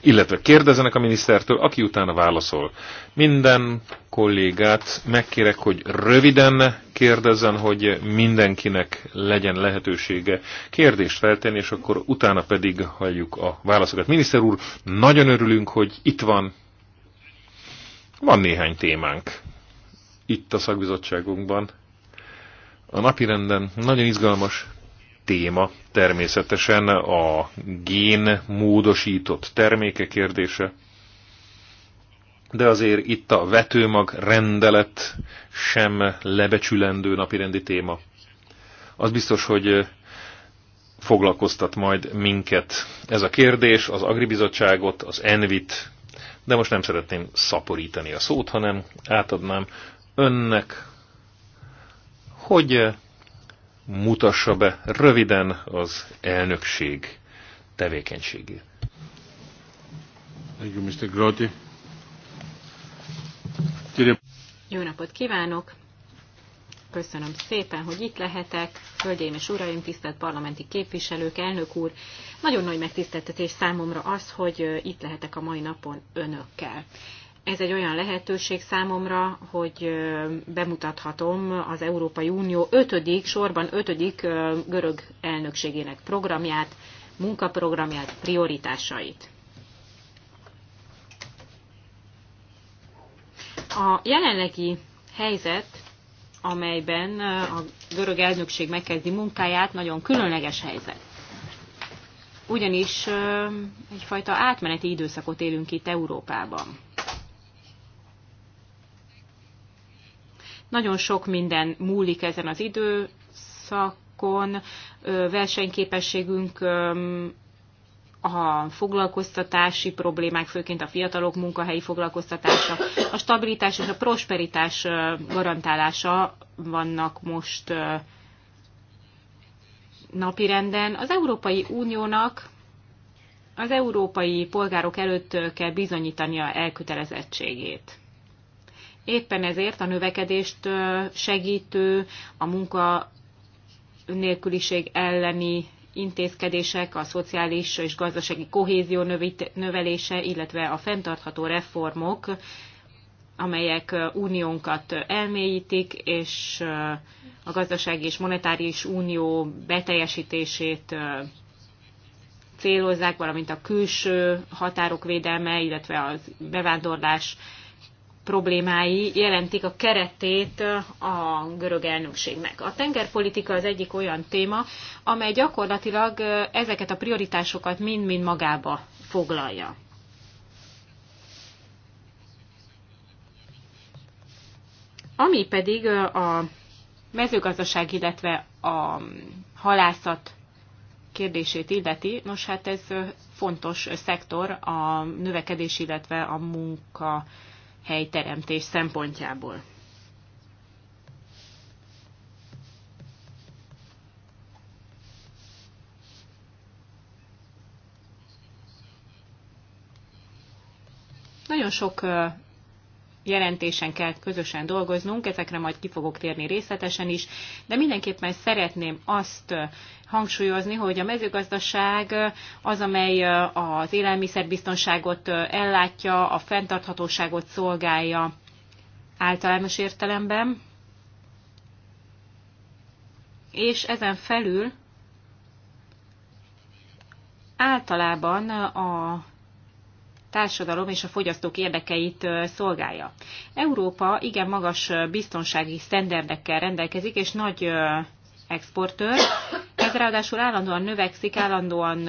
illetve kérdezenek a minisztertől, aki utána válaszol. Minden kollégát megkérek, hogy röviden kérdezzen, hogy mindenkinek legyen lehetősége kérdést feltenni, és akkor utána pedig halljuk a válaszokat. Miniszter úr, nagyon örülünk, hogy itt van. Van néhány témánk itt a szakbizottságunkban. A napirenden nagyon izgalmas téma természetesen a gén módosított terméke kérdése, de azért itt a vetőmag rendelet sem lebecsülendő napirendi téma. Az biztos, hogy foglalkoztat majd minket ez a kérdés, az Agribizottságot, az Envit, de most nem szeretném szaporítani a szót, hanem átadnám önnek, hogy mutassa be röviden az elnökség tevékenységét. Thank you, Mr. Grotti. Jó napot kívánok! Köszönöm szépen, hogy itt lehetek. Hölgyeim és uraim, tisztelt parlamenti képviselők, elnök úr! Nagyon nagy megtiszteltetés számomra az, hogy itt lehetek a mai napon önökkel ez egy olyan lehetőség számomra, hogy bemutathatom az Európai Unió ötödik, sorban ötödik görög elnökségének programját, munkaprogramját, prioritásait. A jelenlegi helyzet, amelyben a görög elnökség megkezdi munkáját, nagyon különleges helyzet. Ugyanis egyfajta átmeneti időszakot élünk itt Európában Nagyon sok minden múlik ezen az időszakon, versenyképességünk a foglalkoztatási problémák, főként a fiatalok munkahelyi foglalkoztatása, a stabilitás és a prosperitás garantálása vannak most napirenden. Az Európai Uniónak az európai polgárok előtt kell bizonyítania elkötelezettségét. Éppen ezért a növekedést segítő, a munka nélküliség elleni intézkedések, a szociális és gazdasági kohézió növelése, illetve a fenntartható reformok, amelyek uniónkat elmélyítik, és a gazdasági és monetáris unió beteljesítését célozzák, valamint a külső határok védelme, illetve a bevándorlás problémái jelentik a keretét a görög elnökségnek. A tengerpolitika az egyik olyan téma, amely gyakorlatilag ezeket a prioritásokat mind-mind magába foglalja. Ami pedig a mezőgazdaság, illetve a halászat kérdését illeti, nos hát ez fontos szektor a növekedés, illetve a munka helyteremtés szempontjából. Nagyon sok jelentésen kell közösen dolgoznunk, ezekre majd ki fogok térni részletesen is, de mindenképpen szeretném azt hangsúlyozni, hogy a mezőgazdaság az, amely az élelmiszerbiztonságot ellátja, a fenntarthatóságot szolgálja általános értelemben, és ezen felül általában a társadalom és a fogyasztók érdekeit szolgálja. Európa igen magas biztonsági sztenderdekkel rendelkezik, és nagy exportőr. Ez ráadásul állandóan növekszik, állandóan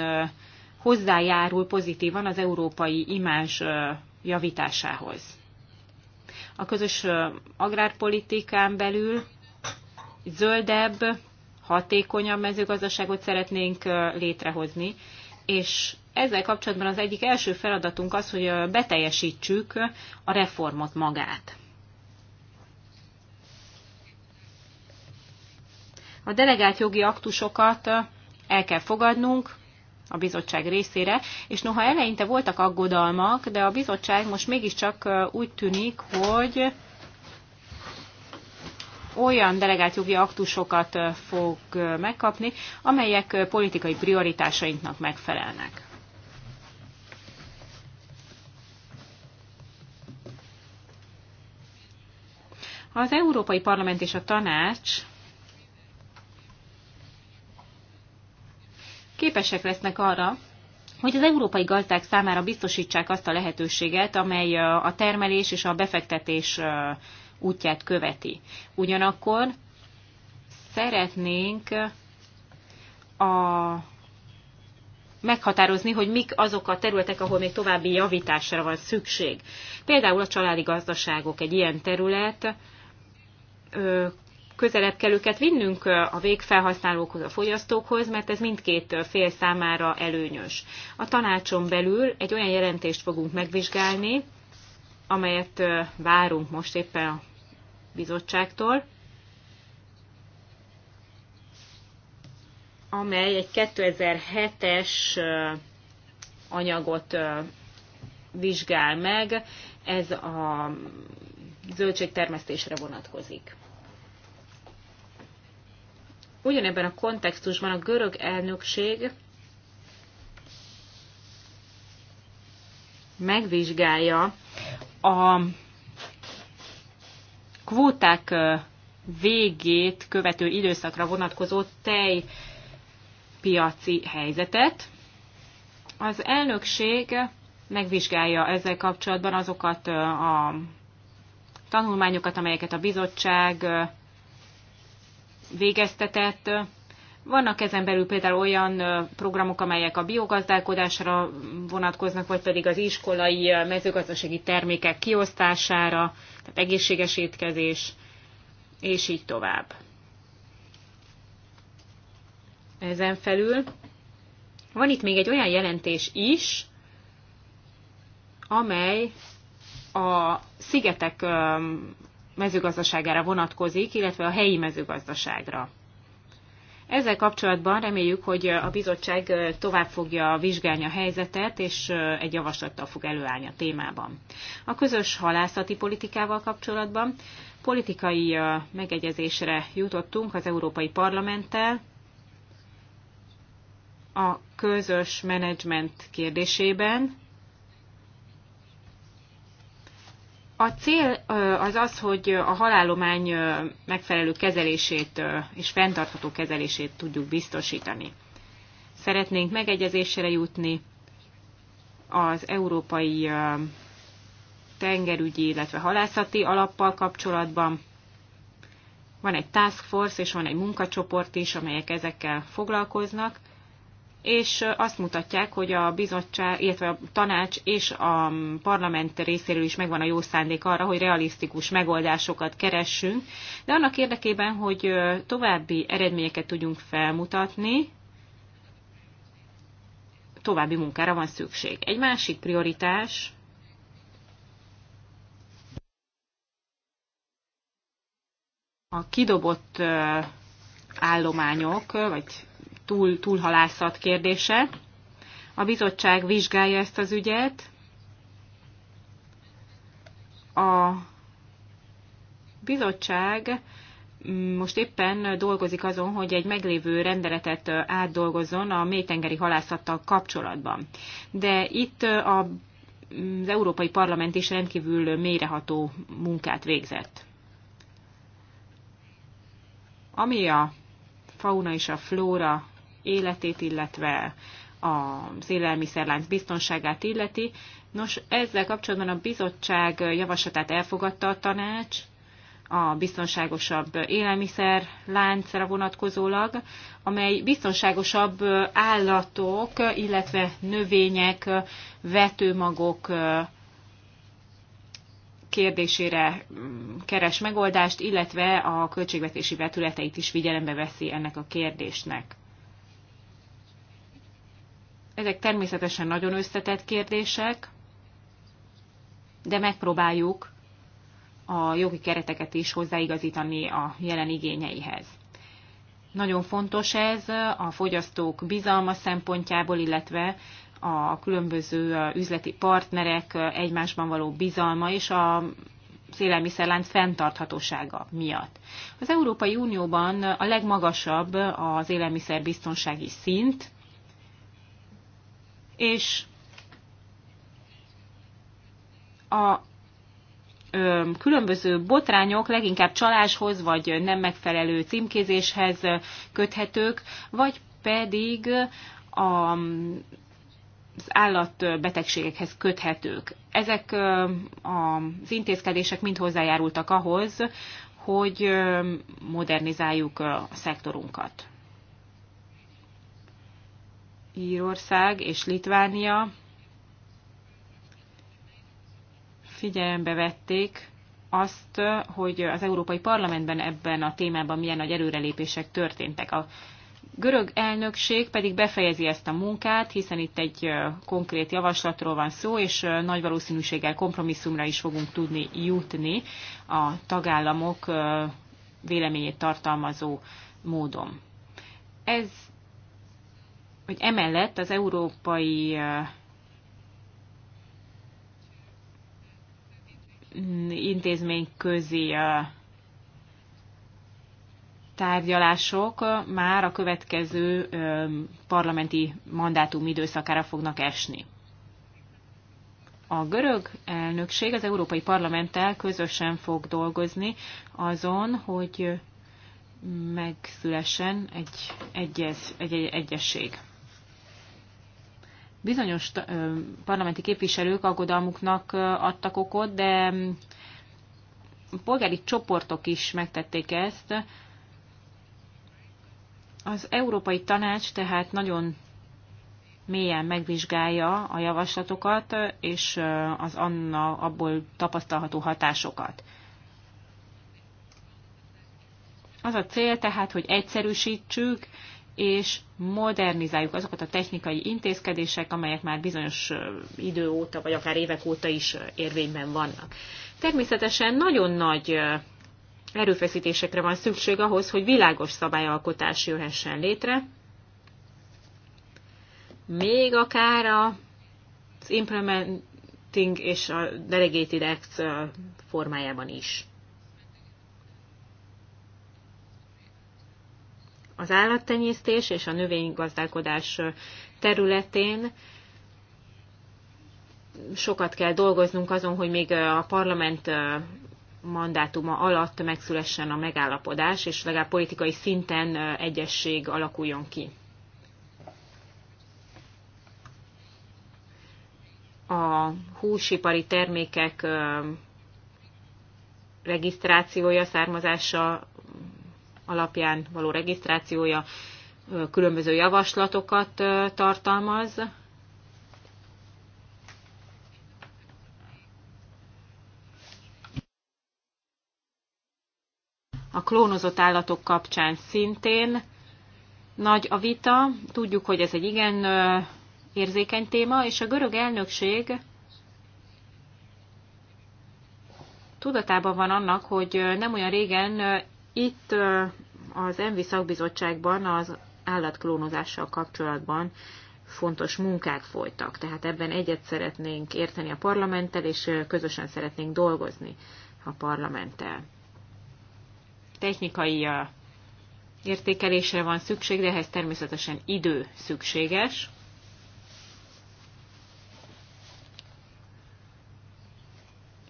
hozzájárul pozitívan az európai imázs javításához. A közös agrárpolitikán belül zöldebb, hatékonyabb mezőgazdaságot szeretnénk létrehozni, és ezzel kapcsolatban az egyik első feladatunk az, hogy beteljesítsük a reformot magát. A delegált jogi aktusokat el kell fogadnunk a bizottság részére, és noha eleinte voltak aggodalmak, de a bizottság most mégiscsak úgy tűnik, hogy olyan delegált jogi aktusokat fog megkapni, amelyek politikai prioritásainknak megfelelnek. Az Európai Parlament és a Tanács képesek lesznek arra, hogy az európai gazdák számára biztosítsák azt a lehetőséget, amely a termelés és a befektetés útját követi. Ugyanakkor szeretnénk a meghatározni, hogy mik azok a területek, ahol még további javításra van szükség. Például a családi gazdaságok egy ilyen terület, közelebb kell őket vinnünk a végfelhasználókhoz, a fogyasztókhoz, mert ez mindkét fél számára előnyös. A tanácson belül egy olyan jelentést fogunk megvizsgálni, amelyet várunk most éppen a bizottságtól, amely egy 2007-es anyagot vizsgál meg, ez a zöldségtermesztésre vonatkozik. Ugyanebben a kontextusban a görög elnökség megvizsgálja a kvóták végét követő időszakra vonatkozó tejpiaci helyzetet. Az elnökség megvizsgálja ezzel kapcsolatban azokat a tanulmányokat, amelyeket a bizottság végeztetett. Vannak ezen belül például olyan programok, amelyek a biogazdálkodásra vonatkoznak, vagy pedig az iskolai mezőgazdasági termékek kiosztására, tehát egészséges étkezés, és így tovább. Ezen felül van itt még egy olyan jelentés is, amely a szigetek mezőgazdaságára vonatkozik, illetve a helyi mezőgazdaságra. Ezzel kapcsolatban reméljük, hogy a bizottság tovább fogja vizsgálni a helyzetet, és egy javaslattal fog előállni a témában. A közös halászati politikával kapcsolatban politikai megegyezésre jutottunk az Európai Parlamenttel a közös menedzsment kérdésében, A cél az az, hogy a halálomány megfelelő kezelését és fenntartható kezelését tudjuk biztosítani. Szeretnénk megegyezésre jutni az európai tengerügyi, illetve halászati alappal kapcsolatban. Van egy task force és van egy munkacsoport is, amelyek ezekkel foglalkoznak, és azt mutatják, hogy a bizottság, illetve a tanács és a parlament részéről is megvan a jó szándék arra, hogy realisztikus megoldásokat keressünk, de annak érdekében, hogy további eredményeket tudjunk felmutatni, további munkára van szükség. Egy másik prioritás a kidobott állományok, vagy túl, túlhalászat kérdése. A bizottság vizsgálja ezt az ügyet. A bizottság mm, most éppen dolgozik azon, hogy egy meglévő rendeletet átdolgozzon a mélytengeri halászattal kapcsolatban. De itt a, az Európai Parlament is rendkívül mélyreható munkát végzett. Ami a fauna és a flóra életét, illetve az élelmiszerlánc biztonságát illeti. Nos, ezzel kapcsolatban a bizottság javaslatát elfogadta a tanács, a biztonságosabb élelmiszer láncra vonatkozólag, amely biztonságosabb állatok, illetve növények, vetőmagok kérdésére keres megoldást, illetve a költségvetési vetületeit is figyelembe veszi ennek a kérdésnek. Ezek természetesen nagyon összetett kérdések, de megpróbáljuk a jogi kereteket is hozzáigazítani a jelen igényeihez. Nagyon fontos ez a fogyasztók bizalma szempontjából, illetve a különböző üzleti partnerek egymásban való bizalma és a az fenntarthatósága miatt. Az Európai Unióban a legmagasabb az élelmiszerbiztonsági szint, és a ö, különböző botrányok leginkább csaláshoz, vagy nem megfelelő címkézéshez köthetők, vagy pedig a az állatbetegségekhez köthetők. Ezek az intézkedések mind hozzájárultak ahhoz, hogy modernizáljuk a szektorunkat. Írország és Litvánia figyelembe vették azt, hogy az Európai Parlamentben ebben a témában milyen nagy előrelépések történtek. A görög elnökség pedig befejezi ezt a munkát, hiszen itt egy konkrét javaslatról van szó, és nagy valószínűséggel kompromisszumra is fogunk tudni jutni a tagállamok véleményét tartalmazó módon. Ez hogy emellett az európai eh, intézmény közi eh, tárgyalások eh, már a következő parlamenti mandátum időszakára fognak esni. A görög elnökség az Európai Parlamenttel közösen fog dolgozni azon, hogy megszülessen egy, egyez, egy, egy egyesség. Bizonyos parlamenti képviselők aggodalmuknak adtak okot, de polgári csoportok is megtették ezt. Az Európai Tanács tehát nagyon mélyen megvizsgálja a javaslatokat és az anna abból tapasztalható hatásokat. Az a cél tehát, hogy egyszerűsítsük és modernizáljuk azokat a technikai intézkedések, amelyek már bizonyos idő óta, vagy akár évek óta is érvényben vannak. Természetesen nagyon nagy erőfeszítésekre van szükség ahhoz, hogy világos szabályalkotás jöhessen létre, még akár az implementing és a delegated acts formájában is. az állattenyésztés és a növénygazdálkodás területén sokat kell dolgoznunk azon, hogy még a parlament mandátuma alatt megszülessen a megállapodás, és legalább politikai szinten egyesség alakuljon ki. A húsipari termékek regisztrációja, származása alapján való regisztrációja különböző javaslatokat tartalmaz. A klónozott állatok kapcsán szintén nagy a vita. Tudjuk, hogy ez egy igen érzékeny téma, és a görög elnökség tudatában van annak, hogy nem olyan régen itt az ENVI szakbizottságban az állatklónozással kapcsolatban fontos munkák folytak, tehát ebben egyet szeretnénk érteni a parlamenttel, és közösen szeretnénk dolgozni a parlamenttel. Technikai értékelésre van szükség, de ehhez természetesen idő szükséges.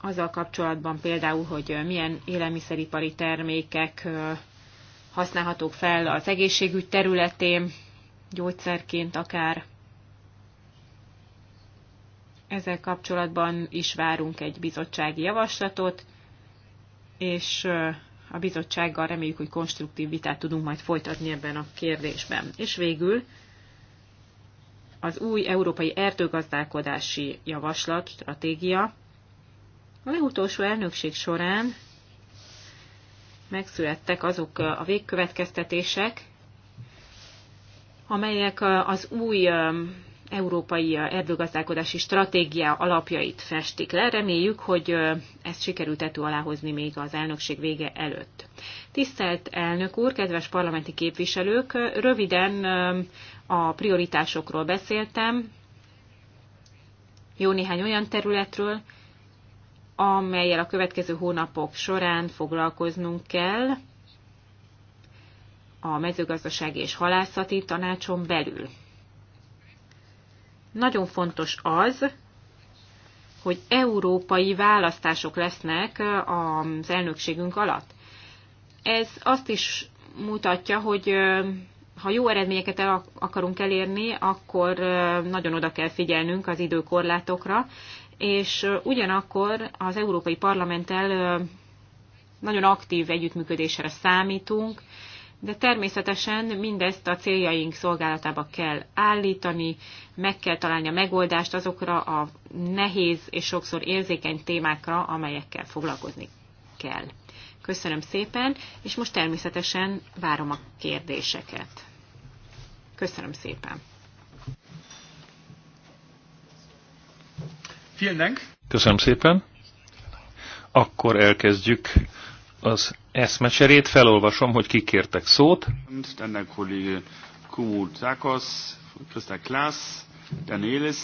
azzal kapcsolatban például, hogy milyen élelmiszeripari termékek használhatók fel az egészségügy területén, gyógyszerként akár. Ezzel kapcsolatban is várunk egy bizottsági javaslatot, és a bizottsággal reméljük, hogy konstruktív vitát tudunk majd folytatni ebben a kérdésben. És végül az új európai erdőgazdálkodási javaslat, stratégia, a legutolsó elnökség során megszülettek azok a végkövetkeztetések, amelyek az új um, európai uh, erdőgazdálkodási stratégia alapjait festik le. Reméljük, hogy uh, ezt sikerült tető aláhozni még az elnökség vége előtt. Tisztelt elnök úr, kedves parlamenti képviselők, röviden um, a prioritásokról beszéltem, jó néhány olyan területről, amelyel a következő hónapok során foglalkoznunk kell a mezőgazdasági és halászati tanácson belül. Nagyon fontos az, hogy európai választások lesznek az elnökségünk alatt. Ez azt is mutatja, hogy ha jó eredményeket el akarunk elérni, akkor nagyon oda kell figyelnünk az időkorlátokra, és ugyanakkor az Európai Parlamenttel nagyon aktív együttműködésre számítunk, de természetesen mindezt a céljaink szolgálatába kell állítani, meg kell találni a megoldást azokra a nehéz és sokszor érzékeny témákra, amelyekkel foglalkozni kell. Köszönöm szépen, és most természetesen várom a kérdéseket. Köszönöm szépen! Köszönöm szépen. Akkor elkezdjük az eszmecserét. Felolvasom, hogy ki kértek szót. Dann Kollege Kumut Zakos, Christa Klaas, Danielis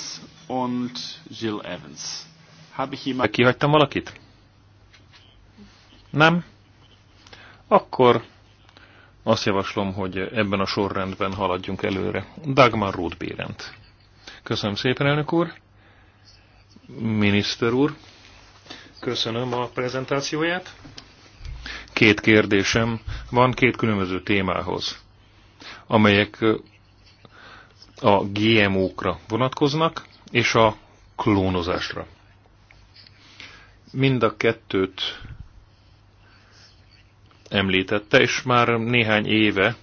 und Jill Evans. Habe ich jemand... Kihagytam valakit? Nem? Akkor azt javaslom, hogy ebben a sorrendben haladjunk előre. Dagmar Ruth Bérent. Köszönöm szépen, elnök úr! Miniszter úr, köszönöm a prezentációját. Két kérdésem van két különböző témához, amelyek a GMO-kra vonatkoznak, és a klónozásra. Mind a kettőt említette, és már néhány éve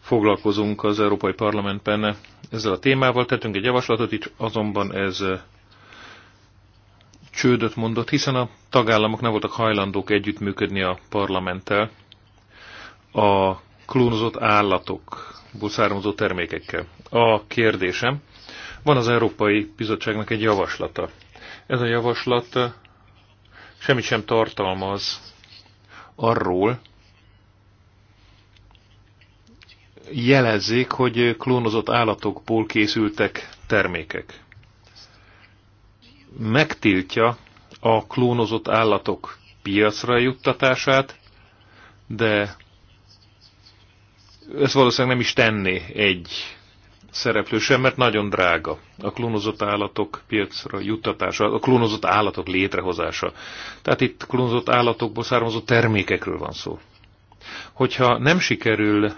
foglalkozunk az Európai Parlamentben ezzel a témával, tettünk egy javaslatot, itt azonban ez csődöt mondott, hiszen a tagállamok nem voltak hajlandók együttműködni a parlamenttel a klónozott állatok, származó termékekkel. A kérdésem, van az Európai Bizottságnak egy javaslata. Ez a javaslat eh, semmit sem tartalmaz arról, jelezzék, hogy klónozott állatokból készültek termékek megtiltja a klónozott állatok piacra juttatását, de ezt valószínűleg nem is tenné egy szereplő sem, mert nagyon drága a klónozott állatok piacra juttatása, a klónozott állatok létrehozása. Tehát itt klónozott állatokból származó termékekről van szó. Hogyha nem sikerül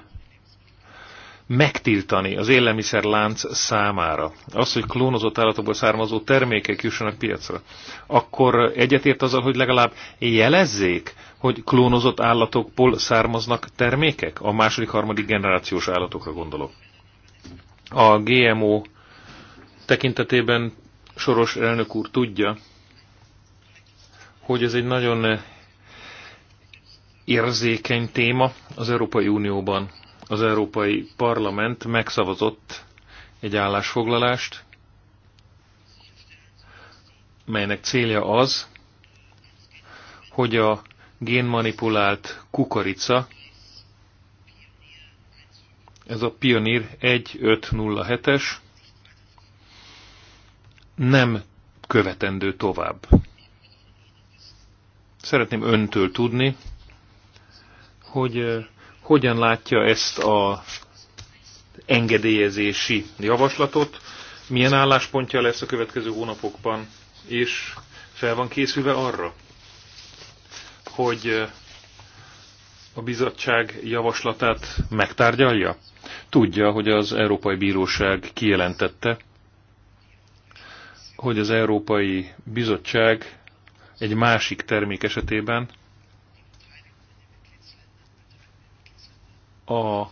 megtiltani az élelmiszerlánc számára az, hogy klónozott állatokból származó termékek jussanak piacra, akkor egyetért azzal, hogy legalább jelezzék, hogy klónozott állatokból származnak termékek? A második, harmadik generációs állatokra gondolok. A GMO tekintetében Soros elnök úr tudja, hogy ez egy nagyon érzékeny téma az Európai Unióban az Európai Parlament megszavazott egy állásfoglalást, melynek célja az, hogy a génmanipulált kukorica, ez a Pioneer 1507-es, nem követendő tovább. Szeretném öntől tudni, hogy eh, hogyan látja ezt a engedélyezési javaslatot, milyen álláspontja lesz a következő hónapokban, és fel van készülve arra, hogy a bizottság javaslatát megtárgyalja? Tudja, hogy az Európai Bíróság kijelentette, hogy az Európai Bizottság egy másik termék esetében a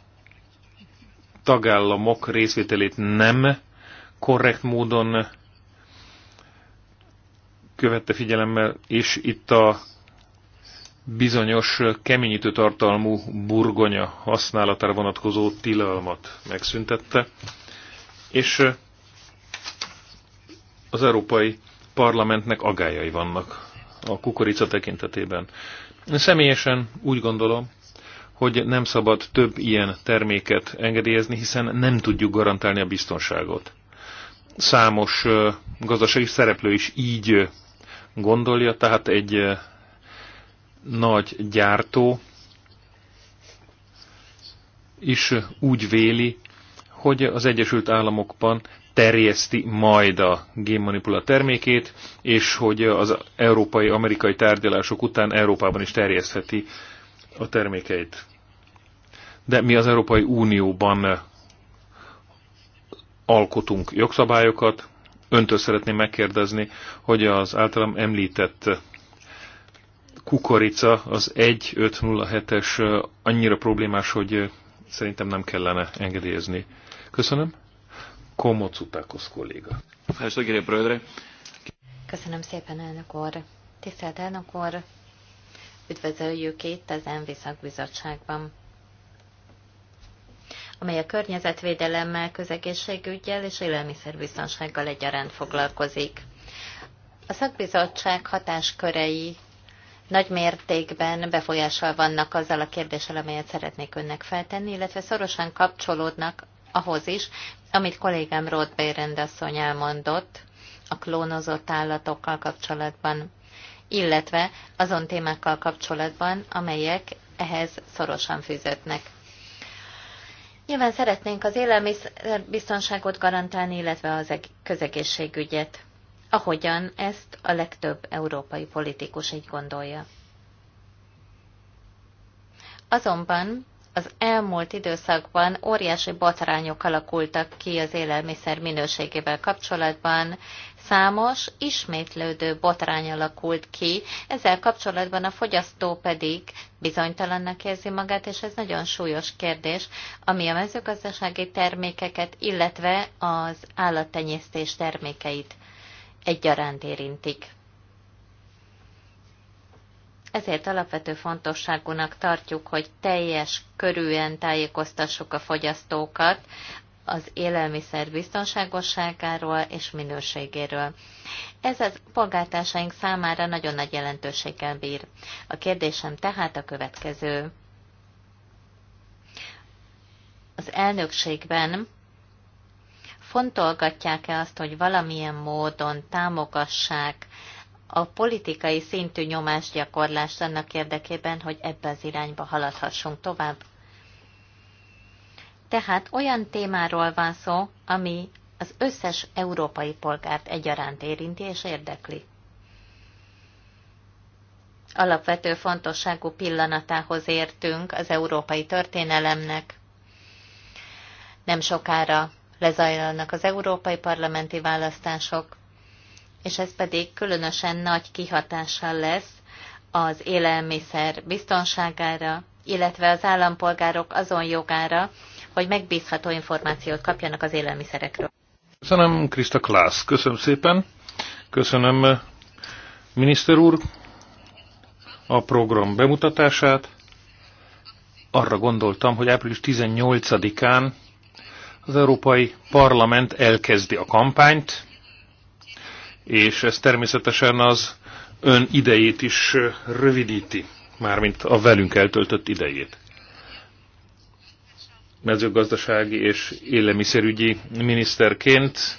tagállamok részvételét nem korrekt módon követte figyelemmel, és itt a bizonyos keményítő tartalmú burgonya használatára vonatkozó tilalmat megszüntette, és az Európai Parlamentnek agályai vannak a kukorica tekintetében. személyesen úgy gondolom, hogy nem szabad több ilyen terméket engedélyezni, hiszen nem tudjuk garantálni a biztonságot. Számos gazdasági szereplő is így gondolja, tehát egy nagy gyártó is úgy véli, hogy az Egyesült Államokban terjeszti majd a génmanipula termékét, és hogy az európai-amerikai tárgyalások után Európában is terjesztheti a termékeit. De mi az Európai Unióban alkotunk jogszabályokat. Öntől szeretném megkérdezni, hogy az általam említett kukorica, az 1507-es annyira problémás, hogy szerintem nem kellene engedélyezni. Köszönöm. Komocutákos kolléga. Köszönöm szépen, elnök úr. Tisztelt elnök úr, Üdvözöljük itt az ENVI szakbizottságban amely a környezetvédelemmel, közegészségügyel és élelmiszerbiztonsággal egyaránt foglalkozik. A szakbizottság hatáskörei nagy mértékben befolyással vannak azzal a kérdéssel, amelyet szeretnék önnek feltenni, illetve szorosan kapcsolódnak ahhoz is, amit kollégám Roth Bérendasszony elmondott a klónozott állatokkal kapcsolatban illetve azon témákkal kapcsolatban, amelyek ehhez szorosan fűződnek. Nyilván szeretnénk az élelmiszerbiztonságot garantálni, illetve az közegészségügyet, ahogyan ezt a legtöbb európai politikus így gondolja. Azonban az elmúlt időszakban óriási botrányok alakultak ki az élelmiszer minőségével kapcsolatban, számos, ismétlődő botrány alakult ki, ezzel kapcsolatban a fogyasztó pedig bizonytalannak érzi magát, és ez nagyon súlyos kérdés, ami a mezőgazdasági termékeket, illetve az állattenyésztés termékeit egyaránt érintik. Ezért alapvető fontosságúnak tartjuk, hogy teljes körűen tájékoztassuk a fogyasztókat az élelmiszer biztonságosságáról és minőségéről. Ez az polgártársaink számára nagyon nagy jelentőséggel bír. A kérdésem tehát a következő. Az elnökségben fontolgatják-e azt, hogy valamilyen módon támogassák a politikai szintű nyomásgyakorlás annak érdekében, hogy ebbe az irányba haladhassunk tovább. Tehát olyan témáról van szó, ami az összes európai polgárt egyaránt érinti és érdekli. Alapvető fontosságú pillanatához értünk az európai történelemnek. Nem sokára lezajlanak az európai parlamenti választások, és ez pedig különösen nagy kihatással lesz az élelmiszer biztonságára, illetve az állampolgárok azon jogára, hogy megbízható információt kapjanak az élelmiszerekről. Köszönöm, Krista Klász. Köszönöm szépen. Köszönöm, miniszter úr, a program bemutatását. Arra gondoltam, hogy április 18-án az Európai Parlament elkezdi a kampányt, és ez természetesen az ön idejét is rövidíti, mármint a velünk eltöltött idejét. Mezőgazdasági és élelmiszerügyi miniszterként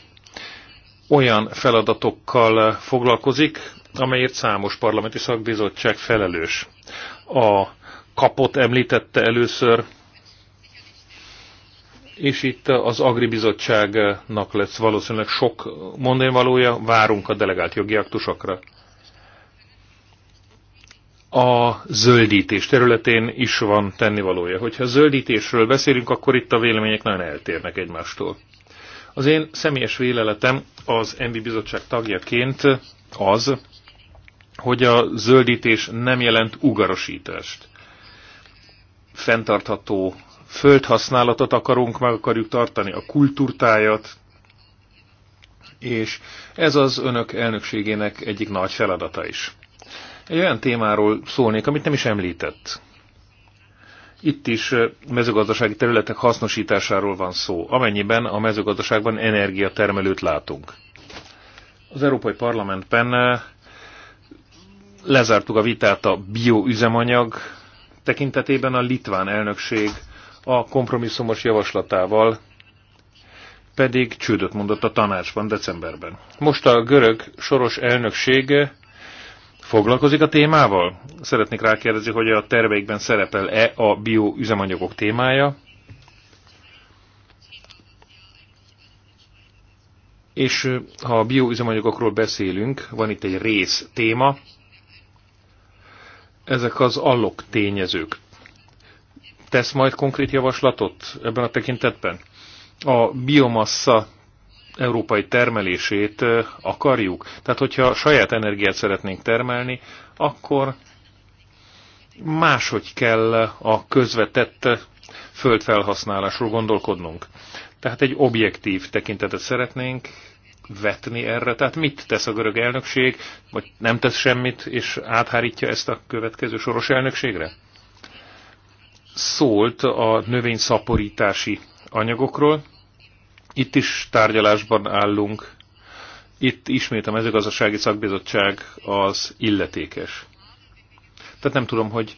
olyan feladatokkal foglalkozik, amelyért számos parlamenti szakbizottság felelős. A kapot említette először, és itt az Agribizottságnak lesz valószínűleg sok mondani valója, várunk a delegált jogi aktusokra. A zöldítés területén is van tennivalója. Hogyha zöldítésről beszélünk, akkor itt a vélemények nagyon eltérnek egymástól. Az én személyes véleletem az MB Bizottság tagjaként az, hogy a zöldítés nem jelent ugarosítást. Fentartható földhasználatot akarunk, meg akarjuk tartani a kultúrtájat, és ez az önök elnökségének egyik nagy feladata is. Egy olyan témáról szólnék, amit nem is említett. Itt is mezőgazdasági területek hasznosításáról van szó, amennyiben a mezőgazdaságban energiatermelőt látunk. Az Európai Parlamentben lezártuk a vitát a bioüzemanyag tekintetében a litván elnökség a kompromisszumos javaslatával pedig csődöt mondott a tanácsban decemberben. Most a görög soros elnökség foglalkozik a témával? Szeretnék rákérdezni, hogy a terveikben szerepel-e a bioüzemanyagok témája? És ha a bioüzemanyagokról beszélünk, van itt egy rész téma, ezek az allok tényezők tesz majd konkrét javaslatot ebben a tekintetben? A biomassa európai termelését akarjuk? Tehát, hogyha saját energiát szeretnénk termelni, akkor máshogy kell a közvetett földfelhasználásról gondolkodnunk. Tehát egy objektív tekintetet szeretnénk vetni erre. Tehát mit tesz a görög elnökség, vagy nem tesz semmit, és áthárítja ezt a következő soros elnökségre? szólt a növényszaporítási anyagokról. Itt is tárgyalásban állunk. Itt ismét a mezőgazdasági szakbizottság az illetékes. Tehát nem tudom, hogy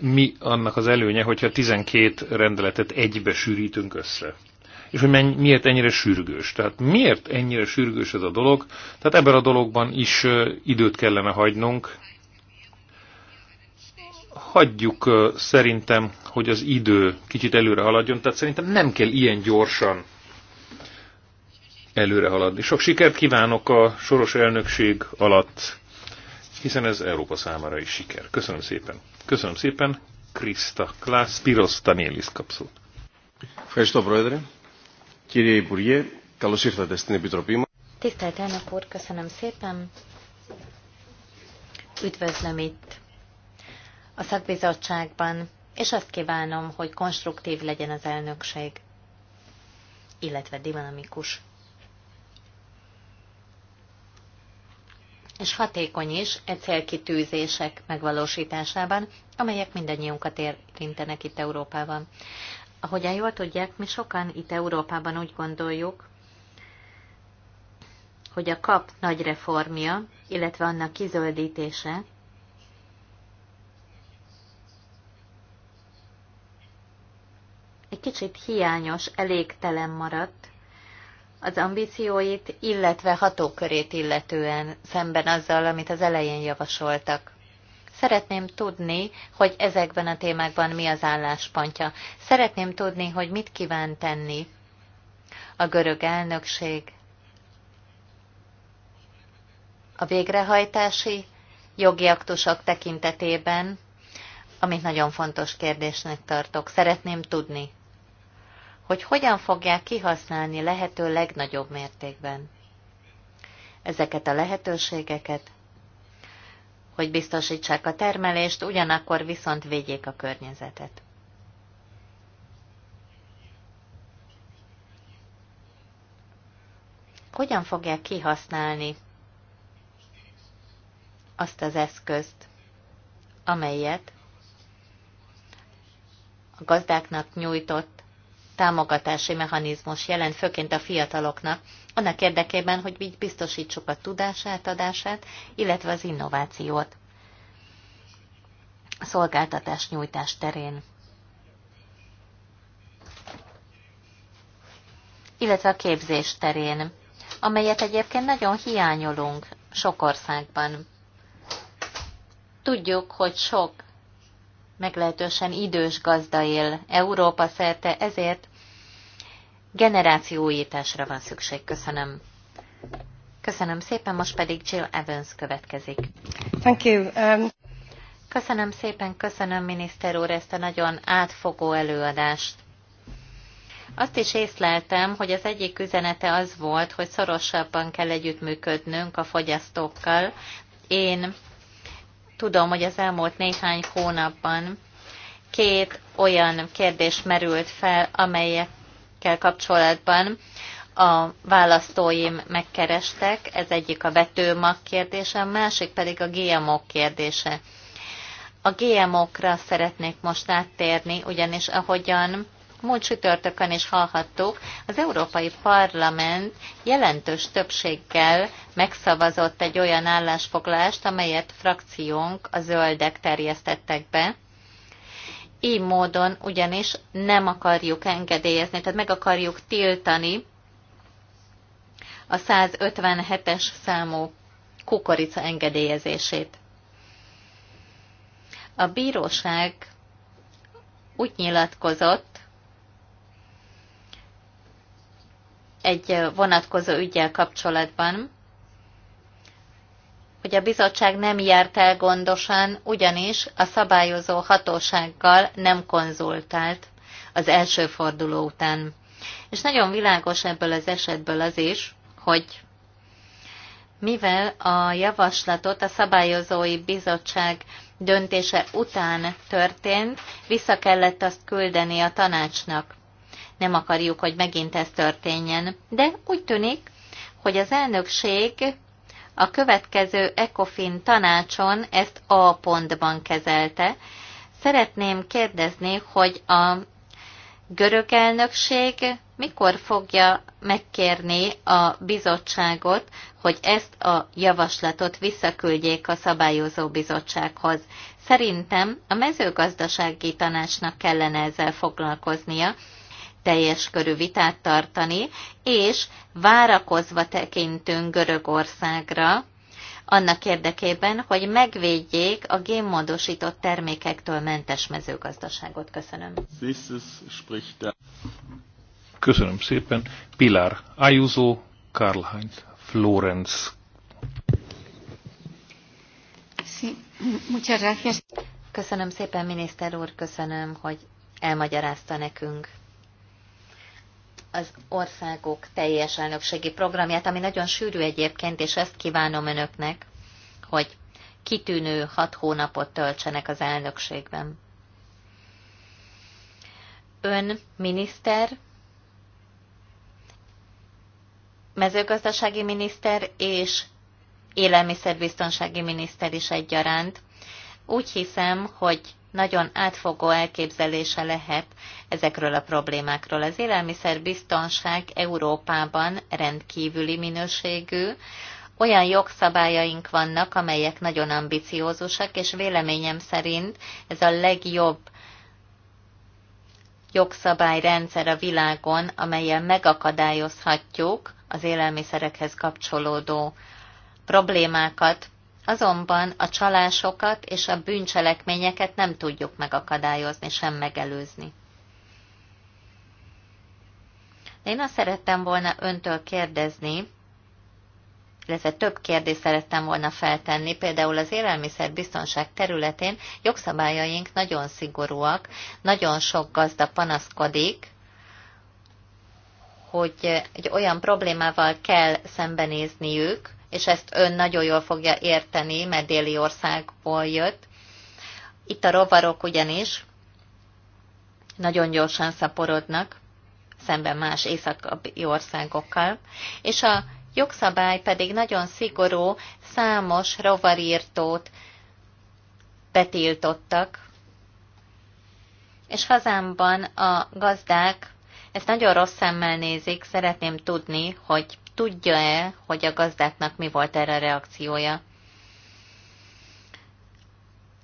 mi annak az előnye, hogyha 12 rendeletet egybe sűrítünk össze. És hogy miért ennyire sürgős. Tehát miért ennyire sürgős ez a dolog? Tehát ebben a dologban is időt kellene hagynunk, hagyjuk szerintem, hogy az idő kicsit előre haladjon, tehát szerintem nem kell ilyen gyorsan előre haladni. Sok sikert kívánok a soros elnökség alatt, hiszen ez Európa számára is siker. Köszönöm szépen. Köszönöm szépen. Krista Klász, Piros Tanélis kapszó. Ευχαριστώ, Πρόεδρε. Κύριε Υπουργέ, καλώς ήρθατε στην Tisztelt elnök úr, köszönöm szépen. Üdvözlöm itt a szakbizottságban, és azt kívánom, hogy konstruktív legyen az elnökség, illetve dinamikus. és hatékony is e célkitűzések megvalósításában, amelyek mindannyiunkat érintenek itt Európában. Ahogyan jól tudják, mi sokan itt Európában úgy gondoljuk, hogy a kap nagy reformja, illetve annak kizöldítése kicsit hiányos, elégtelen maradt az ambícióit, illetve hatókörét illetően szemben azzal, amit az elején javasoltak. Szeretném tudni, hogy ezekben a témákban mi az álláspontja. Szeretném tudni, hogy mit kíván tenni a görög elnökség a végrehajtási jogi aktusok tekintetében, amit nagyon fontos kérdésnek tartok. Szeretném tudni hogy hogyan fogják kihasználni lehető legnagyobb mértékben ezeket a lehetőségeket, hogy biztosítsák a termelést, ugyanakkor viszont védjék a környezetet. Hogyan fogják kihasználni azt az eszközt, amelyet a gazdáknak nyújtott támogatási mechanizmus jelent, főként a fiataloknak, annak érdekében, hogy így biztosítsuk a tudás átadását, illetve az innovációt a szolgáltatás nyújtás terén. illetve a képzés terén, amelyet egyébként nagyon hiányolunk sok országban. Tudjuk, hogy sok meglehetősen idős gazda él Európa szerte, ezért generációításra van szükség. Köszönöm. Köszönöm szépen, most pedig Jill Evans következik. Thank you. Um... Köszönöm szépen, köszönöm miniszter úr ezt a nagyon átfogó előadást. Azt is észleltem, hogy az egyik üzenete az volt, hogy szorosabban kell együttműködnünk a fogyasztókkal. Én Tudom, hogy az elmúlt néhány hónapban két olyan kérdés merült fel, amelyekkel kapcsolatban a választóim megkerestek. Ez egyik a vetőmag kérdése, a másik pedig a GMO kérdése. A GMO-kra szeretnék most áttérni, ugyanis ahogyan múlt csütörtökön is hallhattuk, az Európai Parlament jelentős többséggel megszavazott egy olyan állásfoglalást, amelyet frakciónk a zöldek terjesztettek be. Így módon ugyanis nem akarjuk engedélyezni, tehát meg akarjuk tiltani a 157-es számú kukorica engedélyezését. A bíróság úgy nyilatkozott, egy vonatkozó ügyel kapcsolatban, hogy a bizottság nem járt el gondosan, ugyanis a szabályozó hatósággal nem konzultált az első forduló után. És nagyon világos ebből az esetből az is, hogy mivel a javaslatot a szabályozói bizottság döntése után történt, vissza kellett azt küldeni a tanácsnak. Nem akarjuk, hogy megint ez történjen, de úgy tűnik, hogy az elnökség a következő ECOFIN tanácson ezt A pontban kezelte. Szeretném kérdezni, hogy a görög elnökség mikor fogja megkérni a bizottságot, hogy ezt a javaslatot visszaküldjék a szabályozó bizottsághoz. Szerintem a mezőgazdasági tanácsnak kellene ezzel foglalkoznia, teljes körű vitát tartani, és várakozva tekintünk Görögországra, annak érdekében, hogy megvédjék a génmódosított termékektől mentes mezőgazdaságot. Köszönöm. Köszönöm szépen. Pilar Ayuso, Karl-Heinz Florence. Köszönöm szépen, miniszter úr, köszönöm, hogy elmagyarázta nekünk az országok teljes elnökségi programját, ami nagyon sűrű egyébként, és ezt kívánom önöknek, hogy kitűnő hat hónapot töltsenek az elnökségben. Ön miniszter, mezőgazdasági miniszter és élelmiszerbiztonsági miniszter is egyaránt. Úgy hiszem, hogy nagyon átfogó elképzelése lehet ezekről a problémákról. Az élelmiszerbiztonság Európában rendkívüli minőségű, olyan jogszabályaink vannak, amelyek nagyon ambiciózusak, és véleményem szerint ez a legjobb jogszabályrendszer a világon, amelyel megakadályozhatjuk az élelmiszerekhez kapcsolódó problémákat, Azonban a csalásokat és a bűncselekményeket nem tudjuk megakadályozni, sem megelőzni. De én azt szerettem volna öntől kérdezni, illetve több kérdést szerettem volna feltenni, például az élelmiszerbiztonság területén jogszabályaink nagyon szigorúak, nagyon sok gazda panaszkodik, hogy egy olyan problémával kell szembenézniük, és ezt ön nagyon jól fogja érteni, mert déli országból jött. Itt a rovarok ugyanis nagyon gyorsan szaporodnak, szemben más északi országokkal, és a jogszabály pedig nagyon szigorú, számos rovarírtót betiltottak, és hazámban a gazdák ezt nagyon rossz szemmel nézik, szeretném tudni, hogy tudja-e, hogy a gazdáknak mi volt erre a reakciója.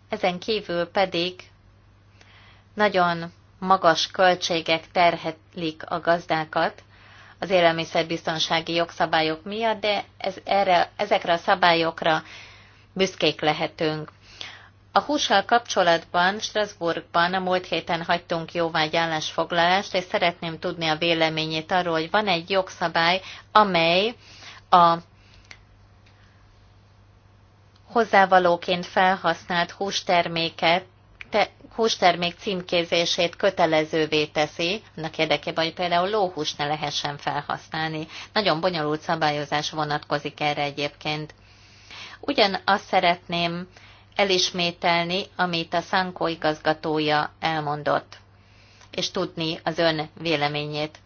Ezen kívül pedig nagyon magas költségek terhelik a gazdákat az élelmiszerbiztonsági jogszabályok miatt, de ez, erre, ezekre a szabályokra büszkék lehetünk. A hússal kapcsolatban Strasbourgban a múlt héten hagytunk jóvá egy állásfoglalást, és szeretném tudni a véleményét arról, hogy van egy jogszabály, amely a hozzávalóként felhasznált hústerméket te, hústermék címkézését kötelezővé teszi, annak érdekében, hogy például lóhús ne lehessen felhasználni. Nagyon bonyolult szabályozás vonatkozik erre egyébként. Ugyanazt szeretném elismételni, amit a Szankó igazgatója elmondott, és tudni az ön véleményét.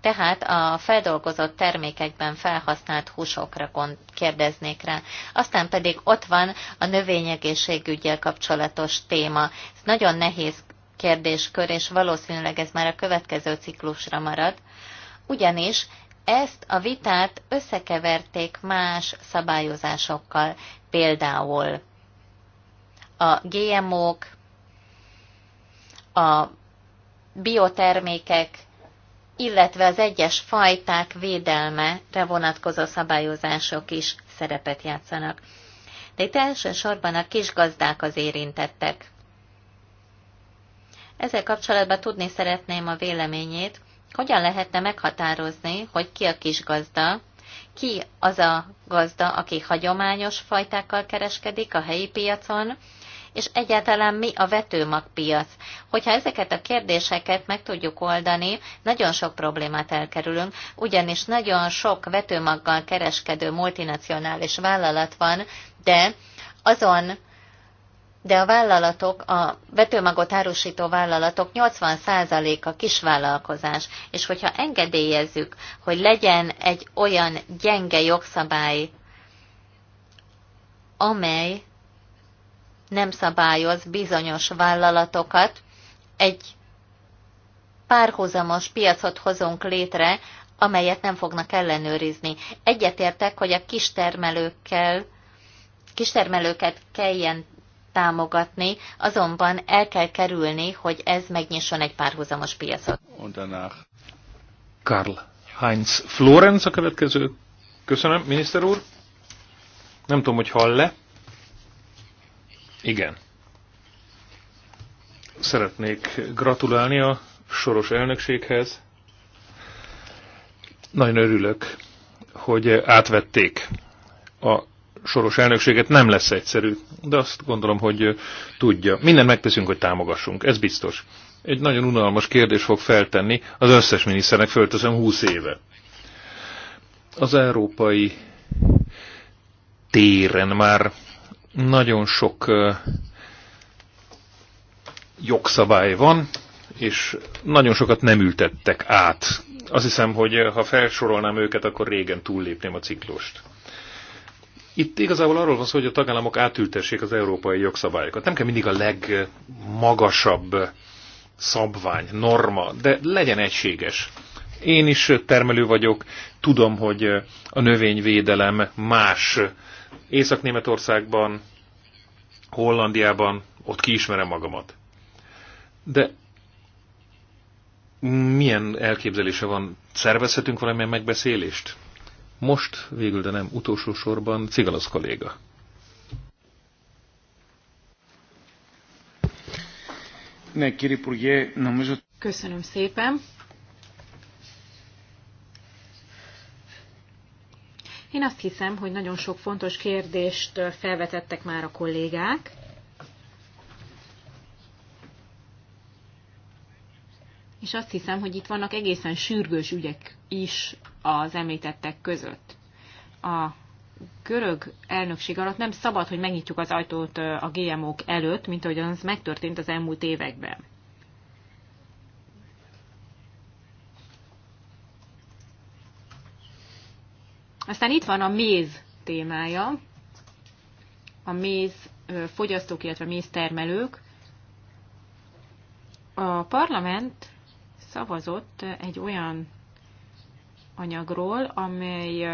Tehát a feldolgozott termékekben felhasznált húsokra kérdeznék rá. Aztán pedig ott van a növényegészségügyel kapcsolatos téma. Ez nagyon nehéz kérdéskör, és valószínűleg ez már a következő ciklusra marad. Ugyanis ezt a vitát összekeverték más szabályozásokkal, például a GMO-k, a biotermékek, illetve az egyes fajták védelmere vonatkozó szabályozások is szerepet játszanak. De itt elsősorban a kisgazdák az érintettek. Ezzel kapcsolatban tudni szeretném a véleményét, hogyan lehetne meghatározni, hogy ki a kisgazda, ki az a gazda, aki hagyományos fajtákkal kereskedik a helyi piacon, és egyáltalán mi a vetőmagpiac. Hogyha ezeket a kérdéseket meg tudjuk oldani, nagyon sok problémát elkerülünk, ugyanis nagyon sok vetőmaggal kereskedő multinacionális vállalat van, de azon de a vállalatok, a vetőmagot árusító vállalatok 80%-a kisvállalkozás, és hogyha engedélyezzük, hogy legyen egy olyan gyenge jogszabály, amely nem szabályoz bizonyos vállalatokat. Egy párhuzamos piacot hozunk létre, amelyet nem fognak ellenőrizni. Egyetértek, hogy a kistermelőkkel, kistermelőket kelljen támogatni, azonban el kell kerülni, hogy ez megnyisson egy párhuzamos piacot. Karl Heinz Florenz a következő. Köszönöm, miniszter úr. Nem tudom, hogy hall-e. Igen. Szeretnék gratulálni a soros elnökséghez. Nagyon örülök, hogy átvették a soros elnökséget. Nem lesz egyszerű, de azt gondolom, hogy tudja. Minden megteszünk, hogy támogassunk, ez biztos. Egy nagyon unalmas kérdés fog feltenni, az összes miniszternek fölteszem 20 éve. Az európai téren már nagyon sok jogszabály van, és nagyon sokat nem ültettek át. Azt hiszem, hogy ha felsorolnám őket, akkor régen túllépném a ciklost. Itt igazából arról van szó, hogy a tagállamok átültessék az európai jogszabályokat. Nem kell mindig a legmagasabb szabvány, norma, de legyen egységes. Én is termelő vagyok, tudom, hogy a növényvédelem más Észak-Németországban, Hollandiában, ott kiismerem magamat. De milyen elképzelése van? Szervezhetünk valamilyen megbeszélést? Most végül, de nem utolsó sorban, Cigalasz kolléga. Köszönöm szépen. Én azt hiszem, hogy nagyon sok fontos kérdést felvetettek már a kollégák. És azt hiszem, hogy itt vannak egészen sürgős ügyek is az említettek között. A görög elnökség alatt nem szabad, hogy megnyitjuk az ajtót a GMO-k előtt, mint ahogy az megtörtént az elmúlt években. Aztán itt van a méz témája, a méz fogyasztók, illetve termelők. A parlament szavazott egy olyan anyagról, amely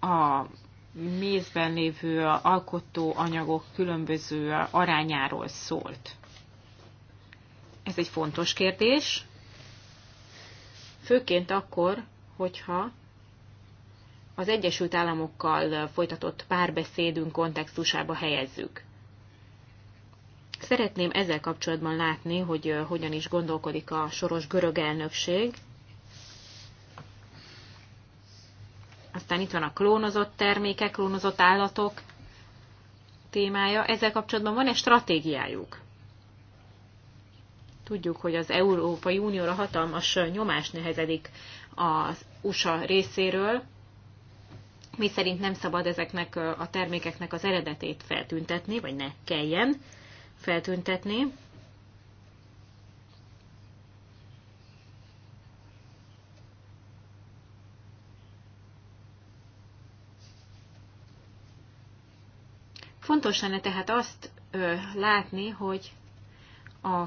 a mézben lévő alkotó anyagok különböző arányáról szólt. Ez egy fontos kérdés, főként akkor, hogyha az Egyesült Államokkal folytatott párbeszédünk kontextusába helyezzük. Szeretném ezzel kapcsolatban látni, hogy hogyan is gondolkodik a soros görög elnökség. Aztán itt van a klónozott termékek, klónozott állatok témája. Ezzel kapcsolatban van-e stratégiájuk? Tudjuk, hogy az Európai Unióra hatalmas nyomás nehezedik az USA részéről, mi szerint nem szabad ezeknek a termékeknek az eredetét feltüntetni, vagy ne kelljen feltüntetni. Fontos lenne tehát azt ö, látni, hogy a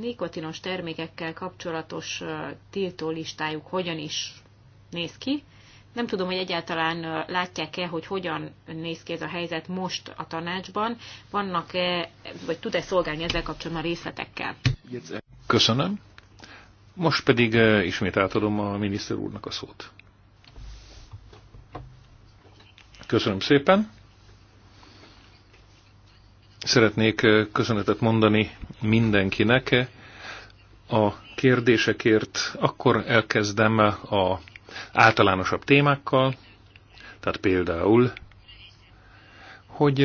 nikotinos termékekkel kapcsolatos tiltó listájuk hogyan is néz ki. Nem tudom, hogy egyáltalán látják-e, hogy hogyan néz ki ez a helyzet most a tanácsban. Vannak-e, vagy tud-e szolgálni ezzel kapcsolatban részletekkel? Köszönöm. Most pedig ismét átadom a miniszter úrnak a szót. Köszönöm szépen. Szeretnék köszönetet mondani mindenkinek a kérdésekért. Akkor elkezdem a általánosabb témákkal, tehát például, hogy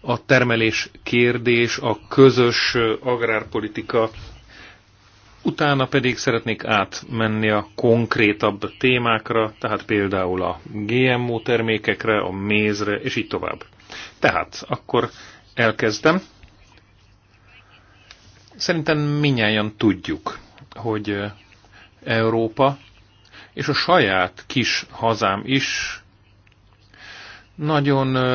a termelés kérdés, a közös agrárpolitika, utána pedig szeretnék átmenni a konkrétabb témákra, tehát például a GMO termékekre, a mézre, és így tovább. Tehát akkor elkezdem. Szerintem minnyáján tudjuk, hogy Európa és a saját kis hazám is nagyon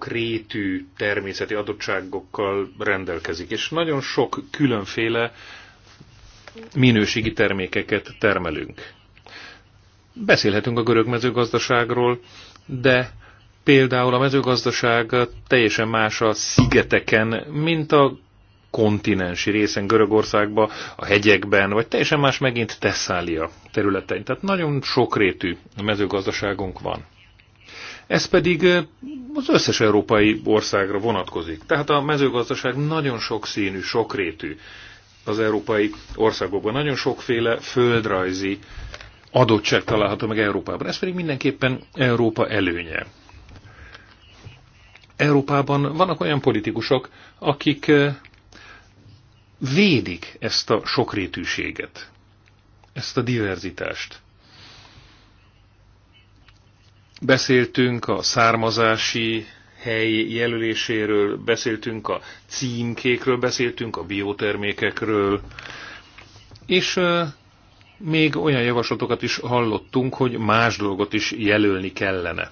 rétű természeti adottságokkal rendelkezik, és nagyon sok különféle minőségi termékeket termelünk. Beszélhetünk a görög mezőgazdaságról, de Például a mezőgazdaság teljesen más a szigeteken, mint a kontinensi részen Görögországba, a hegyekben, vagy teljesen más megint Tesszália területein. Tehát nagyon sokrétű mezőgazdaságunk van. Ez pedig az összes európai országra vonatkozik. Tehát a mezőgazdaság nagyon sokszínű, sokrétű az európai országokban. Nagyon sokféle földrajzi adottság található meg Európában. Ez pedig mindenképpen Európa előnye. Európában vannak olyan politikusok, akik védik ezt a sokrétűséget, ezt a diverzitást. Beszéltünk a származási hely jelöléséről, beszéltünk a címkékről, beszéltünk a biotermékekről, és még olyan javaslatokat is hallottunk, hogy más dolgot is jelölni kellene.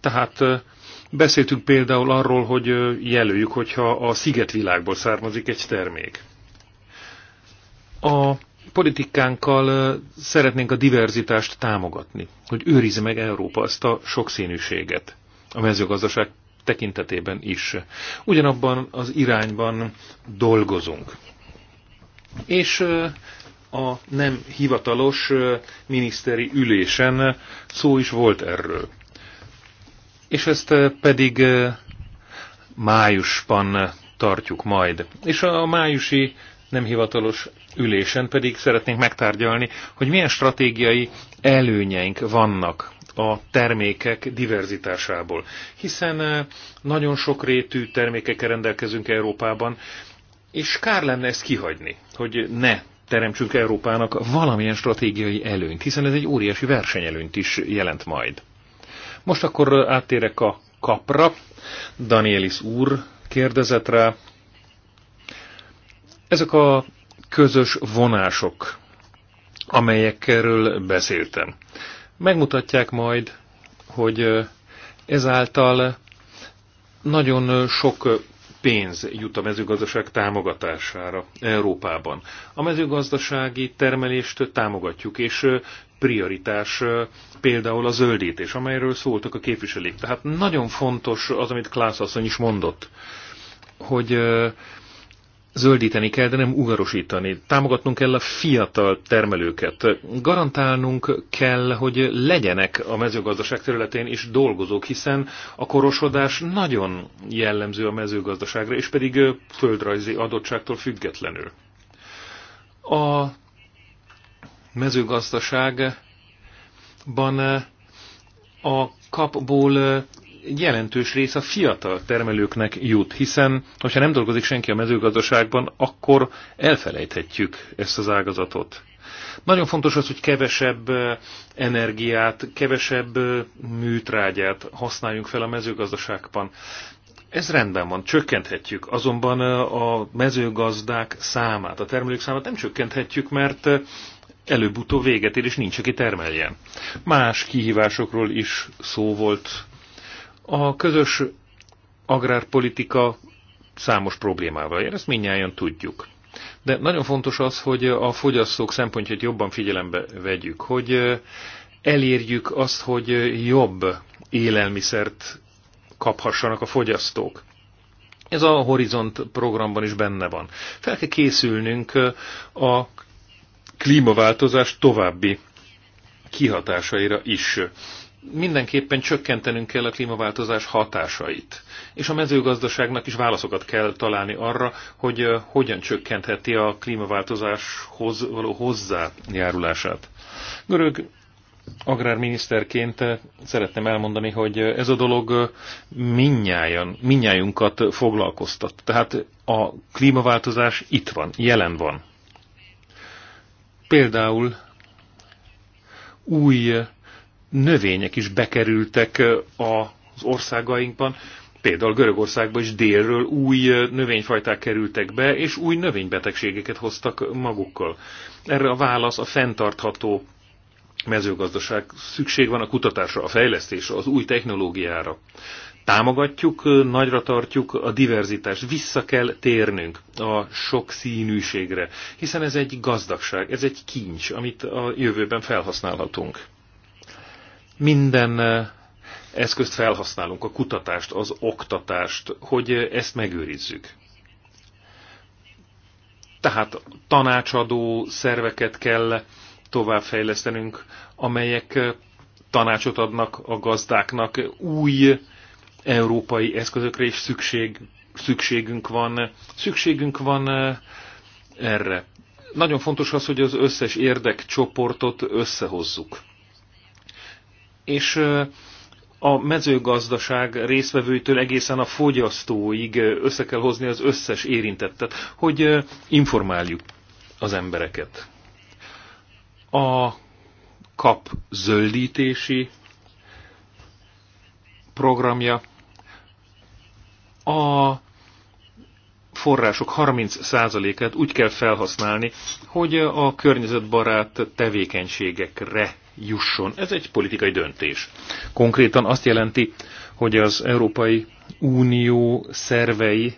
Tehát Beszéltünk például arról, hogy jelöljük, hogyha a szigetvilágból származik egy termék. A politikánkkal szeretnénk a diverzitást támogatni, hogy őrizze meg Európa azt a sokszínűséget a mezőgazdaság tekintetében is. Ugyanabban az irányban dolgozunk. És a nem hivatalos miniszteri ülésen szó is volt erről és ezt eh, pedig eh, májusban eh, tartjuk majd. És a májusi nem hivatalos ülésen pedig szeretnénk megtárgyalni, hogy milyen stratégiai előnyeink vannak a termékek diverzitásából. Hiszen nagyon sok rétű termékekkel rendelkezünk Európában, és kár lenne ezt kihagyni, hogy ne teremtsünk Európának valamilyen stratégiai előnyt, hiszen ez egy óriási versenyelőnyt is jelent majd. Most akkor áttérek a kapra. Danielis úr kérdezett rá. Ezek a közös vonások, amelyekről beszéltem, megmutatják majd, hogy ezáltal nagyon sok pénz jut a mezőgazdaság támogatására Európában. A mezőgazdasági termelést támogatjuk, és prioritás például a zöldítés, amelyről szóltak a képviselők. Tehát nagyon fontos az, amit Klász asszony is mondott, hogy zöldíteni kell, de nem ugarosítani. Támogatnunk kell a fiatal termelőket. Garantálnunk kell, hogy legyenek a mezőgazdaság területén is dolgozók, hiszen a korosodás nagyon jellemző a mezőgazdaságra, és pedig földrajzi adottságtól függetlenül. A mezőgazdaságban eh, a kapból eh, jelentős rész a fiatal termelőknek jut, hiszen ha nem dolgozik senki a mezőgazdaságban, akkor elfelejthetjük ezt az ágazatot. Nagyon fontos az, hogy kevesebb eh, energiát, kevesebb műtrágyát használjunk fel a mezőgazdaságban. Ez rendben van, csökkenthetjük, azonban a mezőgazdák számát, a termelők számát nem csökkenthetjük, mert előbb-utóbb véget ér, és nincs, aki termeljen. Más kihívásokról is szó volt. A közös agrárpolitika számos problémával jár, ezt mindnyáján tudjuk. De nagyon fontos az, hogy a fogyasztók szempontjait jobban figyelembe vegyük, hogy eh, elérjük azt, hogy jobb élelmiszert kaphassanak a fogyasztók. Ez a Horizont programban is benne van. Fel kell készülnünk eh, a klímaváltozás további kihatásaira is. Mindenképpen csökkentenünk kell a klímaváltozás hatásait, és a mezőgazdaságnak is válaszokat kell találni arra, hogy hogyan csökkentheti a klímaváltozáshoz való hozzájárulását. Görög agrárminiszterként szeretném elmondani, hogy ez a dolog minnyáján, minnyájunkat foglalkoztat. Tehát a klímaváltozás itt van, jelen van. Például új növények is bekerültek az országainkban, például Görögországban is délről új növényfajták kerültek be, és új növénybetegségeket hoztak magukkal. Erre a válasz a fenntartható mezőgazdaság. Szükség van a kutatásra, a fejlesztésre, az új technológiára támogatjuk, nagyra tartjuk a diverzitást. Vissza kell térnünk a sok színűségre, hiszen ez egy gazdagság, ez egy kincs, amit a jövőben felhasználhatunk. Minden eszközt felhasználunk, a kutatást, az oktatást, hogy ezt megőrizzük. Tehát tanácsadó szerveket kell továbbfejlesztenünk, amelyek tanácsot adnak a gazdáknak, új európai eszközökre is szükség, szükségünk van. Szükségünk van erre. Nagyon fontos az, hogy az összes érdekcsoportot összehozzuk. És a mezőgazdaság részvevőitől egészen a fogyasztóig össze kell hozni az összes érintettet, hogy informáljuk az embereket. A kap zöldítési programja a források 30%-át úgy kell felhasználni, hogy a környezetbarát tevékenységekre jusson. Ez egy politikai döntés. Konkrétan azt jelenti, hogy az Európai Unió szervei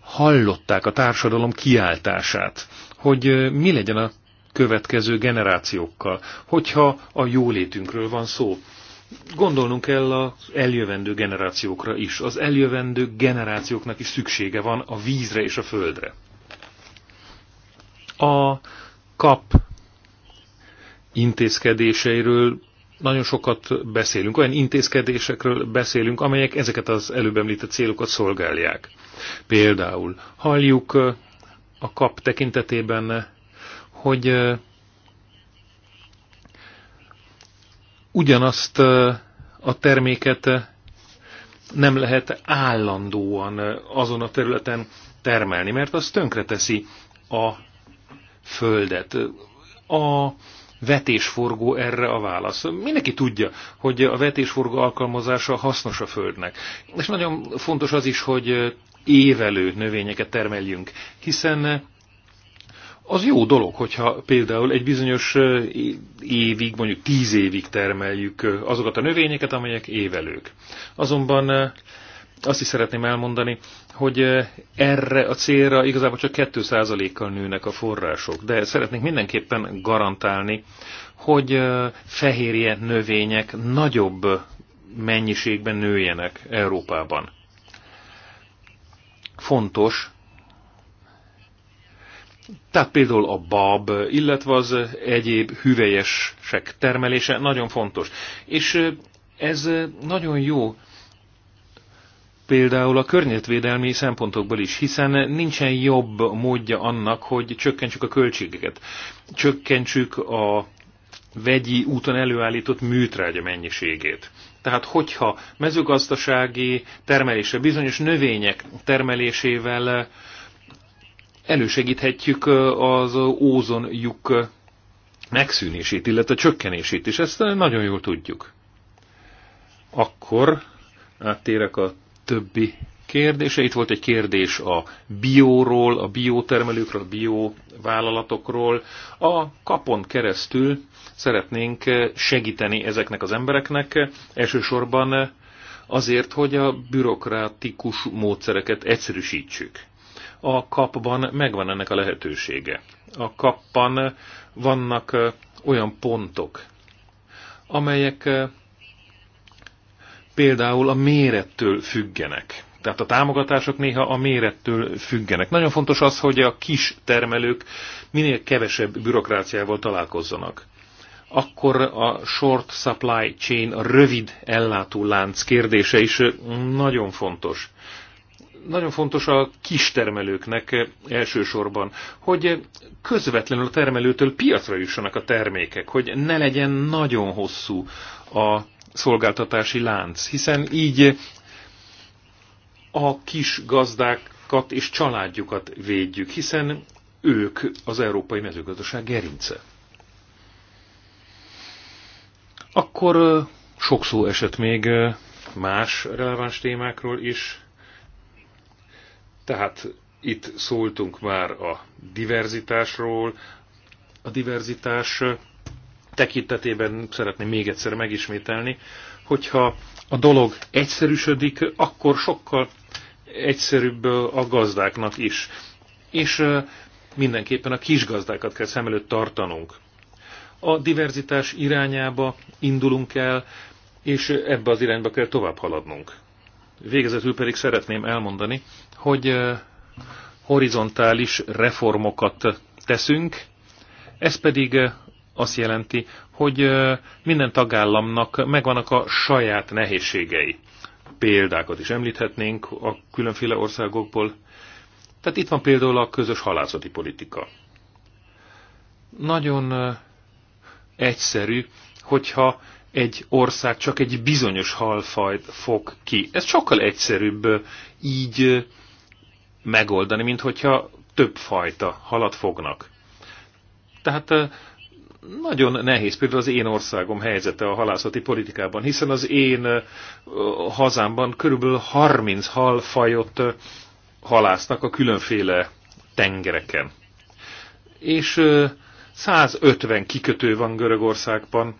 hallották a társadalom kiáltását, hogy mi legyen a következő generációkkal, hogyha a jólétünkről van szó. Gondolnunk kell az eljövendő generációkra is. Az eljövendő generációknak is szüksége van a vízre és a földre. A kap intézkedéseiről nagyon sokat beszélünk, olyan intézkedésekről beszélünk, amelyek ezeket az előbb említett célokat szolgálják. Például halljuk a kap tekintetében, hogy ugyanazt a terméket nem lehet állandóan azon a területen termelni, mert az tönkreteszi a földet. A vetésforgó erre a válasz. Mindenki tudja, hogy a vetésforgó alkalmazása hasznos a földnek. És nagyon fontos az is, hogy évelő növényeket termeljünk, hiszen az jó dolog, hogyha például egy bizonyos évig, mondjuk tíz évig termeljük azokat a növényeket, amelyek évelők. Azonban azt is szeretném elmondani, hogy erre a célra igazából csak 2%-kal nőnek a források, de szeretnék mindenképpen garantálni, hogy fehérje növények nagyobb mennyiségben nőjenek Európában. Fontos, tehát például a bab, illetve az egyéb hüvelyesek termelése nagyon fontos. És ez nagyon jó például a környezetvédelmi szempontokból is, hiszen nincsen jobb módja annak, hogy csökkentsük a költségeket, csökkentsük a vegyi úton előállított műtrágya mennyiségét. Tehát hogyha mezőgazdasági termelése bizonyos növények termelésével elősegíthetjük az lyuk megszűnését, illetve csökkenését, is, ezt nagyon jól tudjuk. Akkor áttérek a többi kérdése. Itt volt egy kérdés a bióról, a biotermelőkről, a biovállalatokról. A kapon keresztül szeretnénk segíteni ezeknek az embereknek, elsősorban azért, hogy a bürokratikus módszereket egyszerűsítsük a kapban megvan ennek a lehetősége. A kapban vannak olyan pontok, amelyek például a mérettől függenek. Tehát a támogatások néha a mérettől függenek. Nagyon fontos az, hogy a kis termelők minél kevesebb bürokráciával találkozzanak. Akkor a short supply chain, a rövid ellátó lánc kérdése is nagyon fontos nagyon fontos a kistermelőknek eh, elsősorban, hogy eh, közvetlenül a termelőtől piacra jussanak a termékek, hogy ne legyen nagyon hosszú a szolgáltatási lánc, hiszen így eh, a kis gazdákat és családjukat védjük, hiszen ők az európai mezőgazdaság gerince. Akkor sok szó esett még más releváns témákról is. Tehát itt szóltunk már a diverzitásról. A diverzitás tekintetében szeretném még egyszer megismételni, hogyha a dolog egyszerűsödik, akkor sokkal egyszerűbb a gazdáknak is. És mindenképpen a kisgazdákat kell szem előtt tartanunk. A diverzitás irányába indulunk el, és ebbe az irányba kell tovább haladnunk. Végezetül pedig szeretném elmondani, hogy horizontális reformokat teszünk, ez pedig azt jelenti, hogy minden tagállamnak megvannak a saját nehézségei. Példákat is említhetnénk a különféle országokból. Tehát itt van például a közös halászati politika. Nagyon egyszerű, hogyha egy ország csak egy bizonyos halfajt fog ki. Ez sokkal egyszerűbb így megoldani, mint hogyha több fajta halat fognak. Tehát nagyon nehéz például az én országom helyzete a halászati politikában, hiszen az én hazámban körülbelül 30 halfajot halásznak a különféle tengereken. És 150 kikötő van Görögországban,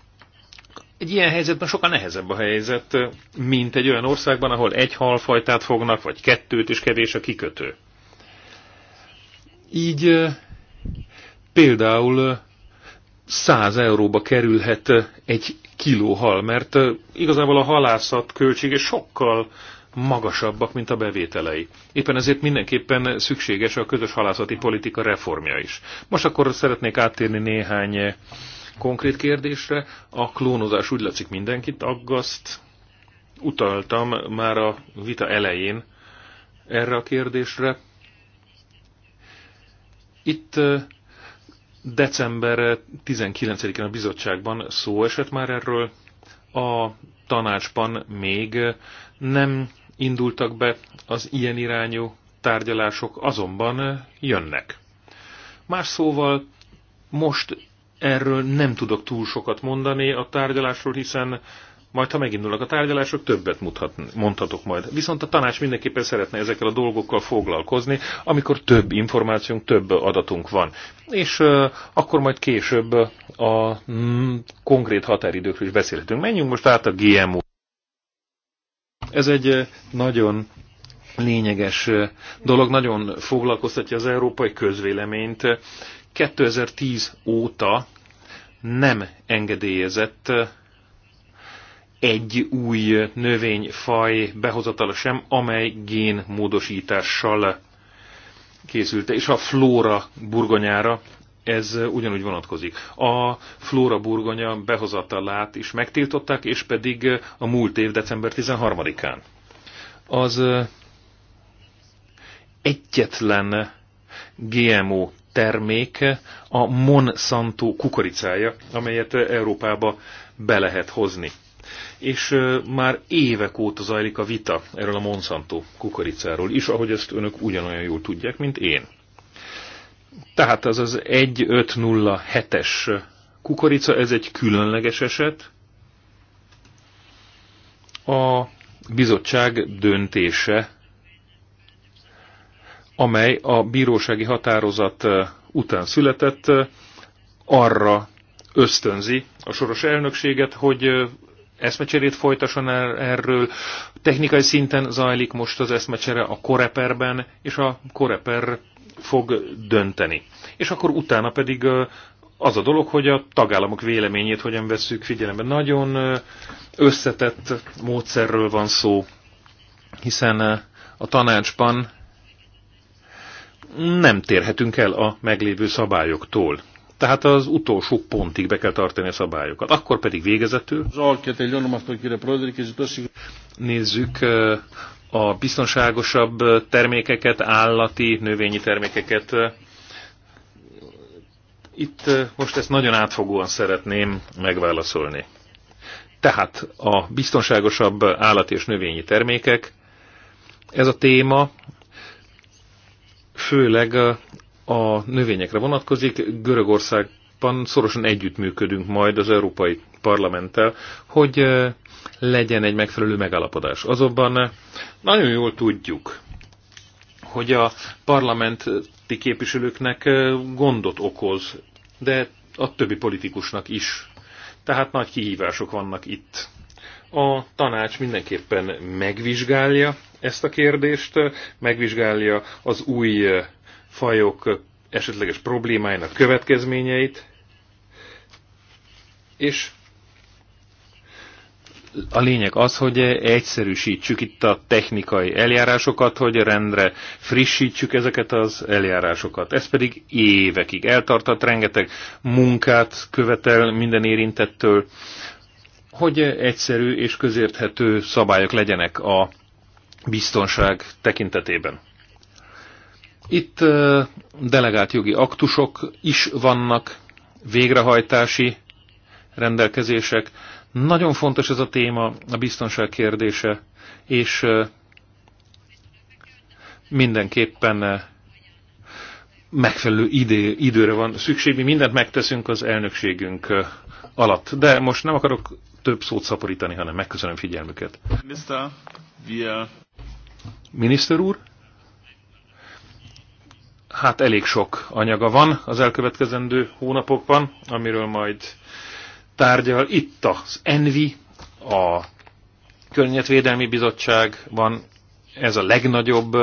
egy ilyen helyzetben sokkal nehezebb a helyzet, mint egy olyan országban, ahol egy halfajtát fognak, vagy kettőt, és kevés a kikötő. Így például 100 euróba kerülhet egy kiló hal, mert igazából a halászat költsége sokkal magasabbak, mint a bevételei. Éppen ezért mindenképpen szükséges a közös halászati politika reformja is. Most akkor szeretnék áttérni néhány konkrét kérdésre. A klónozás úgy látszik mindenkit aggaszt. Utaltam már a vita elején erre a kérdésre. Itt december 19-én a bizottságban szó esett már erről. A tanácsban még nem indultak be az ilyen irányú tárgyalások, azonban jönnek. Más szóval most erről nem tudok túl sokat mondani a tárgyalásról, hiszen majd ha megindulnak a tárgyalások, többet mutat, mondhatok majd. Viszont a tanács mindenképpen szeretne ezekkel a dolgokkal foglalkozni, amikor több információnk, több adatunk van. És uh, akkor majd később a mm, konkrét határidőkről is beszélhetünk. Menjünk most át a GMO. Ez egy nagyon lényeges dolog, nagyon foglalkoztatja az európai közvéleményt, 2010 óta nem engedélyezett eh, egy új növényfaj behozatala sem, amely génmódosítással készült. És a flóra burgonyára ez ugyanúgy vonatkozik. A flóra burgonya behozatalát is megtiltották, és pedig a múlt év december 13-án. Az eh, egyetlen GMO termék a Monsanto kukoricája, amelyet Európába be lehet hozni. És már évek óta zajlik a vita erről a Monsanto kukoricáról is, ahogy ezt önök ugyanolyan jól tudják, mint én. Tehát az az 1507-es kukorica, ez egy különleges eset. A bizottság döntése amely a bírósági határozat után született, arra ösztönzi a soros elnökséget, hogy eszmecserét folytasson erről. Technikai szinten zajlik most az eszmecsere a koreperben, és a koreper fog dönteni. És akkor utána pedig az a dolog, hogy a tagállamok véleményét hogyan veszük figyelembe. Nagyon összetett módszerről van szó, hiszen a tanácsban nem térhetünk el a meglévő szabályoktól. Tehát az utolsó pontig be kell tartani a szabályokat. Akkor pedig végezetül... Nézzük eh, a biztonságosabb termékeket, állati, növényi termékeket. Itt eh, most ezt nagyon átfogóan szeretném megválaszolni. Tehát a biztonságosabb állati és növényi termékek, ez a téma főleg a, a növényekre vonatkozik. Görögországban szorosan együttműködünk majd az Európai Parlamenttel, hogy legyen egy megfelelő megállapodás. Azonban nagyon jól tudjuk, hogy a parlamenti képviselőknek gondot okoz, de a többi politikusnak is. Tehát nagy kihívások vannak itt. A tanács mindenképpen megvizsgálja ezt a kérdést, megvizsgálja az új fajok esetleges problémáinak következményeit, és a lényeg az, hogy egyszerűsítsük itt a technikai eljárásokat, hogy rendre frissítsük ezeket az eljárásokat. Ez pedig évekig eltartat, rengeteg munkát követel minden érintettől hogy egyszerű és közérthető szabályok legyenek a biztonság tekintetében. Itt delegált jogi aktusok is vannak, végrehajtási rendelkezések. Nagyon fontos ez a téma, a biztonság kérdése, és mindenképpen megfelelő idő, időre van szükség. Mi mindent megteszünk az elnökségünk alatt. De most nem akarok több szót szaporítani, hanem megköszönöm figyelmüket. Mr. Via. Miniszter úr? Hát elég sok anyaga van az elkövetkezendő hónapokban, amiről majd tárgyal itt az ENVI, a Környezetvédelmi Bizottság van, ez a legnagyobb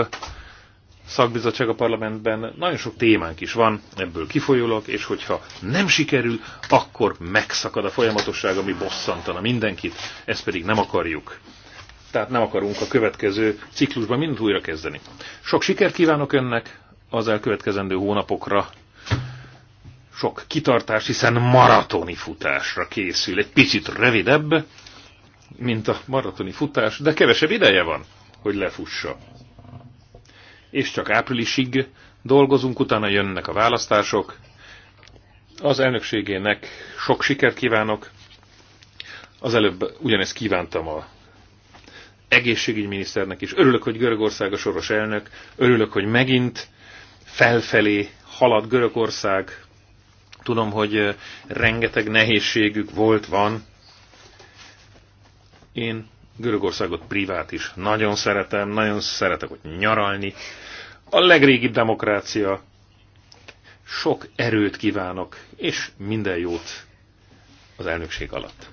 szakbizottság a parlamentben nagyon sok témánk is van, ebből kifolyólag, és hogyha nem sikerül, akkor megszakad a folyamatosság, ami bosszantana mindenkit, ezt pedig nem akarjuk. Tehát nem akarunk a következő ciklusban mindent újra kezdeni. Sok sikert kívánok önnek az elkövetkezendő hónapokra, sok kitartás, hiszen maratoni futásra készül. Egy picit rövidebb, mint a maratoni futás, de kevesebb ideje van, hogy lefussa és csak áprilisig dolgozunk, utána jönnek a választások. Az elnökségének sok sikert kívánok. Az előbb ugyanezt kívántam a egészségügyminiszternek is. Örülök, hogy Görögország a soros elnök, örülök, hogy megint felfelé halad Görögország. Tudom, hogy eh, rengeteg nehézségük volt, van. Én Görögországot privát is nagyon szeretem, nagyon szeretek ott nyaralni. A legrégibb demokrácia. Sok erőt kívánok, és minden jót az elnökség alatt.